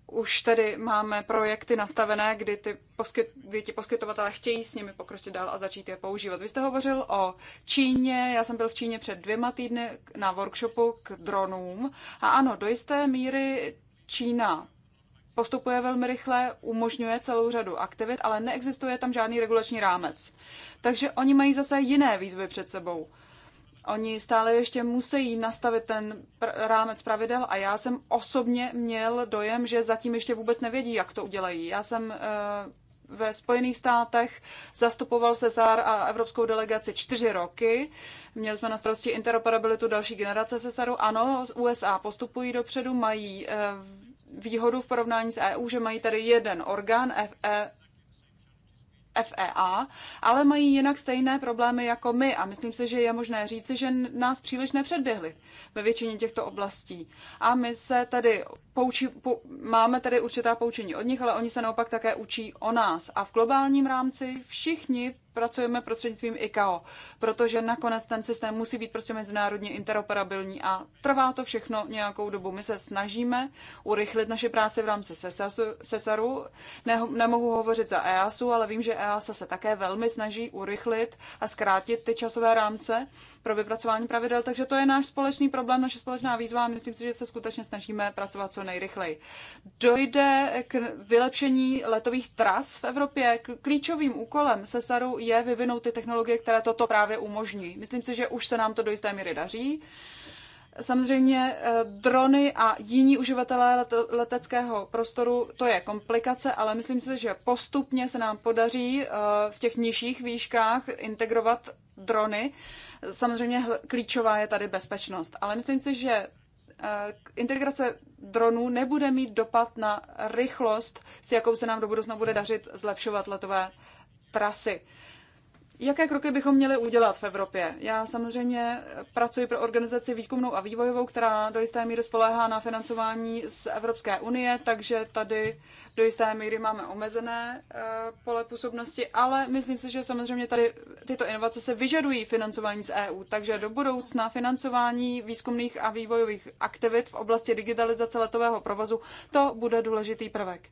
už tedy máme projekty nastavené, kdy, ty poskyt, kdy ti poskytovatelé chtějí s nimi pokročit dál a začít je používat. Vy jste hovořil o Číně, já jsem byl v Číně před dvěma týdny na workshopu k dronům a ano, do jisté míry Čína postupuje velmi rychle, umožňuje celou řadu aktivit, ale neexistuje tam žádný regulační rámec. Takže oni mají zase jiné výzvy před sebou. Oni stále ještě musí nastavit ten pr- rámec pravidel a já jsem osobně měl dojem, že zatím ještě vůbec nevědí, jak to udělají. Já jsem uh, ve Spojených státech zastupoval sesar a evropskou delegaci čtyři roky. Měli jsme na starosti interoperabilitu další generace Cezaru. Ano, USA postupují dopředu, mají uh, výhodu v porovnání s EU, že mají tady jeden orgán FE, FEA, ale mají jinak stejné problémy jako my a myslím si, že je možné říci, že nás příliš nepředběhli ve většině těchto oblastí. A my se tady poučí, po, máme tedy určitá poučení od nich, ale oni se naopak také učí o nás. A v globálním rámci všichni pracujeme prostřednictvím ICAO, protože nakonec ten systém musí být prostě mezinárodně interoperabilní a trvá to všechno nějakou dobu. My se snažíme urychlit naše práci v rámci SESARu. Ne, nemohu hovořit za EASu, ale vím, že EASA se také velmi snaží urychlit a zkrátit ty časové rámce pro vypracování pravidel, takže to je náš společný problém, naše společná výzva a myslím si, že se skutečně snažíme pracovat co nejrychleji. Dojde k vylepšení letových tras v Evropě. Klíčovým úkolem SESARu je vyvinout ty technologie, které toto právě umožní. Myslím si, že už se nám to do jisté míry daří. Samozřejmě eh, drony a jiní uživatelé leteckého prostoru, to je komplikace, ale myslím si, že postupně se nám podaří eh, v těch nižších výškách integrovat drony. Samozřejmě klíčová je tady bezpečnost, ale myslím si, že eh, integrace dronů nebude mít dopad na rychlost, s jakou se nám do budoucna bude dařit zlepšovat letové trasy. Jaké kroky bychom měli udělat v Evropě? Já samozřejmě pracuji pro organizaci výzkumnou a vývojovou, která do jisté míry spoléhá na financování z Evropské unie, takže tady do jisté míry máme omezené eh, pole působnosti, ale myslím si, že samozřejmě tady tyto inovace se vyžadují financování z EU, takže do budoucna financování výzkumných a vývojových aktivit v oblasti digitalizace letového provozu to bude důležitý prvek.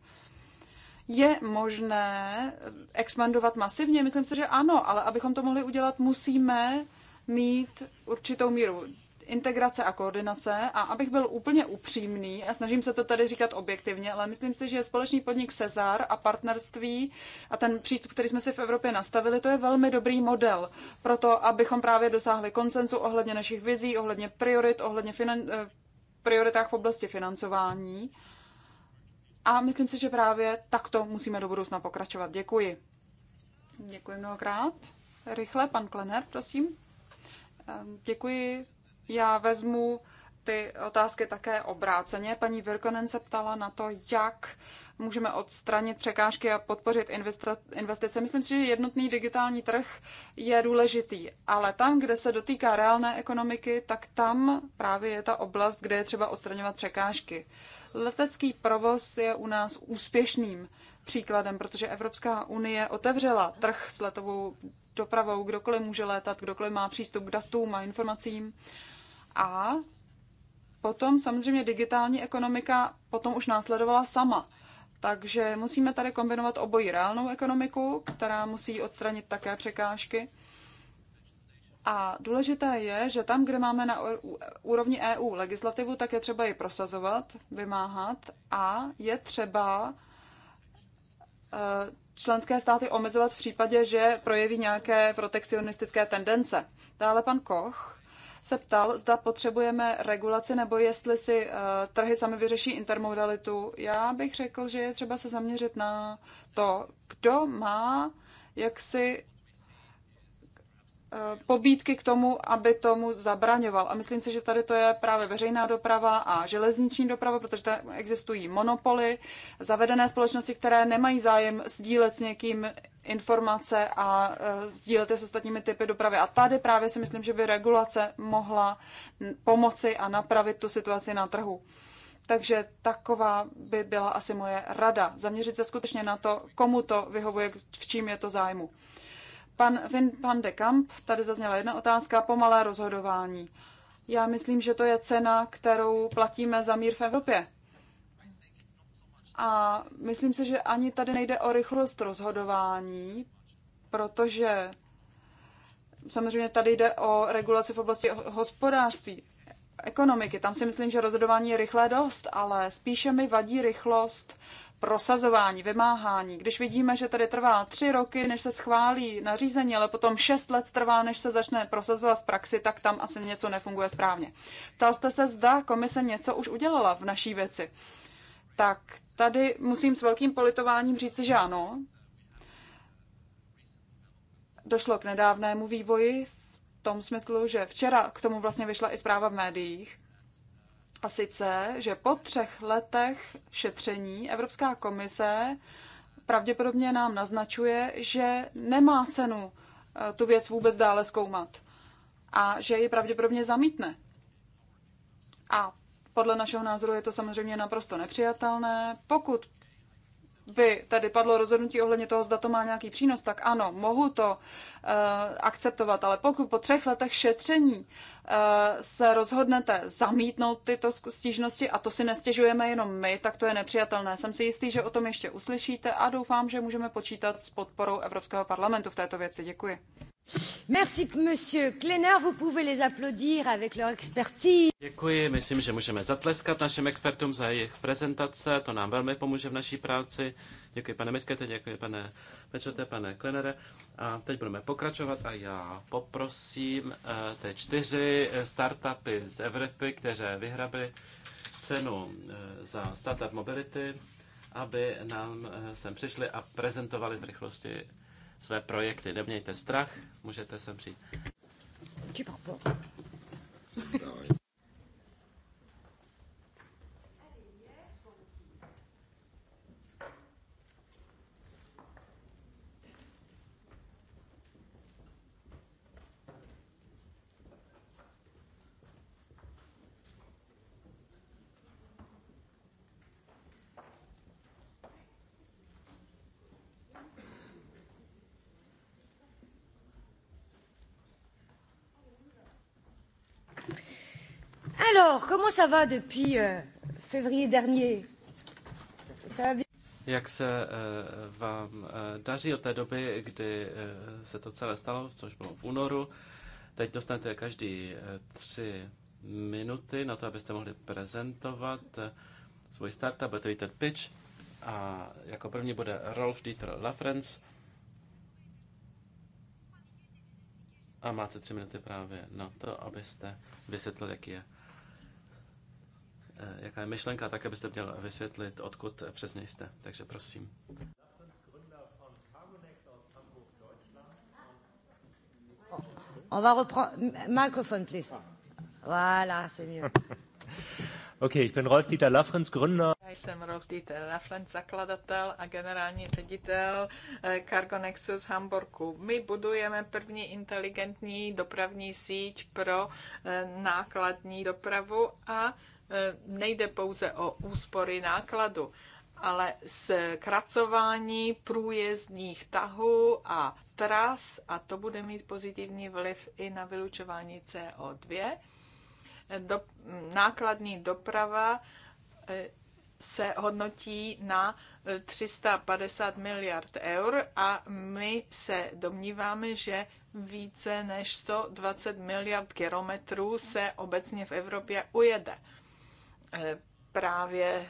Je možné expandovat masivně? Myslím si, že ano, ale abychom to mohli udělat, musíme mít určitou míru integrace a koordinace. A abych byl úplně upřímný, a snažím se to tady říkat objektivně, ale myslím si, že společný podnik Cezar a partnerství a ten přístup, který jsme si v Evropě nastavili, to je velmi dobrý model pro to, abychom právě dosáhli konsenzu ohledně našich vizí, ohledně priorit, ohledně finan- eh, prioritách v oblasti financování. A myslím si, že právě takto musíme do budoucna pokračovat. Děkuji. Děkuji mnohokrát. Rychle, pan Klener, prosím. Ehm, děkuji. Já vezmu ty otázky také obráceně. Paní Virkonen se ptala na to, jak můžeme odstranit překážky a podpořit investice. Myslím si, že jednotný digitální trh je důležitý, ale tam, kde se dotýká reálné ekonomiky, tak tam právě je ta oblast, kde je třeba odstraňovat překážky. Letecký provoz je u nás úspěšným příkladem, protože Evropská unie otevřela trh s letovou dopravou, kdokoliv může létat, kdokoliv má přístup k datům a informacím. A potom samozřejmě digitální ekonomika potom už následovala sama. Takže musíme tady kombinovat obojí reálnou ekonomiku, která musí odstranit také překážky, a důležité je, že tam, kde máme na úrovni EU legislativu, tak je třeba ji prosazovat, vymáhat a je třeba eh, členské státy omezovat v případě, že projeví nějaké protekcionistické tendence. Dále pan Koch se ptal, zda potřebujeme regulaci nebo jestli si eh, trhy sami vyřeší intermodalitu. Já bych řekl, že je třeba se zaměřit na to, kdo má jaksi Eh, pobídky k tomu, aby tomu zabraňoval. A myslím si, že tady to je právě veřejná doprava a železniční doprava, protože tam existují monopoly, zavedené společnosti, které nemají zájem sdílet s někým informace a eh, sdílet je s ostatními typy dopravy. A tady právě si myslím, že by regulace mohla pomoci a napravit tu situaci na trhu. Takže taková by byla asi moje rada. Zaměřit se skutečně na to, komu to vyhovuje, v čím je to zájmu. Pan Vin Pan de Kamp, tady zazněla jedna otázka, pomalé rozhodování. Já myslím, že to je cena, kterou platíme za mír v Evropě. A myslím si, že ani tady nejde o rychlost rozhodování, protože samozřejmě tady jde o regulaci v oblasti hospodářství, ekonomiky. Tam si myslím, že rozhodování je rychlé dost, ale spíše mi vadí rychlost prosazování, vymáhání. Když vidíme, že tady trvá tři roky, než se schválí nařízení, ale potom šest let trvá, než se začne prosazovat v praxi, tak tam asi něco nefunguje správně. Ptal jste se, zda komise něco už udělala v naší věci. Tak tady musím s velkým politováním říci, že ano. Došlo k nedávnému vývoji v tom smyslu, že včera k tomu vlastně vyšla i zpráva v médiích, a sice, že po třech letech šetření Evropská komise pravděpodobně nám naznačuje, že nemá cenu eh, tu věc vůbec dále zkoumat a že ji pravděpodobně zamítne. A podle našeho názoru je to samozřejmě naprosto nepřijatelné. Pokud by tady padlo rozhodnutí ohledně toho, zda to má nějaký přínos, tak ano, mohu to Eh, akceptovat. Ale pokud po třech letech šetření eh, se rozhodnete zamítnout tyto stížnosti, a to si nestěžujeme jenom my, tak to je nepřijatelné. Jsem si jistý, že o tom ještě uslyšíte a doufám, že můžeme počítat s podporou Evropského parlamentu v této věci. Děkuji. Merci, monsieur Kleiner. Vous pouvez les applaudir avec leur expertise. Děkuji, myslím, že můžeme zatleskat našim expertům za jejich prezentace, to nám velmi pomůže v naší práci. Děkuji, pane Miskete, děkuji, pane pečete, pane Klenere. A teď budeme pokračovat a já poprosím eh, ty čtyři eh, startupy z Evropy, které vyhrabili cenu eh, za Startup Mobility, aby nám sem přišli a prezentovali v rychlosti své projekty. Nemějte strach, můžete sem přijít. Alors, comment ça va depuis euh, février dernier ça va bien? Jak se uh, vám uh, daří od té doby, kdy uh, se to celé stalo, což bylo v únoru? Teď dostanete každý uh, tři minuty na to, abyste mohli prezentovat uh, svůj startup, budete vidět pitch. A jako první bude Rolf Dieter Lafrenz. A máte tři minuty právě na to, abyste vysvětlil, jaký je Eh, jaká je myšlenka, tak abyste měl vysvětlit, odkud přesně jste. Takže prosím. On va reprendre. Microphone, please. Voilà, c'est mieux. [LAUGHS] Okay, ich bin Rolf Dieter Lafrenz, Gründer. Já jsem Rolf Dieter Lafrenz, zakladatel a generální ředitel eh, Cargo Nexus Hamburgu. My budujeme první inteligentní dopravní síť pro eh, nákladní dopravu a E, nejde pouze o úspory nákladu, ale zkracování průjezdních tahů a tras a to bude mít pozitivní vliv i na vylučování CO2. E, do, nákladní doprava e, se hodnotí na 350 miliard eur a my se domníváme, že více než 120 miliard kilometrů se obecně v Evropě ujede. Eh, právě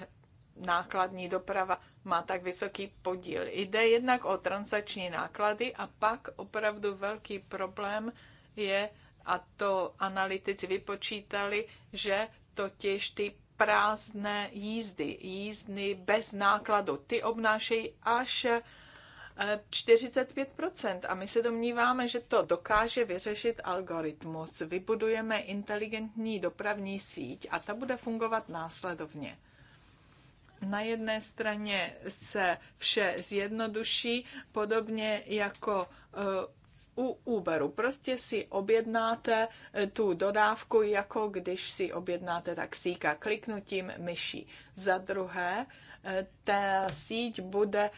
nákladní doprava má tak vysoký podíl. Jde jednak o transační náklady a pak opravdu velký problém je, a to analytici vypočítali, že totiž ty prázdné jízdy, jízdy bez nákladu, ty obnášejí až 45%. A my se domníváme, že to dokáže vyřešit algoritmus. Vybudujeme inteligentní dopravní síť a ta bude fungovat následovně na jedné straně se vše zjednoduší, podobně jako e, u Uberu. Prostě si objednáte e, tu dodávku, jako když si objednáte taxíka kliknutím myší. Za druhé, e, ta síť bude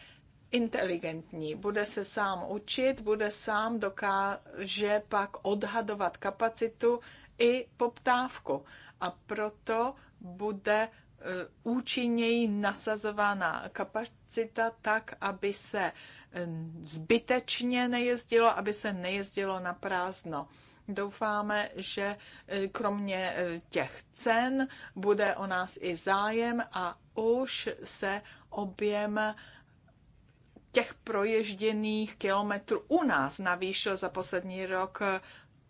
inteligentní, bude se sám učit, bude sám dokáže pak odhadovat kapacitu i poptávku a proto bude eh, účinněji nasazována kapacita tak, aby se eh, zbytečně nejezdilo, aby se nejezdilo na prázdno. Doufáme, že eh, kromě těch cen bude o nás i zájem a už se objem těch proježděných kilometrů u nás navýšil za poslední rok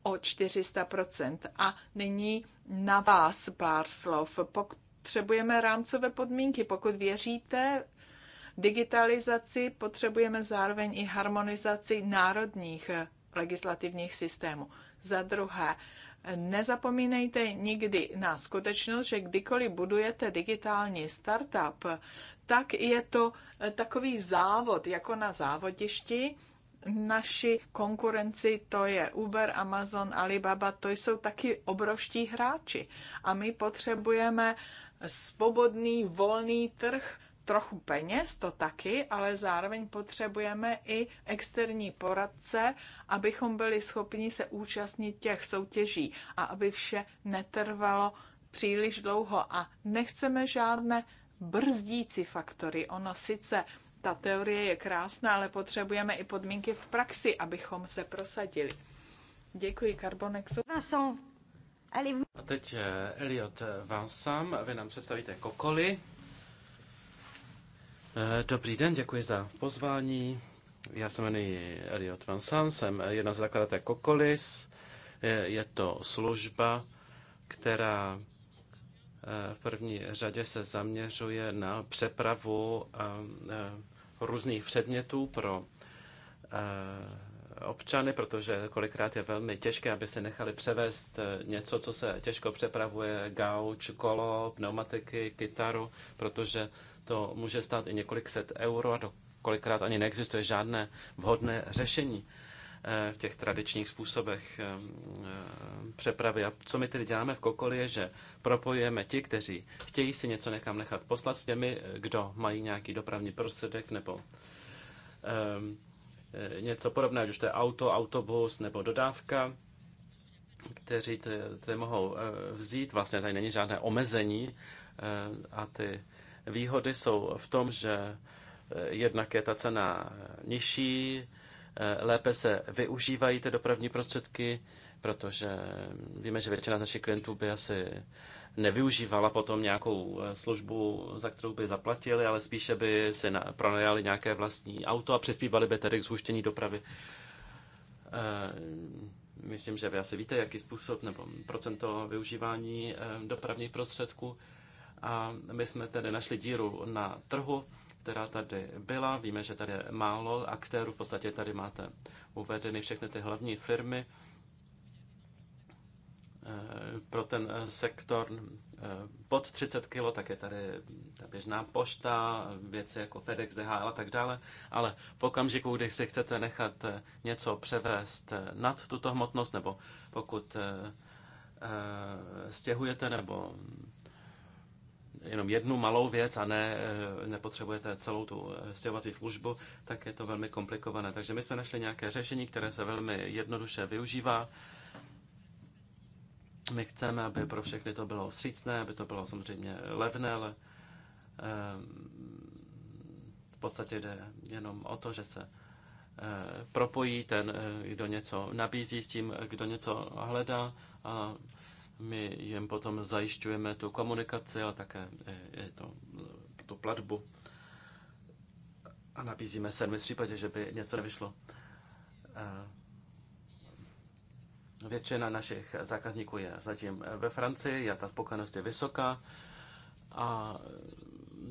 o 400%. A nyní na vás pár slov. Potřebujeme rámcové podmínky. Pokud věříte digitalizaci, potřebujeme zároveň i harmonizaci národních legislativních systémů. Za druhé, nezapomínejte nikdy na skutečnost, že kdykoliv budujete digitální startup, tak je to eh, takový závod, jako na závodišti. Naši konkurenci, to je Uber, Amazon, Alibaba, to jsou taky obrovští hráči. A my potřebujeme svobodný, volný trh, trochu peněz, to taky, ale zároveň potřebujeme i externí poradce, abychom byli schopni se účastnit těch soutěží a aby vše netrvalo příliš dlouho. A nechceme žádné brzdící faktory. Ono sice ta teorie je krásná, ale potřebujeme i podmínky v praxi, abychom se prosadili. Děkuji Carbonexu. A teď Eliot eh, Vansam, vy nám představíte Kokoli. Eh, dobrý den, děkuji za pozvání. Já se jmenuji Eliot Vansam, jsem jedna z zakladatelů Kokolis. Je to služba, která v první řadě se zaměřuje na přepravu eh, eh, různých předmětů pro eh, občany, protože kolikrát je velmi těžké, aby se nechali převést něco, co se těžko přepravuje, gauč, kolo, pneumatiky, kytaru, protože to může stát i několik set euro a to kolikrát ani neexistuje žádné vhodné řešení. Eh, v těch tradičních způsobech eh, eh, přepravy. A co my tedy děláme v Kokoli je, že propojujeme ti, kteří chtějí si něco někam nechat poslat s těmi, kdo mají nějaký dopravní prostředek nebo něco podobné, ať už to je auto, autobus nebo dodávka, kteří to, to mohou vzít. Vlastně tady není žádné omezení a ty výhody jsou v tom, že jednak je ta cena nižší, Eh, lépe se využívají ty dopravní prostředky, protože víme, že většina našich klientů by asi nevyužívala potom nějakou eh, službu, za kterou by zaplatili, ale spíše by si pronajali nějaké vlastní auto a přispívali by tedy k zhuštění dopravy. Eh, myslím, že vy asi víte, jaký způsob nebo procento využívání dopravních prostředků. A my jsme tedy našli díru na trhu která tady byla. Víme, že tady je málo aktérů, v podstatě tady máte uvedeny všechny ty hlavní firmy eh, pro ten eh, sektor eh, pod 30 kg, tak je tady ta běžná pošta, věci jako FedEx, DHL a tak dále, ale v okamžiku, když si chcete nechat něco převést nad tuto hmotnost, nebo pokud stěhujete nebo jenom jednu malou věc a ne, eh, nepotřebujete celou tu eh, stěhovací službu, tak je to velmi komplikované. Takže my jsme našli nějaké řešení, které se velmi jednoduše využívá. My chceme, aby pro všechny to bylo vstřícné, aby to bylo samozřejmě levné, ale ehm, v podstatě jde jenom o to, že se eh, propojí ten, kdo něco nabízí s tím, kdo něco hledá a my jim potom zajišťujeme tu komunikaci, ale také to, tu platbu a nabízíme servis v případě, že by něco nevyšlo. Eh, většina našich zákazníků je zatím ve Francii, a ta spokojenost je vysoká a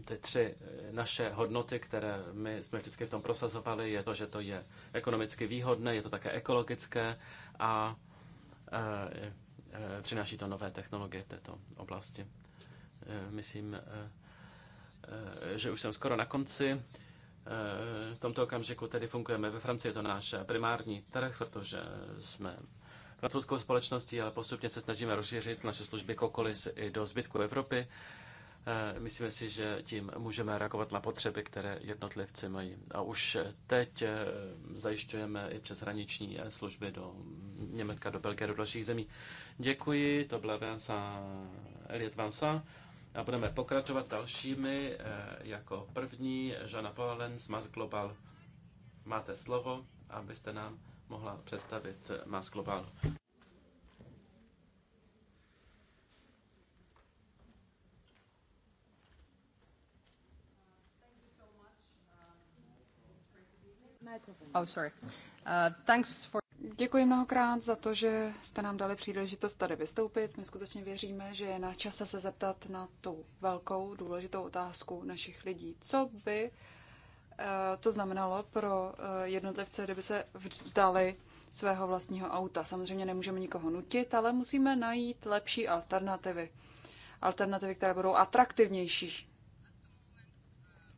ty tři naše hodnoty, které my jsme vždycky v tom prosazovali, je to, že to je ekonomicky výhodné, je to také ekologické a eh, Eh, přináší to nové technologie v této oblasti. Eh, myslím, eh, že už jsem skoro na konci. V tomto okamžiku tedy fungujeme ve Francii, je to náš primární trh, protože jsme francouzskou společností, ale postupně se snažíme rozšířit naše služby Kokolis i do zbytku Evropy. Eh, myslíme si, že tím můžeme reagovat na potřeby, které jednotlivci mají. A už teď eh, zajišťujeme i přes hraniční eh, služby do Německa, do Belgie, do dalších zemí. Děkuji, to byla Vansa, Elliot Vansa. A budeme pokračovat dalšími, jako první Žana Pohlen z Mas Global. Máte slovo, abyste nám mohla představit Mas Global. Oh, uh, Děkuji mnohokrát za to, že jste nám dali příležitost tady vystoupit. My skutečně věříme, že je na čase se zeptat na tu velkou, důležitou otázku našich lidí. Co by eh, to znamenalo pro eh, jednotlivce, kdyby se vzdali svého vlastního auta? Samozřejmě nemůžeme nikoho nutit, ale musíme najít lepší alternativy. Alternativy, které budou atraktivnější.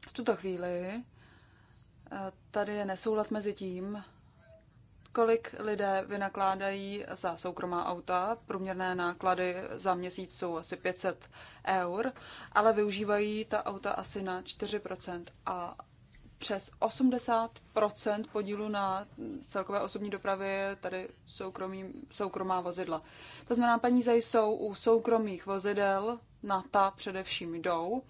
V tuto chvíli tady je nesoulad mezi tím, kolik lidé vynakládají za soukromá auta. Průměrné náklady za měsíc jsou asi 500 eur, ale využívají ta auta asi na 4% a přes 80% podílu na celkové osobní dopravě je tady soukromý, soukromá vozidla. To znamená, peníze jsou u soukromých vozidel, na ta především jdou.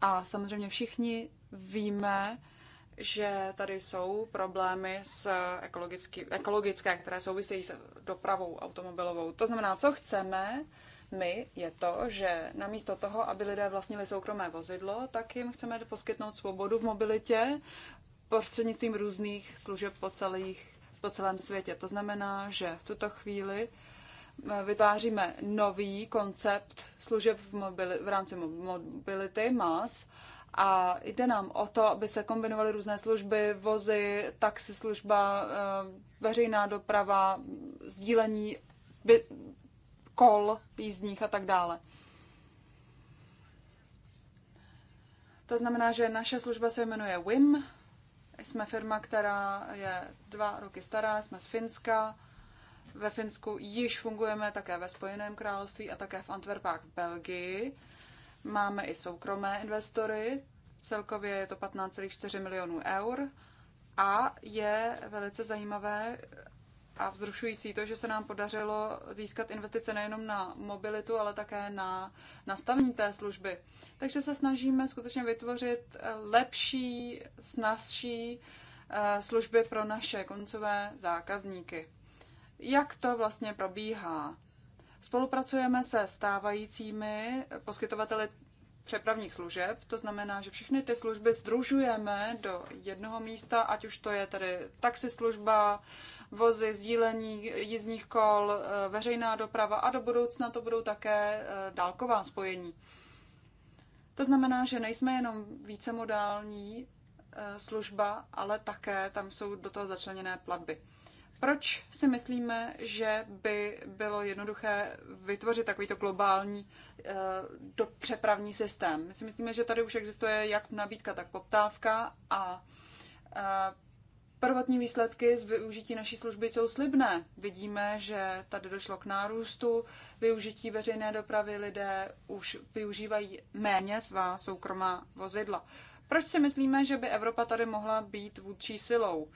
A samozřejmě všichni víme, že tady jsou problémy s ekologický, ekologické, které souvisejí s dopravou automobilovou. To znamená, co chceme my, je to, že namísto toho, aby lidé vlastnili soukromé vozidlo, tak jim chceme poskytnout svobodu v mobilitě prostřednictvím různých služeb po, celých, po celém světě. To znamená, že v tuto chvíli eh, vytváříme nový koncept služeb v, mobili, v rámci mobility, MAS, a jde nám o to, aby se kombinovaly různé služby, vozy, taxi, služba eh, veřejná doprava, sdílení by, kol jízdních a tak dále. To znamená, že naše služba se jmenuje WIM. Jsme firma, která je dva roky stará, jsme z Finska. Ve Finsku již fungujeme také ve Spojeném království a také v Antwerpách v Belgii. Máme i soukromé investory, celkově je to 15,4 milionů eur a je velice zajímavé a vzrušující to, že se nám podařilo získat investice nejenom na mobilitu, ale také na nastavení té služby. Takže se snažíme skutečně vytvořit lepší, snazší eh, služby pro naše koncové zákazníky. Jak to vlastně probíhá? Spolupracujeme se stávajícími poskytovateli přepravních služeb, to znamená, že všechny ty služby združujeme do jednoho místa, ať už to je tedy taxislužba, vozy, sdílení jízdních kol, eh, veřejná doprava a do budoucna to budou také eh, dálková spojení. To znamená, že nejsme jenom vícemodální eh, služba, ale také tam jsou do toho začleněné platby. Proč si myslíme, že by bylo jednoduché vytvořit takovýto globální uh, eh, přepravní systém? My si myslíme, že tady už existuje jak nabídka, tak poptávka a uh, prvotní výsledky z využití naší služby jsou slibné. Vidíme, že tady došlo k nárůstu využití veřejné dopravy, lidé už využívají méně svá soukromá vozidla. Proč si myslíme, že by Evropa tady mohla být vůdčí silou?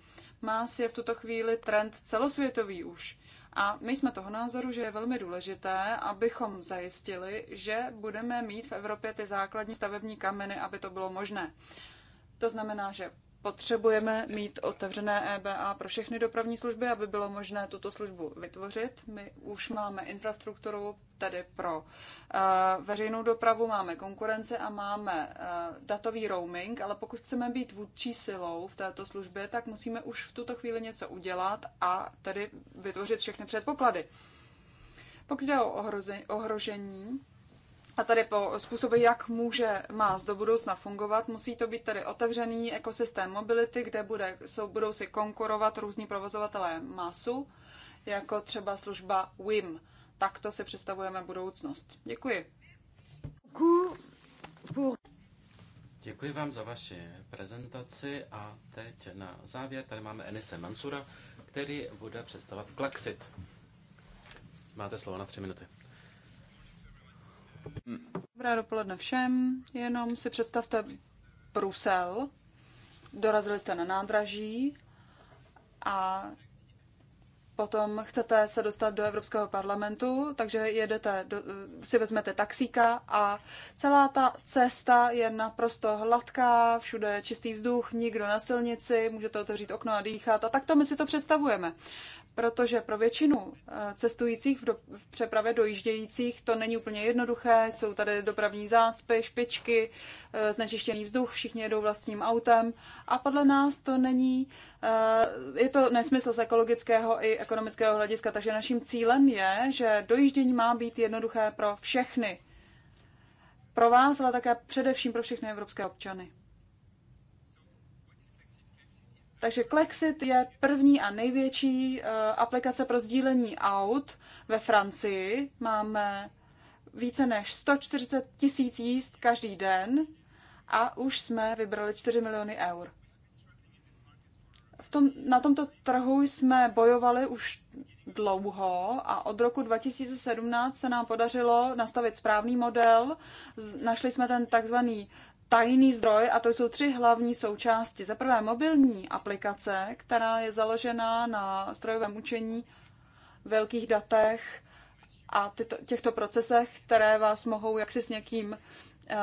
Má si je v tuto chvíli trend celosvětový už. A my jsme toho názoru, že je velmi důležité, abychom zajistili, že budeme mít v Evropě ty základní stavební kameny, aby to bylo možné. To znamená, že potřebujeme mít otevřené EBA pro všechny dopravní služby, aby bylo možné tuto službu vytvořit. My už máme infrastrukturu tady pro eh, veřejnou dopravu, máme konkurenci a máme eh, datový roaming, ale pokud chceme být vůdčí silou v této službě, tak musíme už v tuto chvíli něco udělat a tedy vytvořit všechny předpoklady. Pokud jde o ohrožení, a tady po způsobu, jak může MÁS do budoucna fungovat, musí to být tady otevřený ekosystém mobility, kde bude, jsou, budou si konkurovat různí provozovatelé MASu, jako třeba služba WIM. Takto si představujeme budoucnost. Děkuji. Děkuji vám za vaši prezentaci a teď na závěr tady máme Enise Mansura, který bude představovat Klaxit. Máte slovo na tři minuty. Dobré dopoledne všem. Jenom si představte Brusel. Dorazili jste na nádraží a potom chcete se dostat do Evropského parlamentu, takže jedete, do, si vezmete taxíka a celá ta cesta je naprosto hladká, všude je čistý vzduch, nikdo na silnici, můžete otevřít okno a dýchat a tak to my si to představujeme protože pro většinu eh, cestujících v, do, v přepravě dojíždějících to není úplně jednoduché. Jsou tady dopravní zácpy, špičky, eh, znečištěný vzduch, všichni jedou vlastním autem a podle nás to není, eh, je to nesmysl z ekologického i ekonomického hlediska, takže naším cílem je, že dojíždění má být jednoduché pro všechny. Pro vás, ale také především pro všechny evropské občany. Takže Klexit je první a největší eh, aplikace pro sdílení aut ve Francii. Máme více než 140 tisíc jízd každý den a už jsme vybrali 4 miliony eur. V tom, na tomto trhu jsme bojovali už dlouho a od roku 2017 se nám podařilo nastavit správný model. Našli jsme ten takzvaný tajný zdroj a to jsou tři hlavní součásti. Za prvé mobilní aplikace, která je založená na strojovém učení, velkých datech a tyto, těchto procesech, které vás mohou jaksi s někým eh,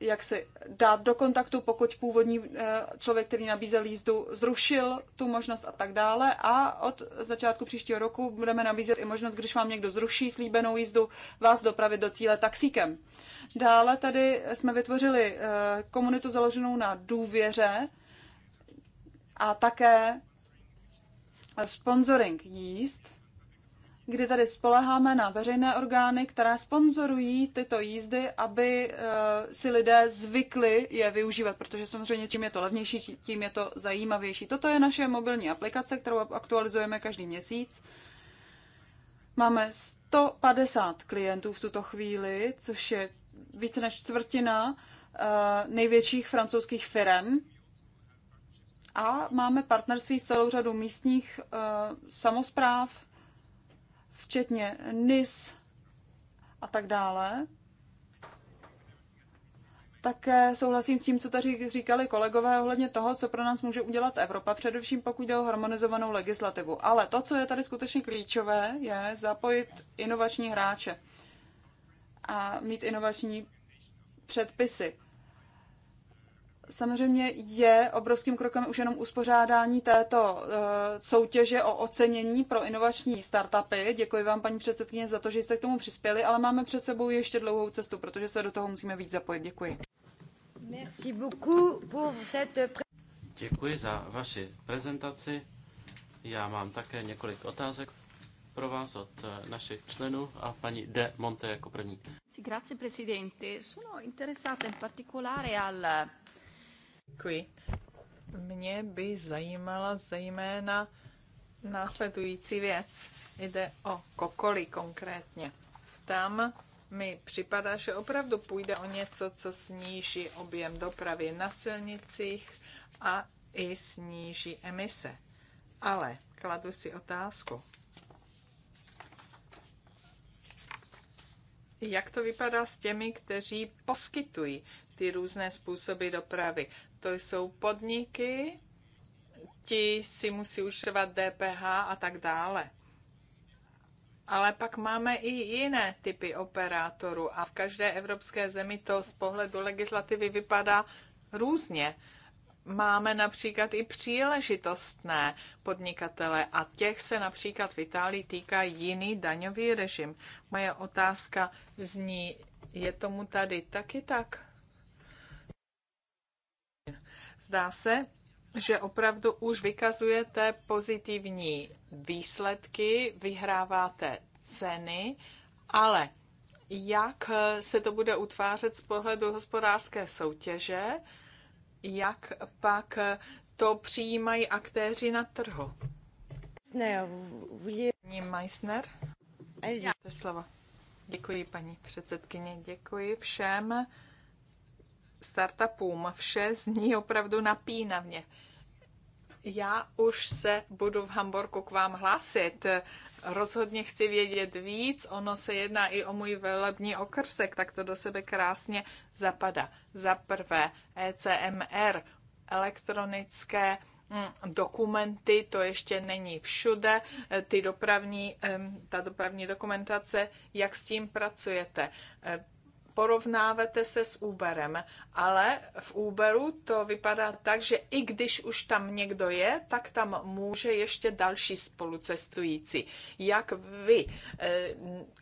jak si dát do kontaktu, pokud původní eh, člověk, který nabízel jízdu, zrušil tu možnost a tak dále. A od začátku příštího roku budeme nabízet i možnost, když vám někdo zruší slíbenou jízdu, vás dopravit do cíle taxíkem. Dále tady jsme vytvořili eh, komunitu založenou na důvěře a také sponsoring jízd kdy tady spoleháme na veřejné orgány, které sponzorují tyto jízdy, aby eh, si lidé zvykli je využívat, protože samozřejmě čím je to levnější, tím je to zajímavější. Toto je naše mobilní aplikace, kterou aktualizujeme každý měsíc. Máme 150 klientů v tuto chvíli, což je více než čtvrtina eh, největších francouzských firm. A máme partnerství s celou řadou místních uh, eh, samozpráv, včetně NIS a tak dále. Také souhlasím s tím, co tady říkali kolegové ohledně toho, co pro nás může udělat Evropa, především pokud jde o harmonizovanou legislativu. Ale to, co je tady skutečně klíčové, je zapojit inovační hráče a mít inovační předpisy samozřejmě je obrovským krokem už jenom uspořádání této eh, soutěže o ocenění pro inovační startupy. Děkuji vám, paní předsedkyně, za to, že jste k tomu přispěli, ale máme před sebou ještě dlouhou cestu, protože se do toho musíme víc zapojit. Děkuji. Merci beaucoup pour cette... Děkuji za vaši prezentaci. Já mám také několik otázek pro vás od eh, našich členů a paní De Monte jako první. Grazie Presidente. Sono interessata in particolare al Děkuji. Mě by zajímala zejména následující věc. Jde o kokoly konkrétně. Tam mi připadá, že opravdu půjde o něco, co sníží objem dopravy na silnicích a i sníží emise. Ale kladu si otázku. Jak to vypadá s těmi, kteří poskytují ty různé způsoby dopravy? to jsou podniky, ti si musí užívat DPH a tak dále. Ale pak máme i jiné typy operátorů a v každé evropské zemi to z pohledu legislativy vypadá různě. Máme například i příležitostné podnikatele a těch se například v Itálii týká jiný daňový režim. Moje otázka zní, je tomu tady taky tak? zdá se, že opravdu už vykazujete pozitivní výsledky, vyhráváte ceny, ale jak se to bude utvářet z pohledu hospodářské soutěže, jak pak to přijímají aktéři na trhu? Ne, Paní Meissner, máte slovo. Děkuji, paní předsedkyně, děkuji všem startupům. Vše zní opravdu napínavně. Já už se budu v Hamburgu k vám hlásit. Rozhodně chci vědět víc. Ono se jedná i o můj velební okrsek, tak to do sebe krásně zapadá. Za prvé ECMR, elektronické mm, dokumenty, to ještě není všude, ty dopravní, ta dopravní dokumentace, jak s tím pracujete porovnáváte se s Uberem, ale v Uberu to vypadá tak, že i když už tam někdo je, tak tam může ještě další spolucestující. Jak vy eh,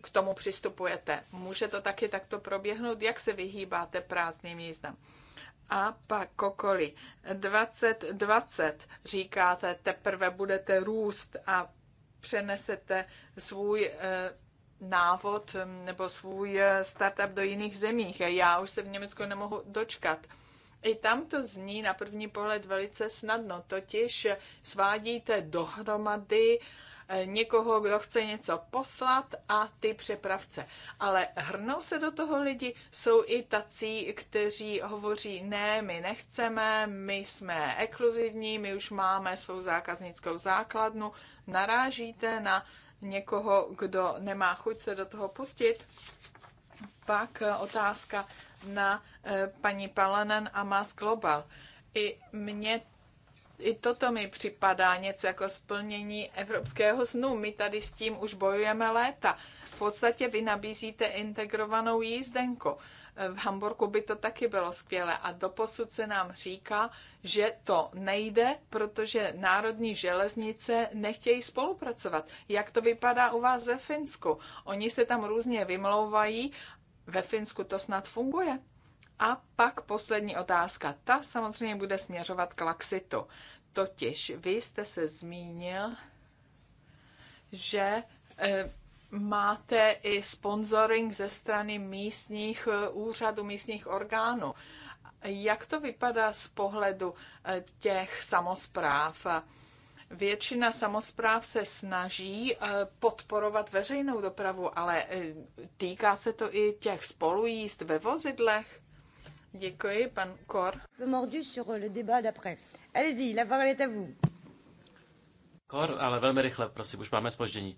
k tomu přistupujete? Může to taky takto proběhnout? Jak se vyhýbáte prázdným jízdám? A pak kokoli. 2020 říkáte, teprve budete růst a přenesete svůj eh, návod mm, nebo svůj eh, startup do jiných zemích. Já už se v Německu nemohu dočkat. I tam to zní na první pohled velice snadno, totiž eh, svádíte dohromady eh, někoho, kdo chce něco poslat a ty přepravce. Ale hrnou se do toho lidi, jsou i tací, kteří hovoří, ne, my nechceme, my jsme exkluzivní, my už máme svou zákaznickou základnu, narážíte na někoho, kdo nemá chuť se do toho pustit. Pak eh, otázka na eh, paní Palanen a Mas Global. I mě i toto mi připadá něco jako splnění evropského snu. My tady s tím už bojujeme léta. V podstatě vy nabízíte integrovanou jízdenku v Hamburgu by to taky bylo skvělé. A doposud se nám říká, že to nejde, protože národní železnice nechtějí spolupracovat. Jak to vypadá u vás ve Finsku? Oni se tam různě vymlouvají, ve Finsku to snad funguje. A pak poslední otázka. Ta samozřejmě bude směřovat k laxitu. Totiž vy jste se zmínil, že eh, máte i sponsoring ze strany místních eh, úřadů, místních orgánů. Jak to vypadá z pohledu eh, těch samozpráv? Většina samozpráv se snaží eh, podporovat veřejnou dopravu, ale týká se to i těch spolujíst ve vozidlech. Děkuji, pan Kor. Kor, ale velmi rychle, prosím, už máme spoždění.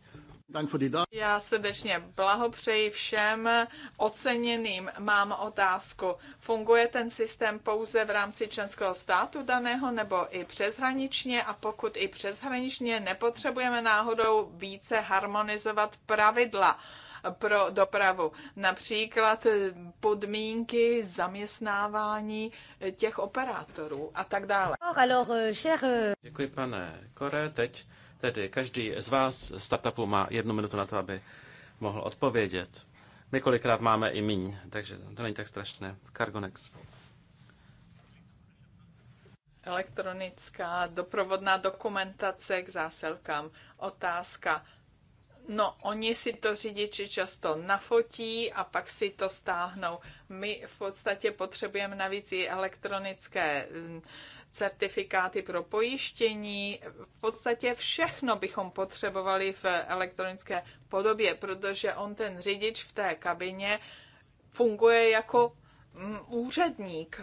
Já srdečně blahopřeji všem oceněným. Mám otázku. Funguje ten systém pouze v rámci členského státu daného nebo i přeshraničně? A pokud i přeshraničně, nepotřebujeme náhodou více harmonizovat pravidla pro dopravu. Například podmínky zaměstnávání těch operátorů a tak dále. Euh, euh, Děkuji, pane Kore. Teď Tedy každý z vás startupu má jednu minutu na to, aby mohl odpovědět. My kolikrát máme i míň, takže to není tak strašné. Cargonex. Elektronická doprovodná dokumentace k zásilkám. Otázka. No, oni si to řidiči často nafotí a pak si to stáhnou. My v podstatě potřebujeme navíc i elektronické mm, certifikáty pro pojištění. V podstatě všechno bychom potřebovali v elektronické podobě, protože on ten řidič v té kabině funguje jako mm, úředník.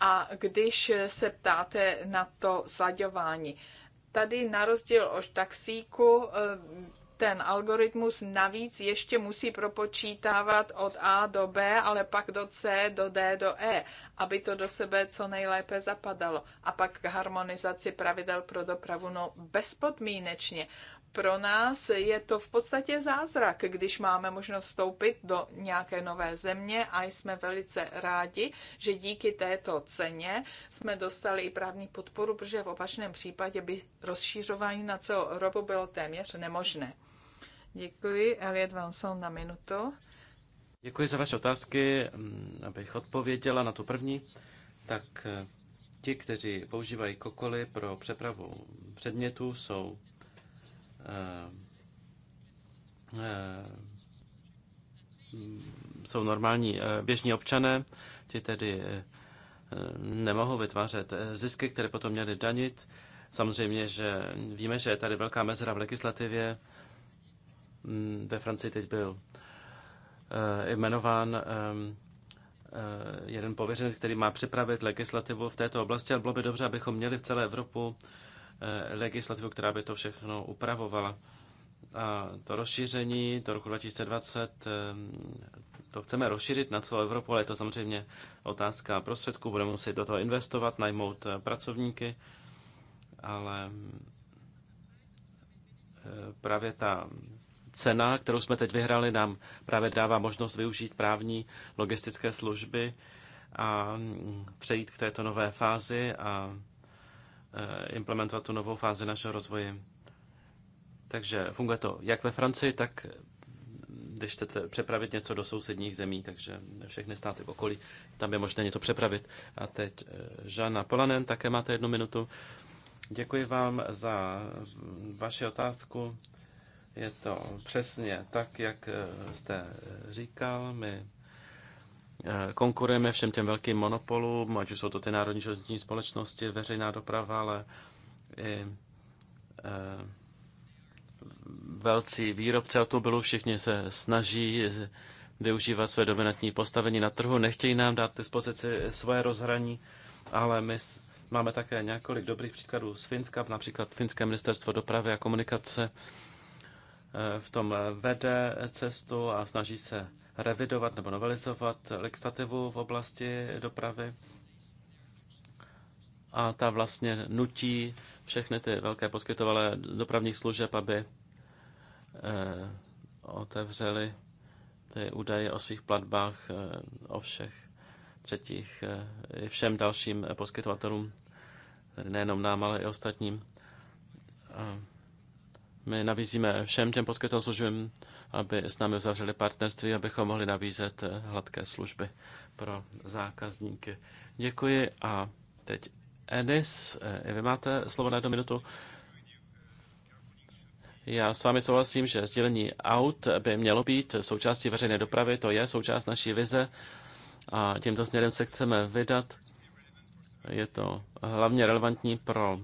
A když se ptáte na to slaďování, tady na rozdíl od taxíku eh, ten algoritmus navíc ještě musí propočítávat od A do B, ale pak do C, do D, do E, aby to do sebe co nejlépe zapadalo. A pak k harmonizaci pravidel pro dopravu, no bezpodmínečně. Pro nás je to v podstatě zázrak, když máme možnost vstoupit do nějaké nové země a jsme velice rádi, že díky této ceně jsme dostali i právní podporu, protože v opačném případě by rozšířování na celou Evropu bylo téměř nemožné. Děkuji. Elliot Vanson na minutu. Děkuji za vaše otázky. Mm, abych odpověděla na tu první, tak eh, ti, kteří používají kokoly pro přepravu předmětů, jsou eh, eh, mm, jsou normální běžní občané, ti tedy nemohou vytvářet zisky, které potom měly danit. Samozřejmě, že víme, že je tady velká mezera v legislativě, Mm, ve Francii teď byl eh, jmenován eh, eh, jeden pověřenec, který má připravit legislativu v této oblasti, ale bylo by dobře, abychom měli v celé Evropu legislativu, která by to všechno upravovala. A to rozšíření do roku 2020, to chceme rozšířit na celou Evropu, ale je to samozřejmě otázka prostředků, budeme muset do toho investovat, najmout pracovníky, ale právě ta cena, kterou jsme teď vyhrali, nám právě dává možnost využít právní logistické služby a mm, přejít k této nové fázi a eh, implementovat tu novou fázi našeho rozvoje. Takže funguje to jak ve Francii, tak mm, když chcete přepravit něco do sousedních zemí, takže všechny státy v okolí, tam je možné něco přepravit. A teď eh, Žana Polanen, také máte jednu minutu. Děkuji vám za mm, vaši otázku. Je to přesně tak, jak eh, jste říkal. My eh, konkurujeme všem těm velkým monopolům, ať už jsou to ty národní železniční společnosti, veřejná doprava, ale i eh, velcí výrobci automobilů, všichni se snaží využívat své dominantní postavení na trhu, nechtějí nám dát dispozici svoje rozhraní, ale my máme také několik dobrých příkladů z Finska, například Finské ministerstvo dopravy a komunikace, Eh, v tom eh, vede cestu a snaží se revidovat nebo novelizovat legislativu v oblasti dopravy. A ta vlastně nutí všechny ty velké poskytovatele dopravních služeb, aby eh, otevřeli ty údaje o svých platbách, o všech třetích, i všem dalším poskytovatelům, nejenom nám, ale i ostatním. My nabízíme všem těm poskytovatelům službám, aby s námi uzavřeli partnerství, abychom mohli nabízet eh, hladké služby pro zákazníky. Děkuji a teď Enis, eh, vy máte slovo na jednu minutu. Já s vámi souhlasím, že sdělení aut by mělo být součástí veřejné dopravy, to je součást naší vize a tímto směrem se chceme vydat. Je to hlavně relevantní pro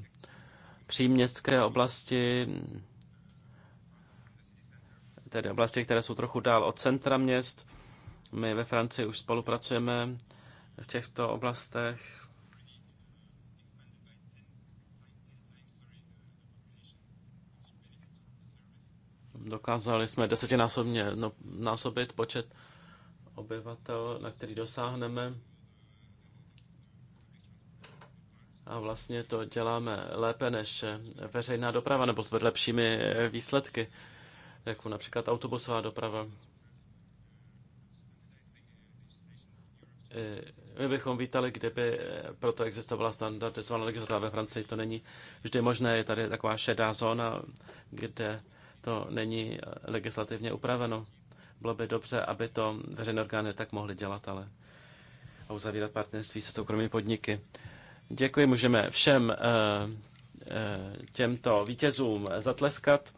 příměstské oblasti, tedy oblasti, které jsou trochu dál od centra měst. My ve Francii už spolupracujeme v těchto oblastech. Dokázali jsme desetinásobně no, násobit počet obyvatel, na který dosáhneme. A vlastně to děláme lépe než veřejná doprava nebo s lepšími výsledky jako například autobusová doprava. My bychom vítali, kdyby eh, proto existovala standardizovaná legislativa ve Francii. To není vždy možné. Je tady taková šedá zóna, kde to není eh, legislativně upraveno. Bylo by dobře, aby to veřejné orgány tak mohly dělat, ale a uzavírat partnerství se soukromými podniky. Děkuji, můžeme všem eh, těmto vítězům zatleskat.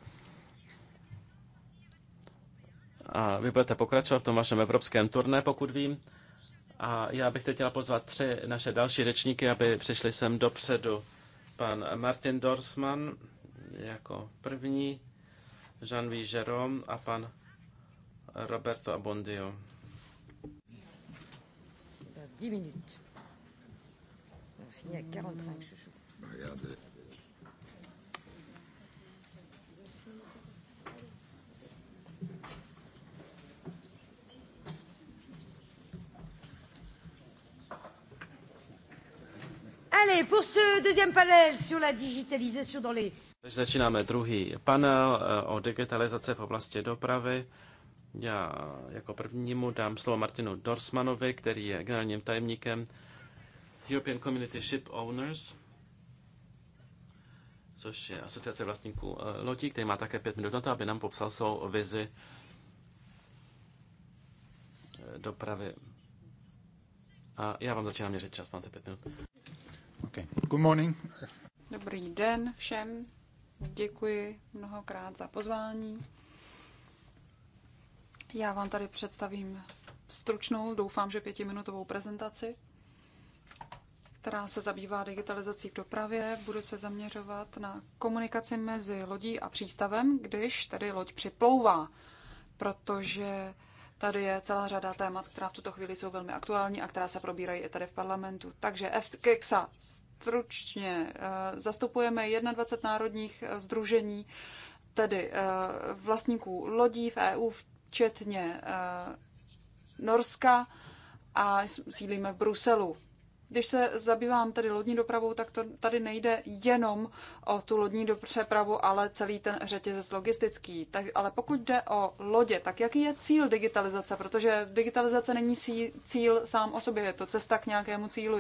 A vy budete pokračovat v tom vašem evropském turné, pokud vím. A já bych teď chtěla pozvat tři naše další řečníky, aby přišli sem dopředu. Pan Martin Dorsman jako první, Jean-Louis Jerome a pan Roberto Abondio. 10 minut. On finit à 45 chouchou. Regardez. Allez, pour ce deuxième panel sur la digitalisation dans les... Začínáme druhý panel eh, o digitalizaci v oblasti dopravy. Já jako prvnímu dám slovo Martinu Dorsmanovi, který je generálním tajemníkem European Community Ship Owners, což je asociace vlastníků eh, lodí, který má také pět minut na to, aby nám popsal svou vizi eh, dopravy. A já vám začínám měřit čas, máte pět minut. Okay. Good morning. Dobrý den všem. Děkuji mnohokrát za pozvání. Já vám tady představím stručnou, doufám, že pětiminutovou prezentaci, která se zabývá digitalizací v dopravě. Budu se zaměřovat na komunikaci mezi lodí a přístavem, když tedy loď připlouvá, protože Tady je celá řada témat, která v tuto chvíli jsou velmi aktuální a která se probírají i tady v parlamentu. Takže FKEXA stručně eh, zastupujeme 21 národních združení, eh, tedy eh, vlastníků lodí v EU, včetně Norska a sídlíme v Bruselu. Když se zabývám tedy lodní dopravou, tak to tady nejde jenom o tu lodní přepravu, ale celý ten řetězec logistický. Tak, ale pokud jde o lodě, tak jaký je cíl digitalizace? Protože digitalizace není cíl sám o sobě, je to cesta k nějakému cílu.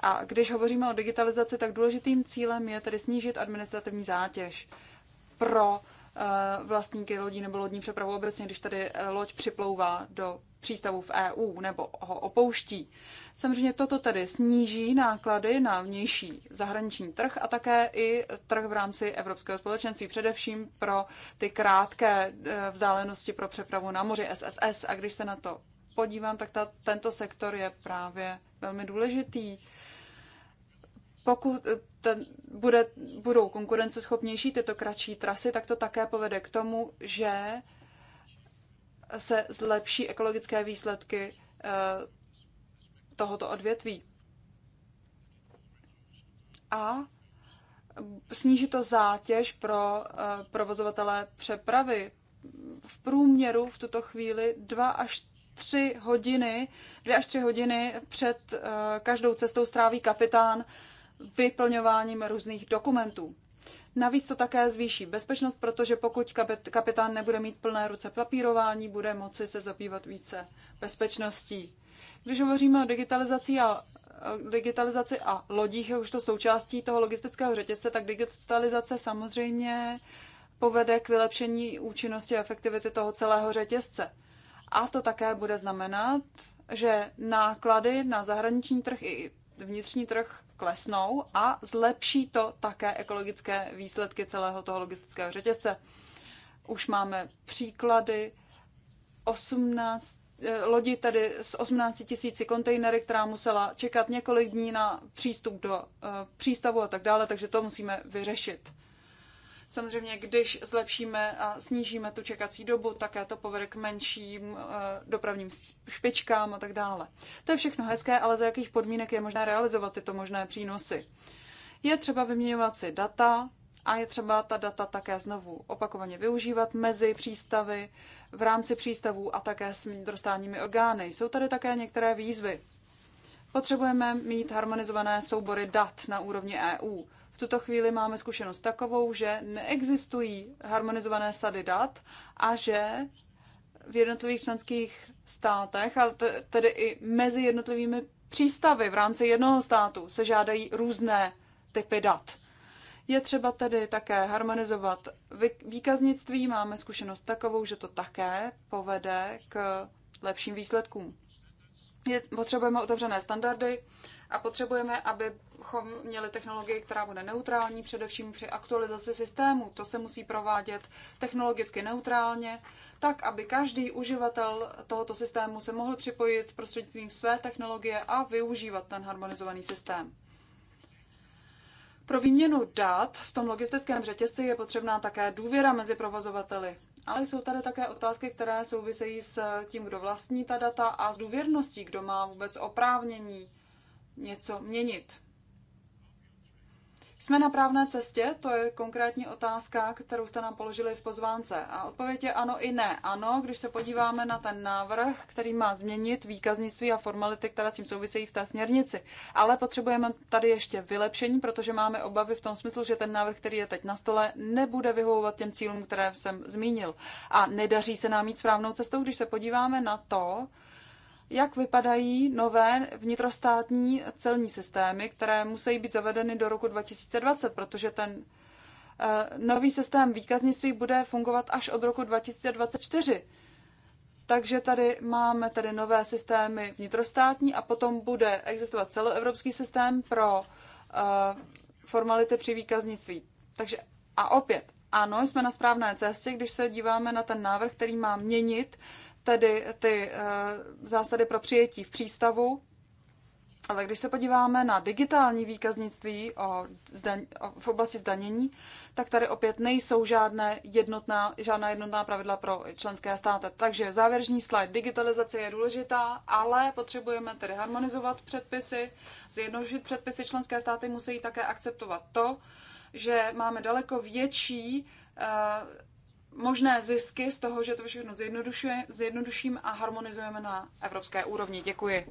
A když hovoříme o digitalizaci, tak důležitým cílem je tedy snížit administrativní zátěž pro Eh, vlastníky lodí nebo lodní přepravu obecně, když tady eh, loď připlouvá do přístavů v EU nebo ho opouští. Samozřejmě toto tedy sníží náklady na vnější zahraniční trh a také i trh v rámci Evropského společenství, především pro ty krátké eh, vzdálenosti pro přepravu na moři SSS. A když se na to podívám, tak ta, tento sektor je právě velmi důležitý pokud eh, ten bude, budou konkurenceschopnější tyto kratší trasy, tak to také povede k tomu, že se zlepší ekologické výsledky eh, tohoto odvětví. A sníží to zátěž pro eh, provozovatele přepravy. V průměru v tuto chvíli 2 až 3 hodiny, 2 až 3 hodiny před každou cestou stráví kapitán vyplňováním různých dokumentů. Navíc to také zvýší bezpečnost, protože pokud kapitán nebude mít plné ruce papírování, bude moci se zabývat více bezpečností. Když hovoříme o digitalizaci a digitalizaci a lodích, už to součástí toho logistického řetězce, tak digitalizace samozřejmě povede k vylepšení účinnosti a efektivity toho celého řetězce. A to také bude znamenat, že náklady na zahraniční trh i vnitřní trh klesnou a zlepší to také ekologické výsledky celého toho logistického řetězce. Už máme příklady 18 eh, lodi tedy s 18 tisíci kontejnery, která musela čekat několik dní na přístup do eh, přístavu a tak dále, takže to musíme vyřešit. Samozřejmě, když zlepšíme a snížíme tu čekací dobu, také to povede k menším eh, dopravním špičkám a tak dále. To je všechno hezké, ale za jakých podmínek je možné realizovat tyto možné přínosy? Je třeba vyměňovat si data a je třeba ta data také znovu opakovaně využívat mezi přístavy, v rámci přístavů a také s dostáními orgány. Jsou tady také některé výzvy. Potřebujeme mít harmonizované soubory dat na úrovni EU tuto chvíli máme zkušenost takovou, že neexistují harmonizované sady dat a že v jednotlivých členských státech, ale tedy i mezi jednotlivými přístavy v rámci jednoho státu se žádají různé typy dat. Je třeba tedy také harmonizovat výkaznictví. Máme zkušenost takovou, že to také povede k lepším výsledkům. Je, potřebujeme otevřené standardy, a potřebujeme, abychom měli technologii, která bude neutrální, především při aktualizaci systému. To se musí provádět technologicky neutrálně, tak, aby každý uživatel tohoto systému se mohl připojit prostřednictvím své technologie a využívat ten harmonizovaný systém. Pro výměnu dat v tom logistickém řetězci je potřebná také důvěra mezi provozovateli. Ale jsou tady také otázky, které souvisejí s tím, kdo vlastní ta data a s důvěrností, kdo má vůbec oprávnění něco měnit. Jsme na právné cestě? To je konkrétní otázka, kterou jste nám položili v pozvánce. A odpověď je ano i ne. Ano, když se podíváme na ten návrh, který má změnit výkaznictví a formality, které s tím souvisejí v té směrnici. Ale potřebujeme tady ještě vylepšení, protože máme obavy v tom smyslu, že ten návrh, který je teď na stole, nebude vyhovovat těm cílům, které jsem zmínil. A nedaří se nám jít správnou cestou, když se podíváme na to, jak vypadají nové vnitrostátní celní systémy, které musí být zavedeny do roku 2020, protože ten eh, nový systém výkaznictví bude fungovat až od roku 2024. Takže tady máme tady nové systémy vnitrostátní a potom bude existovat celoevropský systém pro eh, formality při výkaznictví. Takže a opět, ano, jsme na správné cestě, když se díváme na ten návrh, který má měnit tedy ty eh, zásady pro přijetí v přístavu. Ale když se podíváme na digitální výkaznictví o zdaň, o, v oblasti zdanění, tak tady opět nejsou žádné jednotná, žádná jednotná pravidla pro členské státy. Takže závěrečný slide. Digitalizace je důležitá, ale potřebujeme tedy harmonizovat předpisy, zjednodušit předpisy. Členské státy musí také akceptovat to, že máme daleko větší uh, možné zisky z toho, že to všechno zjednoduším a harmonizujeme na evropské úrovni. Děkuji.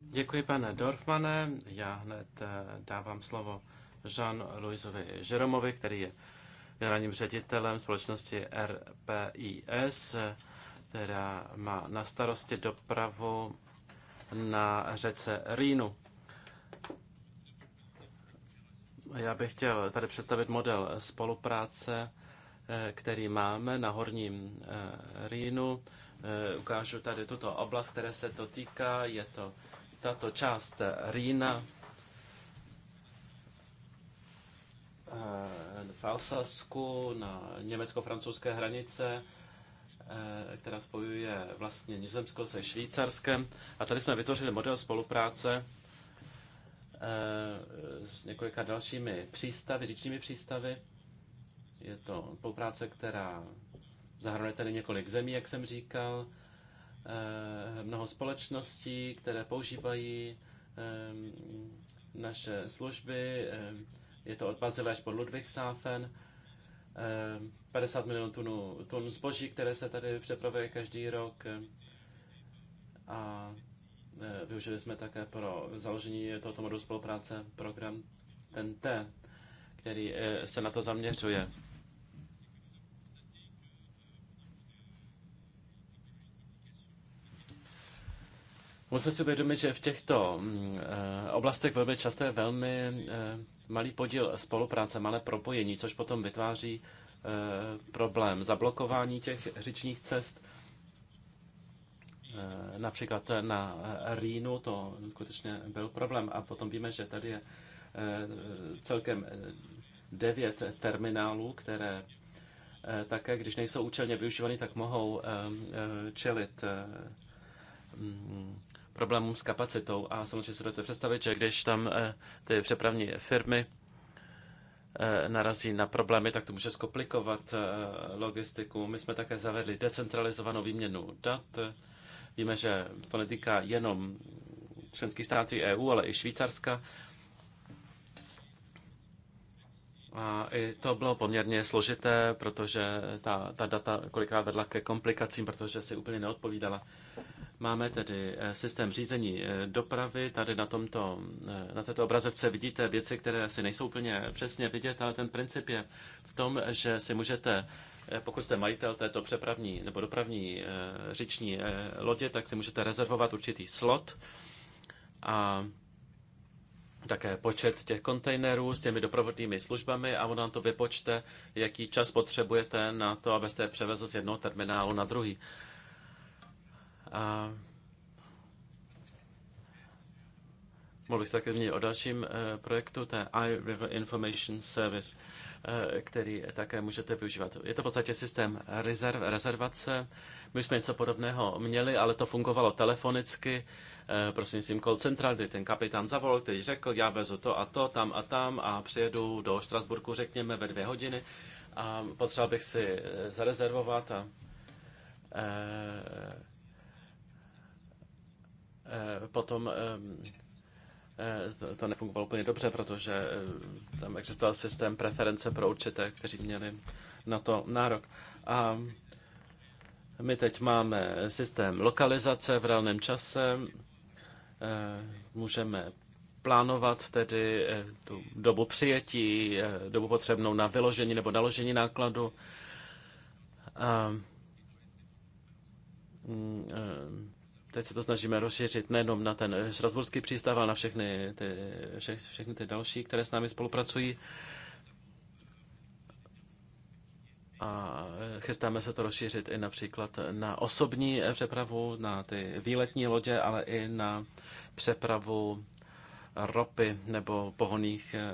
Děkuji, pane Dorfmane. Já hned eh, dávám slovo Jean-Louisovi Žeromovi, který je generálním ředitelem společnosti RPIS, která má na starosti dopravu na řece Rýnu. Já bych chtěl tady představit model spolupráce Eh, který máme na Horním eh, Rýnu. Eh, ukážu tady tuto oblast, které se to týká. Je to tato část Rýna v Alsasku na německo-francouzské hranice, která spojuje vlastně Nizozemsko se Švýcarskem. A tady jsme vytvořili model spolupráce s několika dalšími přístavy, říčními přístavy, je to spolupráce, která zahrnuje tedy několik zemí, jak jsem říkal, eh, mnoho společností, které používají eh, naše služby. Eh, je to od Bazile až po Ludwigshafen. 50 milionů tun, tun zboží, které se tady přepravuje každý rok. A využili jsme také pro založení tohoto modu spolupráce program TNT, který se na to zaměřuje. Musíme si uvědomit, že v těchto mm, eh, oblastech velmi často je velmi eh, malý podíl spolupráce, malé propojení, což potom vytváří eh, problém zablokování těch říčních cest. Například na Rýnu to skutečně byl problém. A potom víme, že tady je celkem devět terminálů, které také, když nejsou účelně využívány, tak mohou čelit mm, problémům s kapacitou. A samozřejmě si budete představit, že když tam eh, ty přepravní firmy eh, narazí na problémy, tak to může zkomplikovat eh, logistiku. My jsme také zavedli decentralizovanou výměnu dat. Víme, že to netýká jenom členských států EU, ale i Švýcarska. A i to bylo poměrně složité, protože ta, ta data kolikrát vedla ke komplikacím, protože si úplně neodpovídala Máme tedy eh, systém řízení eh, dopravy. Tady na, tomto, eh, na této obrazovce vidíte věci, které si nejsou úplně přesně vidět, ale ten princip je v tom, že si můžete, pokud jste majitel této přepravní nebo dopravní říční lodě, tak si můžete rezervovat určitý slot a také počet těch kontejnerů s těmi doprovodnými službami a on nám to vypočte, jaký čas potřebujete na to, abyste je převezl z jednoho terminálu na druhý. A mohl bych se také zmínit o dalším eh, projektu, to je iRiver Information Service, eh, který také můžete využívat. Je to v podstatě systém rezerv, rezervace. My jsme něco podobného měli, ale to fungovalo telefonicky, eh, prostřednictvím call central, kdy ten kapitán zavolal, který řekl, já vezu to a to, tam a tam a přijedu do Štrasburku, řekněme, ve dvě hodiny a potřeboval bych si zarezervovat a Eh, potom eh, eh, to nefungovalo úplně dobře, protože tam existoval systém preference pro určité, kteří měli na to nárok. A my teď máme systém lokalizace v reálném čase, můžeme plánovat tedy tu dobu přijetí, dobu potřebnou na vyložení nebo naložení nákladu. A mm, teď se to snažíme rozšířit nejenom na ten štrasburský přístav, ale na všechny ty, vše, všechny ty další, které s námi spolupracují. A chystáme se to rozšířit i například na osobní přepravu, na ty výletní lodě, ale i na přepravu ropy nebo pohoných eh,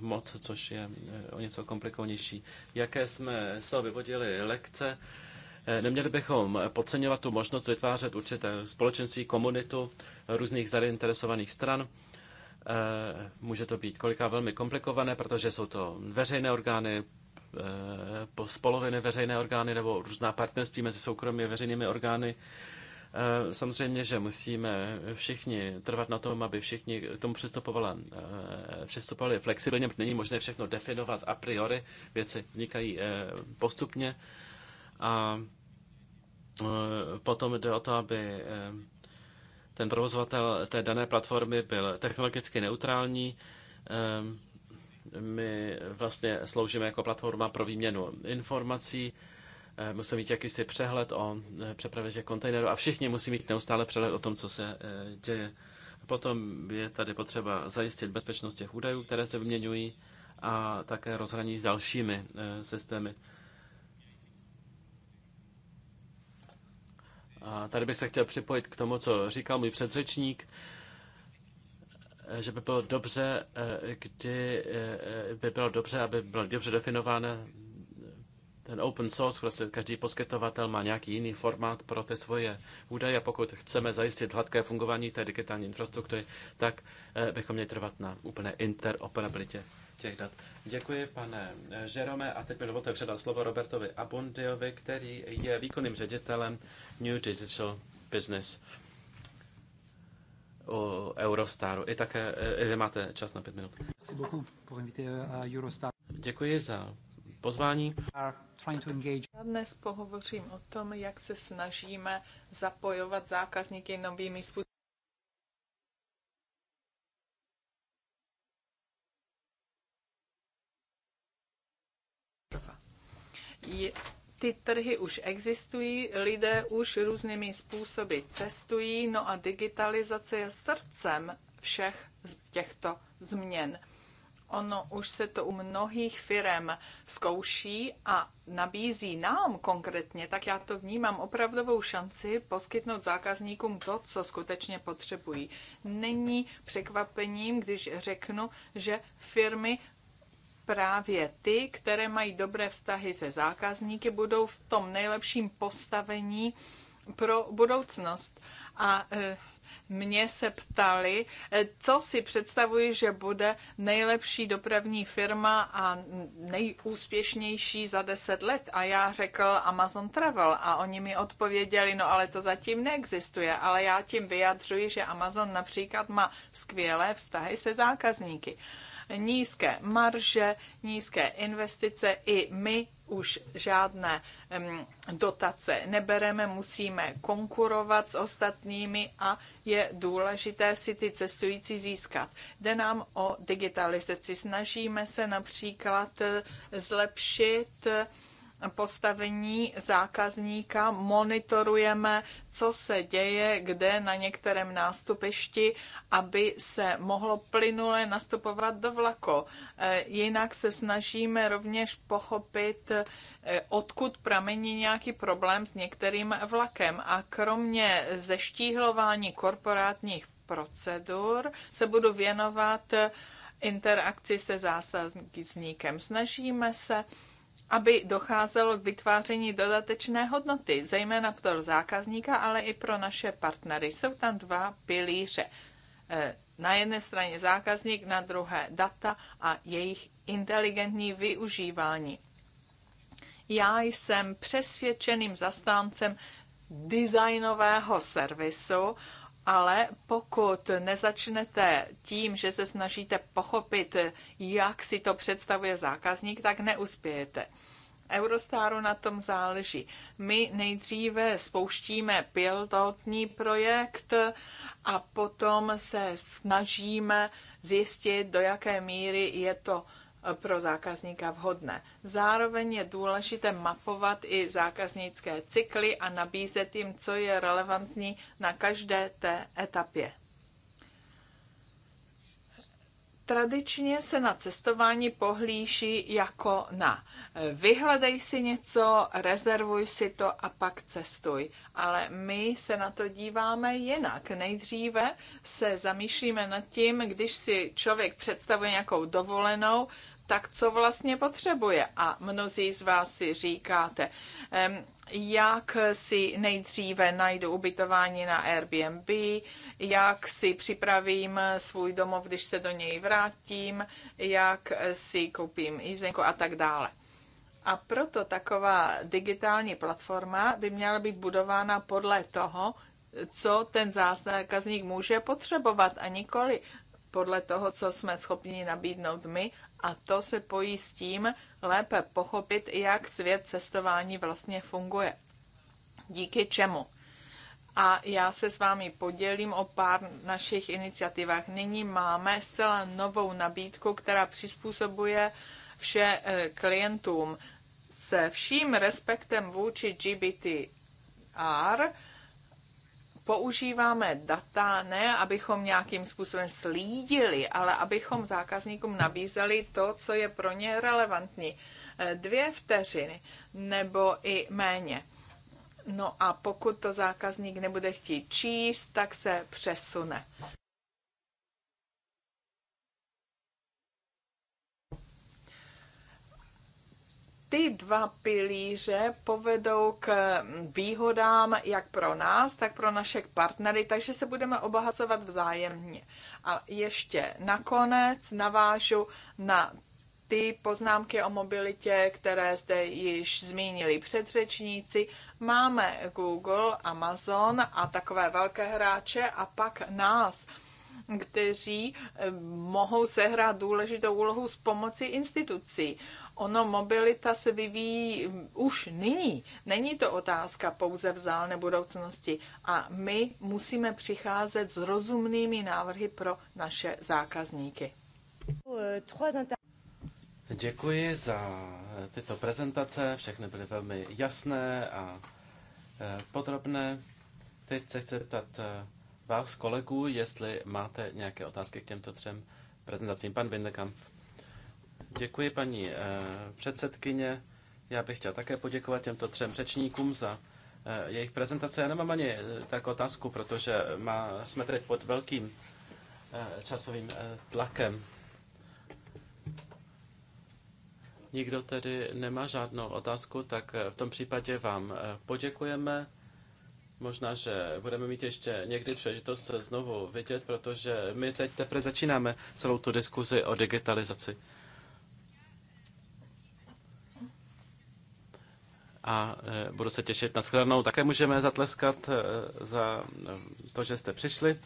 mod, což je eh, o něco komplikovanější. Jaké jsme z toho vyvodili lekce? Eh, neměli bychom podceňovat tu možnost vytvářet určité společenství, komunitu různých zainteresovaných stran. Eh, může to být koliká velmi komplikované, protože jsou to veřejné orgány, eh, z poloviny veřejné orgány nebo různá partnerství mezi soukromými a veřejnými orgány. Samozřejmě, že musíme všichni trvat na tom, aby všichni k tomu přistupovali, přistupovali flexibilně, není možné všechno definovat a priori, věci vznikají postupně. A e, potom jde o to, aby e, ten provozovatel té dané platformy byl technologicky neutrální. E, my vlastně sloužíme jako platforma pro výměnu informací, Musíme mít jakýsi přehled o přepravě těch kontejnerů a všichni musí mít neustále přehled o tom, co se děje. Potom je tady potřeba zajistit bezpečnost těch údajů, které se vyměňují a také rozhraní s dalšími systémy. A tady bych se chtěl připojit k tomu, co říkal můj předřečník, že by bylo dobře, eh, kdy eh, by bylo dobře, aby byl dobře definován eh, ten open source, vlastně každý poskytovatel má nějaký jiný formát pro ty svoje údaje. Pokud chceme zajistit hladké fungování té digitální infrastruktury, tak bychom měli trvat na úplné interoperabilitě těch dat. Děkuji, pane eh, Žerome. A teď mi dovolte předat slovo Robertovi Abundiovi, který je výkonným ředitelem New Digital Business o Eurostaru. I také vy eh, máte čas na pět minut. Eh, Děkuji za pozvání. Já dnes pohovořím o tom, jak se snažíme zapojovat zákazníky novými způsoby ty trhy už existují, lidé už různými způsoby cestují, no a digitalizace je srdcem všech z těchto změn. Ono už se to u mnohých firm zkouší a nabízí nám konkrétně, tak já to vnímám opravdovou šanci poskytnout zákazníkům to, co skutečně potřebují. Není překvapením, když řeknu, že firmy právě ty, které mají dobré vztahy se zákazníky, budou v tom nejlepším postavení pro budoucnost. A e, mě se ptali, e, co si představuji, že bude nejlepší dopravní firma a nejúspěšnější za deset let. A já řekl Amazon Travel a oni mi odpověděli, no ale to zatím neexistuje, ale já tím vyjadřuji, že Amazon například má skvělé vztahy se zákazníky nízké marže, nízké investice. I my už žádné dotace nebereme, musíme konkurovat s ostatními a je důležité si ty cestující získat. Jde nám o digitalizaci. Snažíme se například eh, zlepšit postavení zákazníka, monitorujeme, co se děje, kde na některém nástupišti, aby se mohlo plynule nastupovat do vlaku. E, jinak se snažíme rovněž pochopit, e, odkud pramení nějaký problém s některým vlakem. A kromě zeštíhlování korporátních procedur se budu věnovat e, interakci se zásadníkem. Snažíme se aby docházelo k vytváření dodatečné hodnoty, zejména pro zákazníka, ale i pro naše partnery. Jsou tam dva pilíře. E, na jedné straně zákazník, na druhé data a jejich inteligentní využívání. Já jsem přesvědčeným zastáncem designového servisu, ale pokud nezačnete tím, že se snažíte pochopit, jak si to představuje zákazník, tak neuspějete. Eurostaru na tom záleží. My nejdříve spouštíme pilotní projekt a potom se snažíme zjistit, do jaké míry je to pro zákazníka vhodné. Zároveň je důležité mapovat i zákaznické cykly a nabízet jim, co je relevantní na každé té etapě. Tradičně se na cestování pohlíží jako na eh, vyhledej si něco, rezervuj si to a pak cestuj. Ale my se na to díváme jinak. Nejdříve se zamýšlíme nad tím, když si člověk představuje nějakou dovolenou, tak co vlastně potřebuje? A mnozí z vás si říkáte, jak si nejdříve najdu ubytování na Airbnb, jak si připravím svůj domov, když se do něj vrátím, jak si koupím jízdenku a tak dále. A proto taková digitální platforma by měla být budována podle toho, co ten zákazník může potřebovat a nikoli podle toho, co jsme schopni nabídnout my a to se pojí s tím lépe pochopit, jak svět cestování vlastně funguje. Díky čemu? A já se s vámi podělím o pár našich iniciativách. Nyní máme zcela novou nabídku, která přizpůsobuje vše eh, klientům. Se vším respektem vůči GBTR, používáme data ne, abychom nějakým způsobem slídili, ale abychom zákazníkům nabízeli to, co je pro ně relevantní. Eh, dvě vteřiny nebo i méně. No a pokud to zákazník nebude chtít číst, tak se přesune. ty dva pilíře povedou k výhodám jak pro nás, tak pro naše partnery, takže se budeme obohacovat vzájemně. A ještě nakonec navážu na ty poznámky o mobilitě, které zde již zmínili předřečníci. Máme Google, Amazon a takové velké hráče a pak nás kteří eh, mohou sehrát důležitou úlohu s pomocí institucí. Ono mobilita se vyvíjí už nyní. Není to otázka pouze vzdálené budoucnosti. A my musíme přicházet s rozumnými návrhy pro naše zákazníky. Děkuji za tyto prezentace. Všechny byly velmi jasné a e, podrobné. Teď se chci zeptat e, vás kolegů, jestli máte nějaké otázky k těmto třem prezentacím. Pan Windekamp. Děkuji, paní eh, předsedkyně. Já bych chtěl také poděkovat těmto třem řečníkům za eh, jejich prezentace. Já nemám ani eh, tak otázku, protože má, jsme teď pod velkým časovým tlakem. Nikdo tedy nemá žádnou otázku, tak v tom případě vám poděkujeme. Možná, že budeme mít ještě někdy příležitost se znovu vidět, protože my teď teprve začínáme celou tu diskuzi o digitalizaci. a e, budu se těšit na shledanou. Také můžeme zatleskat e, za e, to, že jste přišli.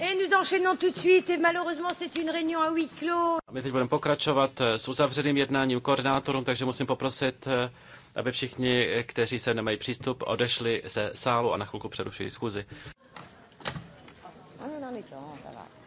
Et nous enchaînons tout de suite, et malheureusement c'est une réunion à huis clos. My teď budeme pokračovat s uzavřeným jednáním koordinátorům, takže musím poprosit, aby všichni, kteří se nemají přístup, odešli ze sálu a na chvilku přerušili schůzi. On en est temps, ça va.